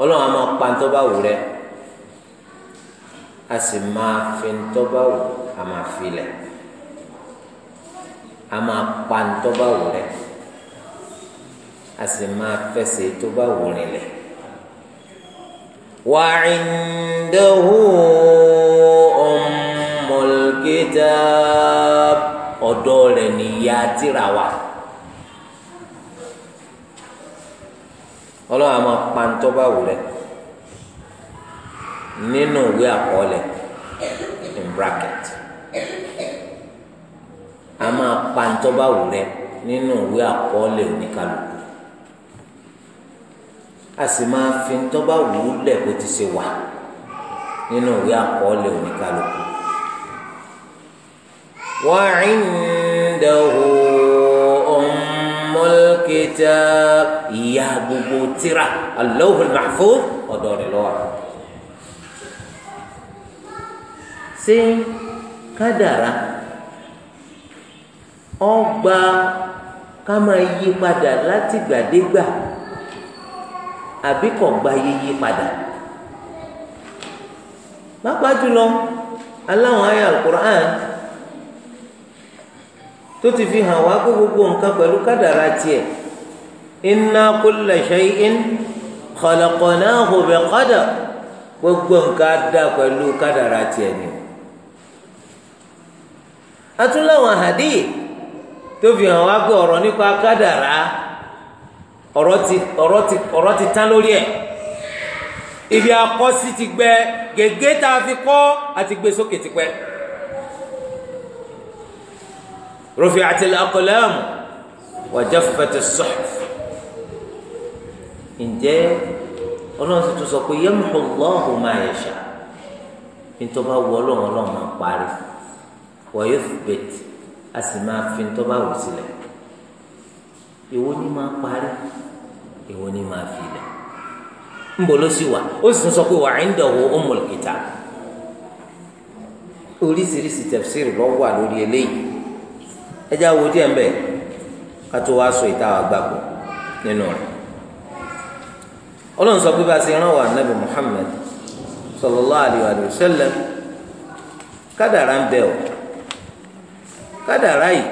ọlọ́run a máa pa ntọ́ wù rẹ̀ a sì máa fi ntọ́ wù a máa fi lẹ̀ a máa pa ntọ́ wù rẹ̀ a sì máa fẹsẹ̀ tó wù rìn lẹ̀. وعنده أم الكتاب ọ̀dọ̀ rẹ̀ nìyá tírà wà. ọlọ́run àmọ́ pàǹtọ́bà wù rẹ̀ nínú ìwé àkọọ́lẹ̀ in bracket àmọ́ pàǹtọ́bà wù rẹ̀ nínú ìwé àkọọ́lẹ̀ oníkàlùkù. a sì máa fi tọ́ba wù ú lẹ̀ kó ti ṣe wà nínú ìwé àkọọ́lẹ̀ oníkálukú. وعنده أم الكتاب ìyá gbogbo tírà Allahul Mahfuz ọ̀dọ̀ rẹ̀ ló wà. ṣé kádàrá ọgbà ká máa yí padà látìgbàdégbà àbí kò gba yíyí padà pàápàá jùlọ aláwọn ayé alukur'an tó ti fi hàn wá pé gbogbo nǹkan pẹ̀lú kádàrá tiẹ̀ inna kulla shay'in khalaqnahu bi qadar gbogbo nǹkan dá pẹ̀lú kádàrá tiẹ̀ ni atúláwọn hadith tó fi hàn wá pé ọ̀rọ̀ nípa kádàrá ọ̀rọ̀ ti ọ̀rọ̀ ti ọ̀rọ̀ ti tán lórí ẹ̀ ibi akọ́sí ti gbẹ gègé tá a fi kọ́ àti gbé sókè ti pẹ́ rufi'atil aqlam wa jaffatis suhuf ǹjẹ́ ọlọ́run ti tún sọ pé yamhu Allahu ma yasha ntọ́ba wọ ọlọ́run ọlọ́run máa parí wa yuthbit a sì máa fi ntọ́ba wò sílẹ̀ ìwọ ni máa parí. èwo ni fi lẹ̀ ńbọ ló sì wà ó sì tún sọ pé wà á ń dẹ̀wò Ummul Kitab oríṣiríṣi tafsir lọ wà lórí eléyìí ká tó wá sọ ìta wà nínú rẹ̀ ọlọ́run sọ pé bá a ṣe rán sallallahu kádàrá ń bẹ kádàrá yìí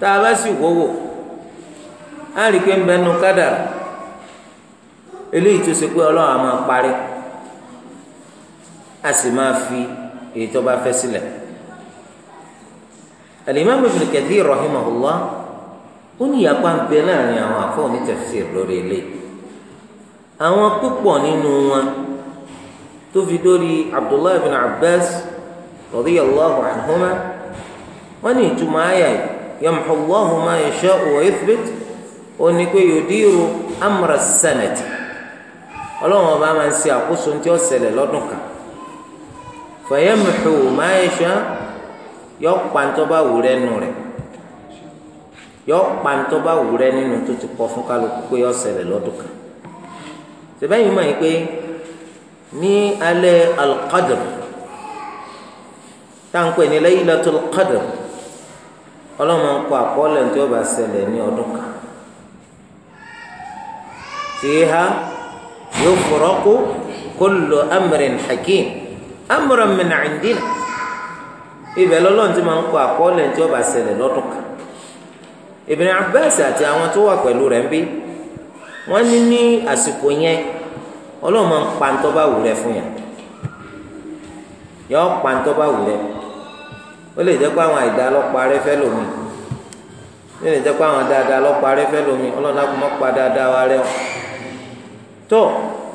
tá a á rí i pé ń bẹ nu kádàrá eléyìí tó ṣe pé ọlọ́run á máa parí a sì máa fi èyí tó bá fẹ́ sílẹ̀ Al-Imam Ibn Kathir rahimahullah ó ní ìyapa ń bẹ láàrin àwọn àfọ onítafsir lórí eléyìí àwọn púpọ̀ nínú wọn tó fi dórí Abdullah ibn Abbas radiyallahu anhuma wọ́n ní ìtumọ̀ ayà yamhu Allahu ma yasha'u wa yuthbit. ó ní iru yòdìrú amra sanati ọlọ́run ọba máa ń ṣe àkóso tí ó ṣẹlẹ̀ kan fẹ̀yẹ́mùhù máa ń ṣá yọ pàǹtọ́ba wù rẹ nù rẹ yọ pàǹtọ́ba wù rẹ nínú tó ti kọ fún kálukú pé ó ṣẹlẹ̀ lọ́dún kan sẹ́bẹ̀yìn mọ̀ pé ní alẹ́ alqadr táǹpẹ̀ ní laylatul qadr ọlọ́run máa ń kọ ní ọdún kan. فيها يفرق كل أمر حكيم أمرا من عندنا ibẹ̀ lọ́lọ́run ti máa ń kọ àkọọ́lẹ̀ tí ó bá ṣẹlẹ̀ kan Ibn àti àwọn tó wà pẹ̀lú rẹ̀ ń bí wọ́n ní ní àsìkò yẹn Ọlọ́run máa ń pa wù fún yọ pa wù ó lè jẹ́ pé àwọn àìdá lọ́pàá fẹ́ lómi ó lè jẹ́ pé tó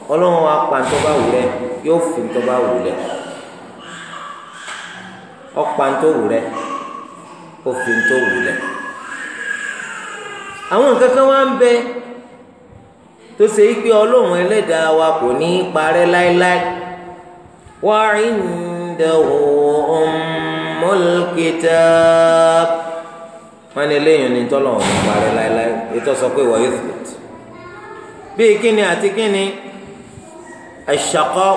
ọlọ́run wa pa bá wù rẹ yóò fi ntọ́ bá wù rẹ ọ̀pá ntọ́ wù rẹ ó fi wù rẹ àwọn nǹkan kan wá ń bẹ tó ṣe é ọlọ́run ẹlẹ́dàá wa kò ní í parẹ́ láéláé wa wọn ni eléyìí ni tọ́lọ̀ ọ̀hún parẹ́ láéláé ètò sọ pé wọ́n yóò bíi kíni àti kíni àṣàkọ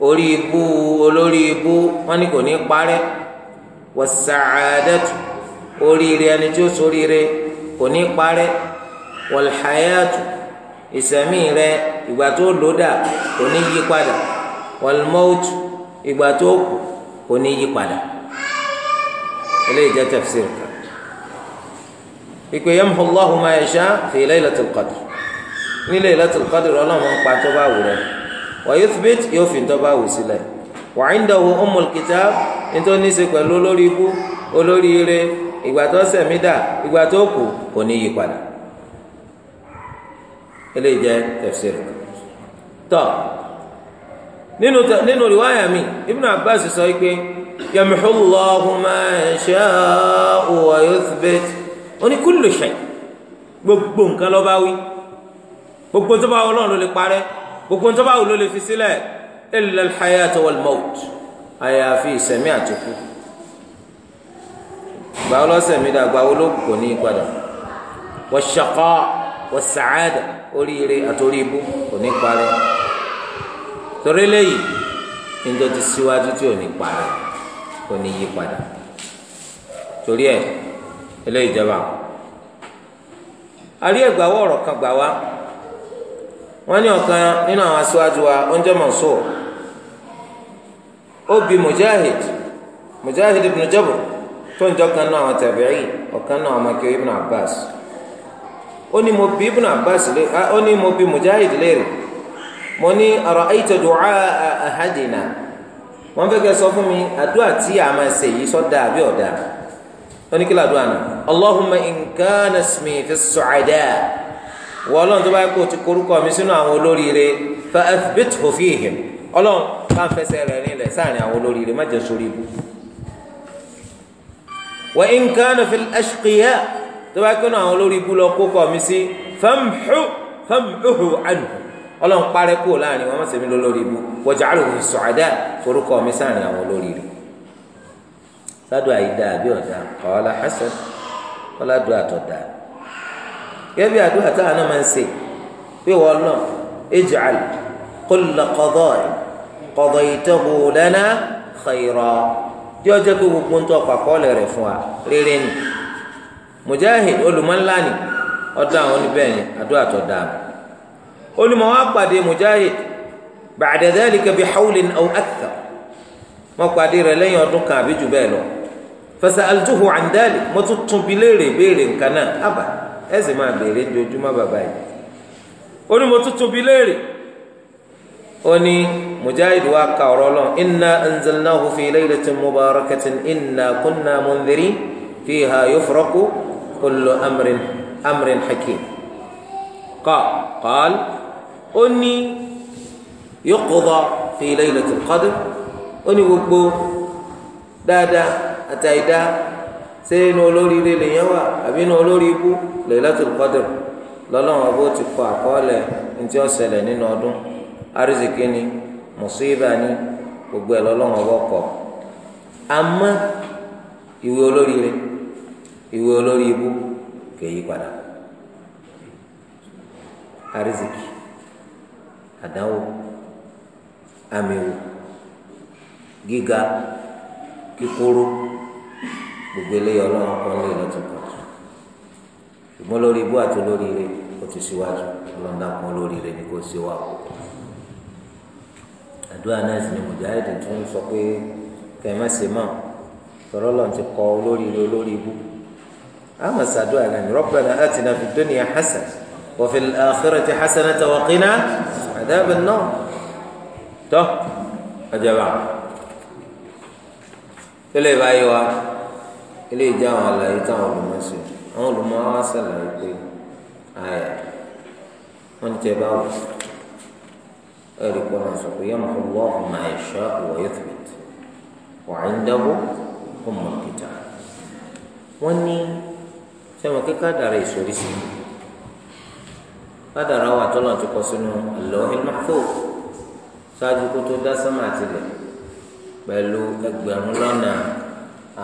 orí ibú olórí ibú wọn ni kò ní parẹ́ wàsàádẹtù oríire ẹni tí ó ṣoríire kò ní parẹ́ wàlhàyàtù ìsẹ̀mí rẹ ìgbà tó lòdà kò ní yí padà wàlmọ́ọ̀tù ìgbà tó kù kò ní yí padà eléyìí jẹ́ tafsir kan ìpè yamhu Allahu ma yasha fi laylatil nílé Lailatul tụrụ ọlọ́run pa tó bá wù rẹ yóò fi tó bá wù sílẹ̀ wa indahu ummul kitab nítorí ní ṣe pẹ̀lú olórí ikú olórí ire ìgbà tó sẹ̀mí dà ìgbà tó kù kò ní yí padà eléyìí nínú nínú riwaya mi Ibn Abbas sọ pé yamhu gbogbo nǹkan gbogbo tó bá wù náà ló lè parẹ́ gbogbo tó bá wù ló lè fi sílẹ̀ illal hayata wal maut àyàfi ìsẹ̀mí àtòkù gbàwó lọ́sẹ̀mí dà gbàwó ló kò ní padà washaqa was'aada oríire àtòrí ibú kò ní parẹ́ torí léyìí níjọ ti síwájú tí ò ní parẹ́ kò ní yí padà torí ẹ̀ eléyìí jẹba àrí ẹ̀gbà wọ̀ọ̀rọ̀ kan gbà wá. wọ́n ní ọ̀kan nínú àwọn aṣáájú wa oúnjẹ mọ̀sọ́ ó bi mujahid mujahid ibn jabr tó ń kan náà àwọn tabi'i ọ̀kan náà ọmọ kí ibn abbas ó ní mo bi ibn abbas lé ó ní mo bi mujahid léèrè mo ní ara'ayta du'a ahadina wọ́n fẹ́ kẹ́ sọ fún mi àdúrà tí a máa ṣe yìí sọ́dà àbí ọ̀dà ó ní kí allahumma in wọ́n ọlọ́run tó bá kó o ti korúkọ mi sínú àwọn olóríire fa athbithu fihim ọlọ́run bá ń fẹsẹ̀ rẹ̀ nílẹ̀ sáàrin àwọn olóríire má jẹ́ sórí ibu. wa in kana fil ashqiya tó bá kó àwọn olórí ibu lọ kó kọ mi sí famhu famhu anhu ọlọ́run parẹ́ kó láàrin wọn má ṣe lólórí ibu waj'alhu su'ada forúkọ mi sáàrin àwọn olóríire. sádùn àyídá àbí ọ̀dà kọ́ gẹ́gẹ́ bí àdúrà أنا náà máa ń ṣe pé wọ́n lọ ij'al kulla qada'i qadaytahu lana khayra tí ó jẹ́ pé gbogbo ń tọ́ pàkọ́ọ̀lẹ̀ rẹ̀ fún wa rere ni mujahid olùmọ̀ńlá ni ọdún àwọn oníbẹ̀ ni àdúrà tó dáa olùmọ̀ wa pàdé mujahid ba'da dhalika bi hawlin aw akthar mo pàdé rẹ̀ lẹ́yìn ọdún kan àbí jù bẹ́ẹ̀ lọ fasa'altuhu 'an dhalik mo tún bi léèrè béèrè nǹkan náà ábàá ẹ sì máa béèrè dojúmọ́ bàbá yìí ó ní mo tún tóbi léèrè ó ní mujahid wa ka ọ̀rọ̀ lọ inna anzalnahu fi laylatin mubarakatin inna kunna mundhiri fiha yufraqu kullu amrin amrin hakim qa qaal ó ní yuqda fi laylatil qadr ó ní gbogbo dáadáa àtàyídáa. ṣé inú olórí ilé lèyàn wà àbí inú olórí ikú Lailatul Qadr lọ́lọ́run ọbọ ti kọ àkọọ́lẹ̀ ntí ó ṣẹlẹ̀ nínú ọdún arizikí ni mùsíbà ni gbogbo ẹ̀ lọ́lọ́run ọbọ kọ àmọ́ ìwé olórí rẹ ìwé olórí kèyí padà gbogbo eléyìí ọlọ́run kan lè lọ́tún kan ṣùgbọ́n lórí ibú àti lórí ire ó ti síwájú ọlọ́run dákun lórí ire ni kò sí wa kù àdúrà náà sì ni mùjáde tó ń sọ pé kẹmẹ sí mọ tọrọ lọ ti kọ olórí ire olórí ibú àmọ́ sàdúrà náà rabbana atina fid dunya hasan wa fil akhirati hasanatan wa qina adhaban nar tọ́ ọjọba tó lè bá yọ ilé ìjà àwọn àlàyé táwọn olùmọ̀ sí àwọn olùmọ̀ wa ṣàlàyé pé àyà wọn ń tẹ báwò ẹrí pé wọn sọ pé yẹn mọ lọ́ọ̀hún máa yẹ ṣọ́ ìwọ yóò tó bìtì wà á ń dáwó kó mọ kìtà wọn ní sẹmọ kíkà dàrá ìsòrí sí wà tó lọ́n ti kọ sínú lọ́ọ̀hìn máfò ṣáájú kó tó dá sọ́mà àtìlẹ̀ pẹ̀lú ẹgbẹ̀rún lọ́nà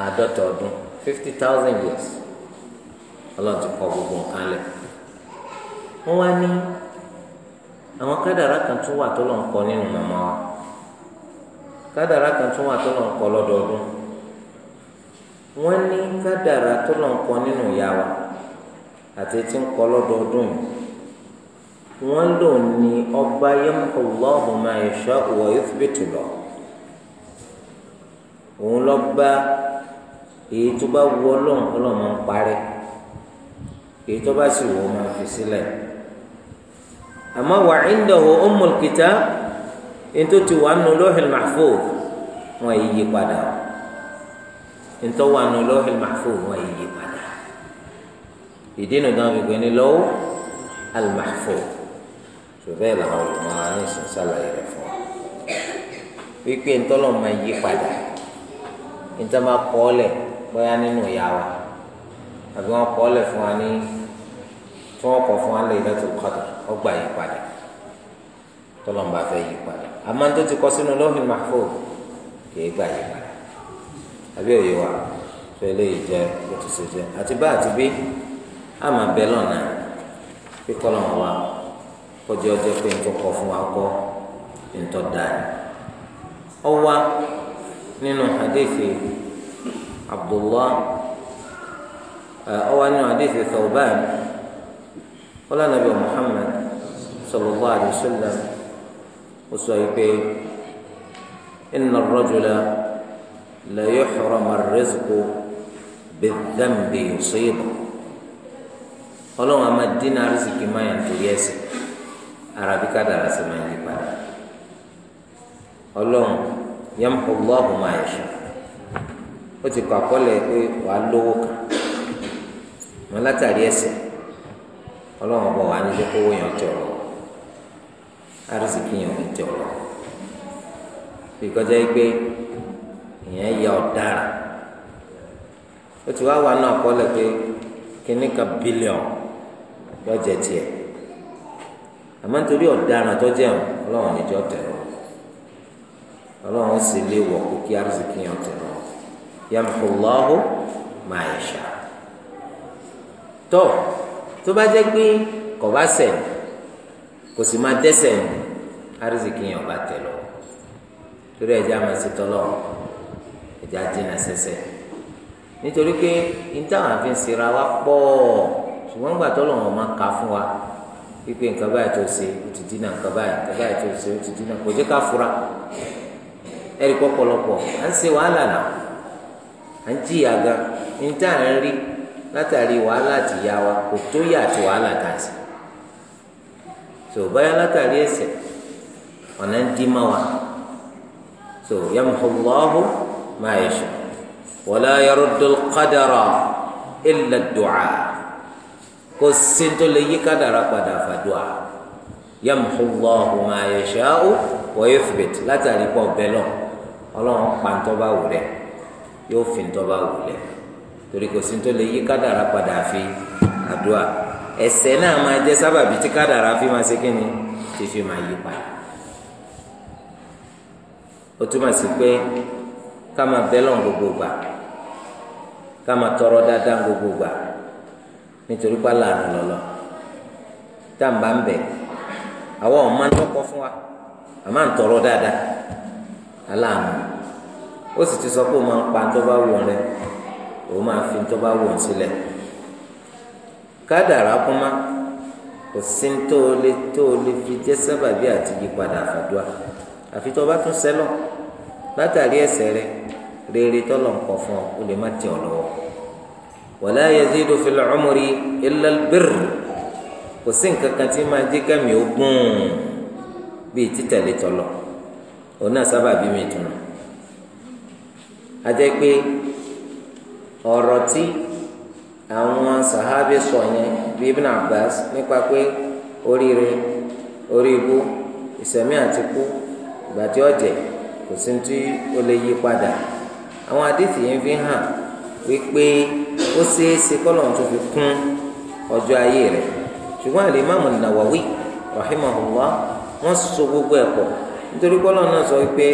àádọ́ta ọdún fifty thousand years ọlọ́run ti kọ gbogbo nǹkan lẹ̀ wọ́n wá ní àwọn kádàrá kan tún wà tó lọ́n kọ nínú màmá wa kádàrá kan tún wà tó lọ́n kọ lọ́dọọdún wọ́n ní kádàrá tó lọ́n kọ nínú ìyá wa àti tí ń kọ lọ́dọọdún yìí wọ́n lò ní ọba yamhullahu ma yasha'u wa yuthbitu lọ òun lọ́ba èyí tó bá wù ọlọ́run ọlọ́run máa ń parẹ́ èyí tó bá sì wù ọ máa fi sílẹ̀ àmọ́ wà índahu ummul kitab ètò ti wà nù lóhìl mahfuz wọn èyí yí padà ètò wà nù lóhìl mahfuz wọn èyí yí padà ìdí nu dáhùn gbogbo ẹni lọ́wọ́ al-mahfuz làwọn olùmọ̀ ní ìsinsàlàyé rẹ̀ fún wa wípé ntọ́lọ́ máa yí padà ntọ́ máa kọ́ ọ́ lẹ̀ bóyá nínú ìyá wa àbí wọn kọ́ lẹ̀ fún wa ní tí wọn kọ́ fún wa lè lẹ́tọ̀ kọ́tọ̀ ọgbà yìí padà tọ́lọ́mùbá fẹ́ yí padà àmọ́ tó ti kọ́ sínú lọ́hìn màfó kìí gbà yí padà àbí òye wa fẹ́ lè jẹ́ òtúnṣe jẹ́ àti bá àti bí àmà bẹ́ẹ̀ lọ́nà kíkọ́ lọ́wọ́ wa kọjá ọjọ́ pé ń tọkọ fún wa kọ́ ń tọ́ da nínú àdéhìí abdullah ọwọ anyi adi fi Thawban wọlé anabi muhammad sallallahu alayhi wa sallam ó sọ yìí pé inna ar-rajula la yuhramu ar-rizqu bidhanbi yusibu ọlọ́run a máa dín náà rìsìkì máa yàn torí ẹsẹ̀ arabi kádàrá sí máa yí padà ọlọ́run yamhu Allahu ma yasha. ó ti kọ àkọọ́lẹ̀ pé wà á lówó kan wọn látàrí ẹsẹ̀ ọlọ́run bọ̀ wà kówó tọrọ tọrọ bí kọjá yìí pé ìyẹn ya ọ̀daràn ó ti wá wà náà àkọọ́lẹ̀ pé kíní kan bílíọ̀n yọ tiẹ̀ yamhu Allahu ma yasha tó tó bá jẹ́ pé kò bá ṣẹ̀ kò sì máa dẹ́ṣẹ̀ arizikì yẹn ọba tẹ̀ lọ torí ẹ̀jẹ̀ àmọ́ ẹ̀sìn tọ́lọ́ ẹ̀jẹ̀ àjẹnà sẹ́sẹ̀ nítorí pé ìtàn àfi ń wa ṣùgbọ́n gbà tọ́lọ̀ wọn fura ẹ̀rí pọ̀pọ̀lọpọ̀ à ń ṣe à ń jìyà gan ní tá à ń rí látàrí wàhálà àti ìyá wa kò tó yà àti wàhálà tà sí so báyà látàrí ẹ̀ṣẹ̀ ọ̀nà ń dí mọ́ wa so yamhullahu ma yasha wala yaruddul qadara illa du'a kò sèntó lè yí kádàrá padà fàdùà yamhullahu ma yasha'u wa yuthbit látàrí pọ̀ bẹ́ẹ̀ lọ ọlọ́run pàǹtọ́ bá wù rẹ̀. yóò fi ń tọ́ba wulẹ̀ torí kò sí tó lè yí kádàrà padà fi àdúrà ẹ̀ṣẹ̀ náà máa jẹ́ sábàbí tí kádàrà fi máa ṣe kí ni ti fi máa yí padà ó túmọ̀ sí pé ká máa gbogbo gbà ká máa tọrọ dáadáa gbogbo gbà nítorí pálá àrùn lọ́lọ́ tá à ń bá ń bẹ̀ àwọn ọ̀ma ń tọkọ fún wa àmà ń tọrọ dáadáa aláàánú. ó sì ti sọ pé ó máa ń pa tó bá wù rẹ ó máa fi tó bá wù sílẹ̀ kádàrá kúmá kò sí tó o lè tó o lè fi jẹ́ sábàbí àti yípadà àfàdúà àfi tó o bá tún sẹ́lọ̀ látàrí ẹ̀ṣẹ̀ rẹ rere tọ́lọ̀ ń kọ fún ọ o lè má tẹ̀ ọ́ lọ́wọ́ wala yazidu fil umri illa albirr kò sí nǹkan kan tí máa jẹ́ kẹ́mi ó gùn bíi títẹ̀lé tọ́lọ̀ òun náà sábàbí mi tún náà. àti pé ọrọ tí àwọn sàhábì sọ yẹn bíi Ibn Abbas nípa pé oríire orí ibú ìsẹ̀mí àti kú ìgbà tí ọ̀jẹ̀ kò sí tí ó lè yí padà àwọn àdìsí yẹn fi hàn wípé ó ṣeéṣe kọ́lọ́n tó fi kún ọjọ́ ayé rẹ̀ ṣùgbọ́n àlìmáàmù wọ́n gbogbo ẹ̀ pọ̀ nítorí wípé.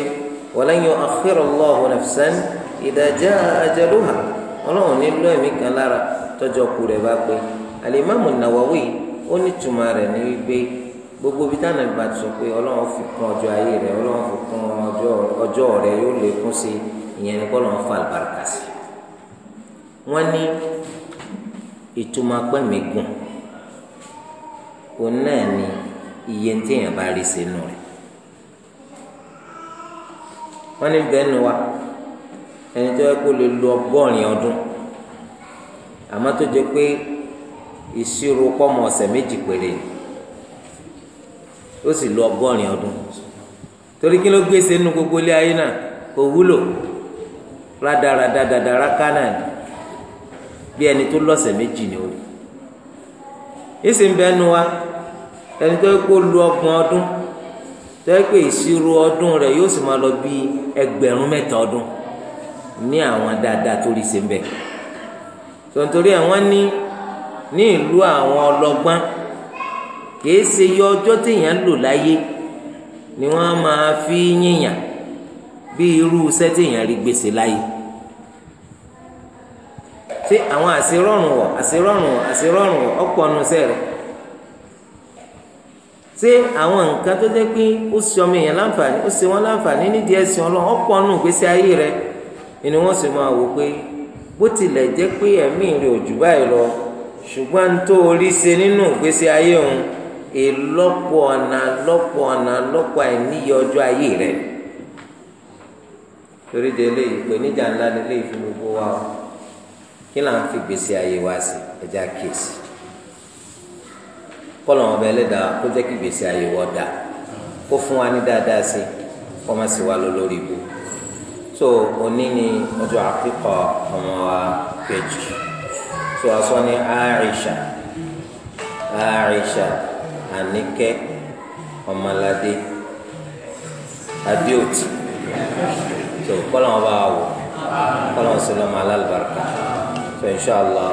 walan yu'akhkhira Allahu nafsan idha jaa ajaluha ọlọ́run nílò ẹ̀mí kan lára tọ́jọ́ kù rẹ̀ bá pé Al-Imam An-Nawawi ó ní tùmọ̀ rẹ̀ ní wípé gbogbo ibi táwọn ìgbà sọ pé ọlọ́run fi kún ọjọ́ ayé rẹ̀ ọlọ́run fi kún ọjọ́ rẹ̀ yóò lè kún sí ìyẹn ní kọ́lọ́run fa àlùbáríkà sí. wọ́n ní ìtumọ̀ pẹ́mìí òun náà ni iye tí èèyàn bá rí sínú rẹ̀ wọ́n ní bẹ́ẹ̀ nù wa ẹni tó yẹ kó lè lo ọgọ́rin ọdún àmọ́ tó jẹ́ pé ìṣirò pọ́mọ ọ̀sẹ̀ méjì péré ó lo ọdún torí kí ló gbèsè gbogbo ilé ayé náà kò wúlò rádaràda dàdàrà kánà bí ẹni tó lọ́sẹ̀ méjì ni ó rí ìsìn bẹ́ẹ̀ nù lo ọdún. tẹ́ pé ìṣirò ọdún rẹ̀ yóò sì máa lọ bí ẹgbẹ̀rún mẹ́ta ọdún ní àwọn dáadáa tó rí ṣe ń bẹ̀. tòǹtòrí ẹ̀ ní ní ìlú àwọn ọlọ́gbọ́n kìí ṣe iye ọjọ́ téèyàn lò láyé ni wọ́n máa fi yíyàn bí irú iṣẹ́ téèyàn rí gbèsè láyé. ṣé àwọn àṣírọ́rùn wọ̀ àṣírọ́rùn wọ̀ àṣírọ́rùn wọ̀ ọ̀pọ̀ ọ̀nù sẹ́rẹ̀ ṣé àwọn nǹkan tó jẹ́ pé ó ṣe ọmọ èèyàn láǹfààní ó ṣe wọ́n láǹfààní nídìí ẹ̀sìn ọlọ́run ọ̀pọ̀ nù gbèsè ayé rẹ ni wọ́n sì máa wò pé bó tilẹ̀ jẹ́ pé ẹ̀mí rẹ̀ ò jù báyìí lọ ṣùgbọ́n tó orí ṣe nínú ìgbésí ayé òun ọ̀nà lọ́pọ̀ ọ̀nà wa kí fi ìgbésí ayé kọ́lọ̀ wọn bẹ lẹ́dàá kó jẹ́ kí gbèsè ayé wọ́n dà kó fún wa ní dáadáa sí kó má sì lórí ibu so òní ni ọjọ́ àkíkọ̀ ọmọ wa kejì so aṣọ ni Aisha Aisha Anike Ọmọládé Abioti so kọ́lọ̀ wọn bá wò kọ́lọ̀ wọn sì lọ́mọ alálùbáràkà so inshallah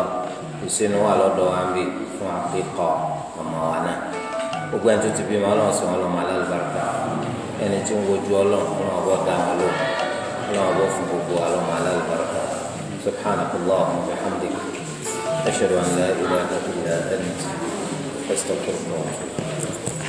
ìsinú wà lọ́dọ̀ wa ń bì fún àkíkọ̀. ọmọ wa náà gbogbo ẹni tó ti bímọ ọlọ́run sọ ọlọ́mọ alálùbáríkà ẹni tí ń wojú ọlọ́run ọlọ́run ọgbọ́ dá wọn lóhùn ọlọ́run ọgbọ́ fún gbogbo ọlọ́mọ alálùbáríkà subhanak allahumma wa bihamdik ashhadu an la ilaha illa anta astaghfiruka wa atubu ilayk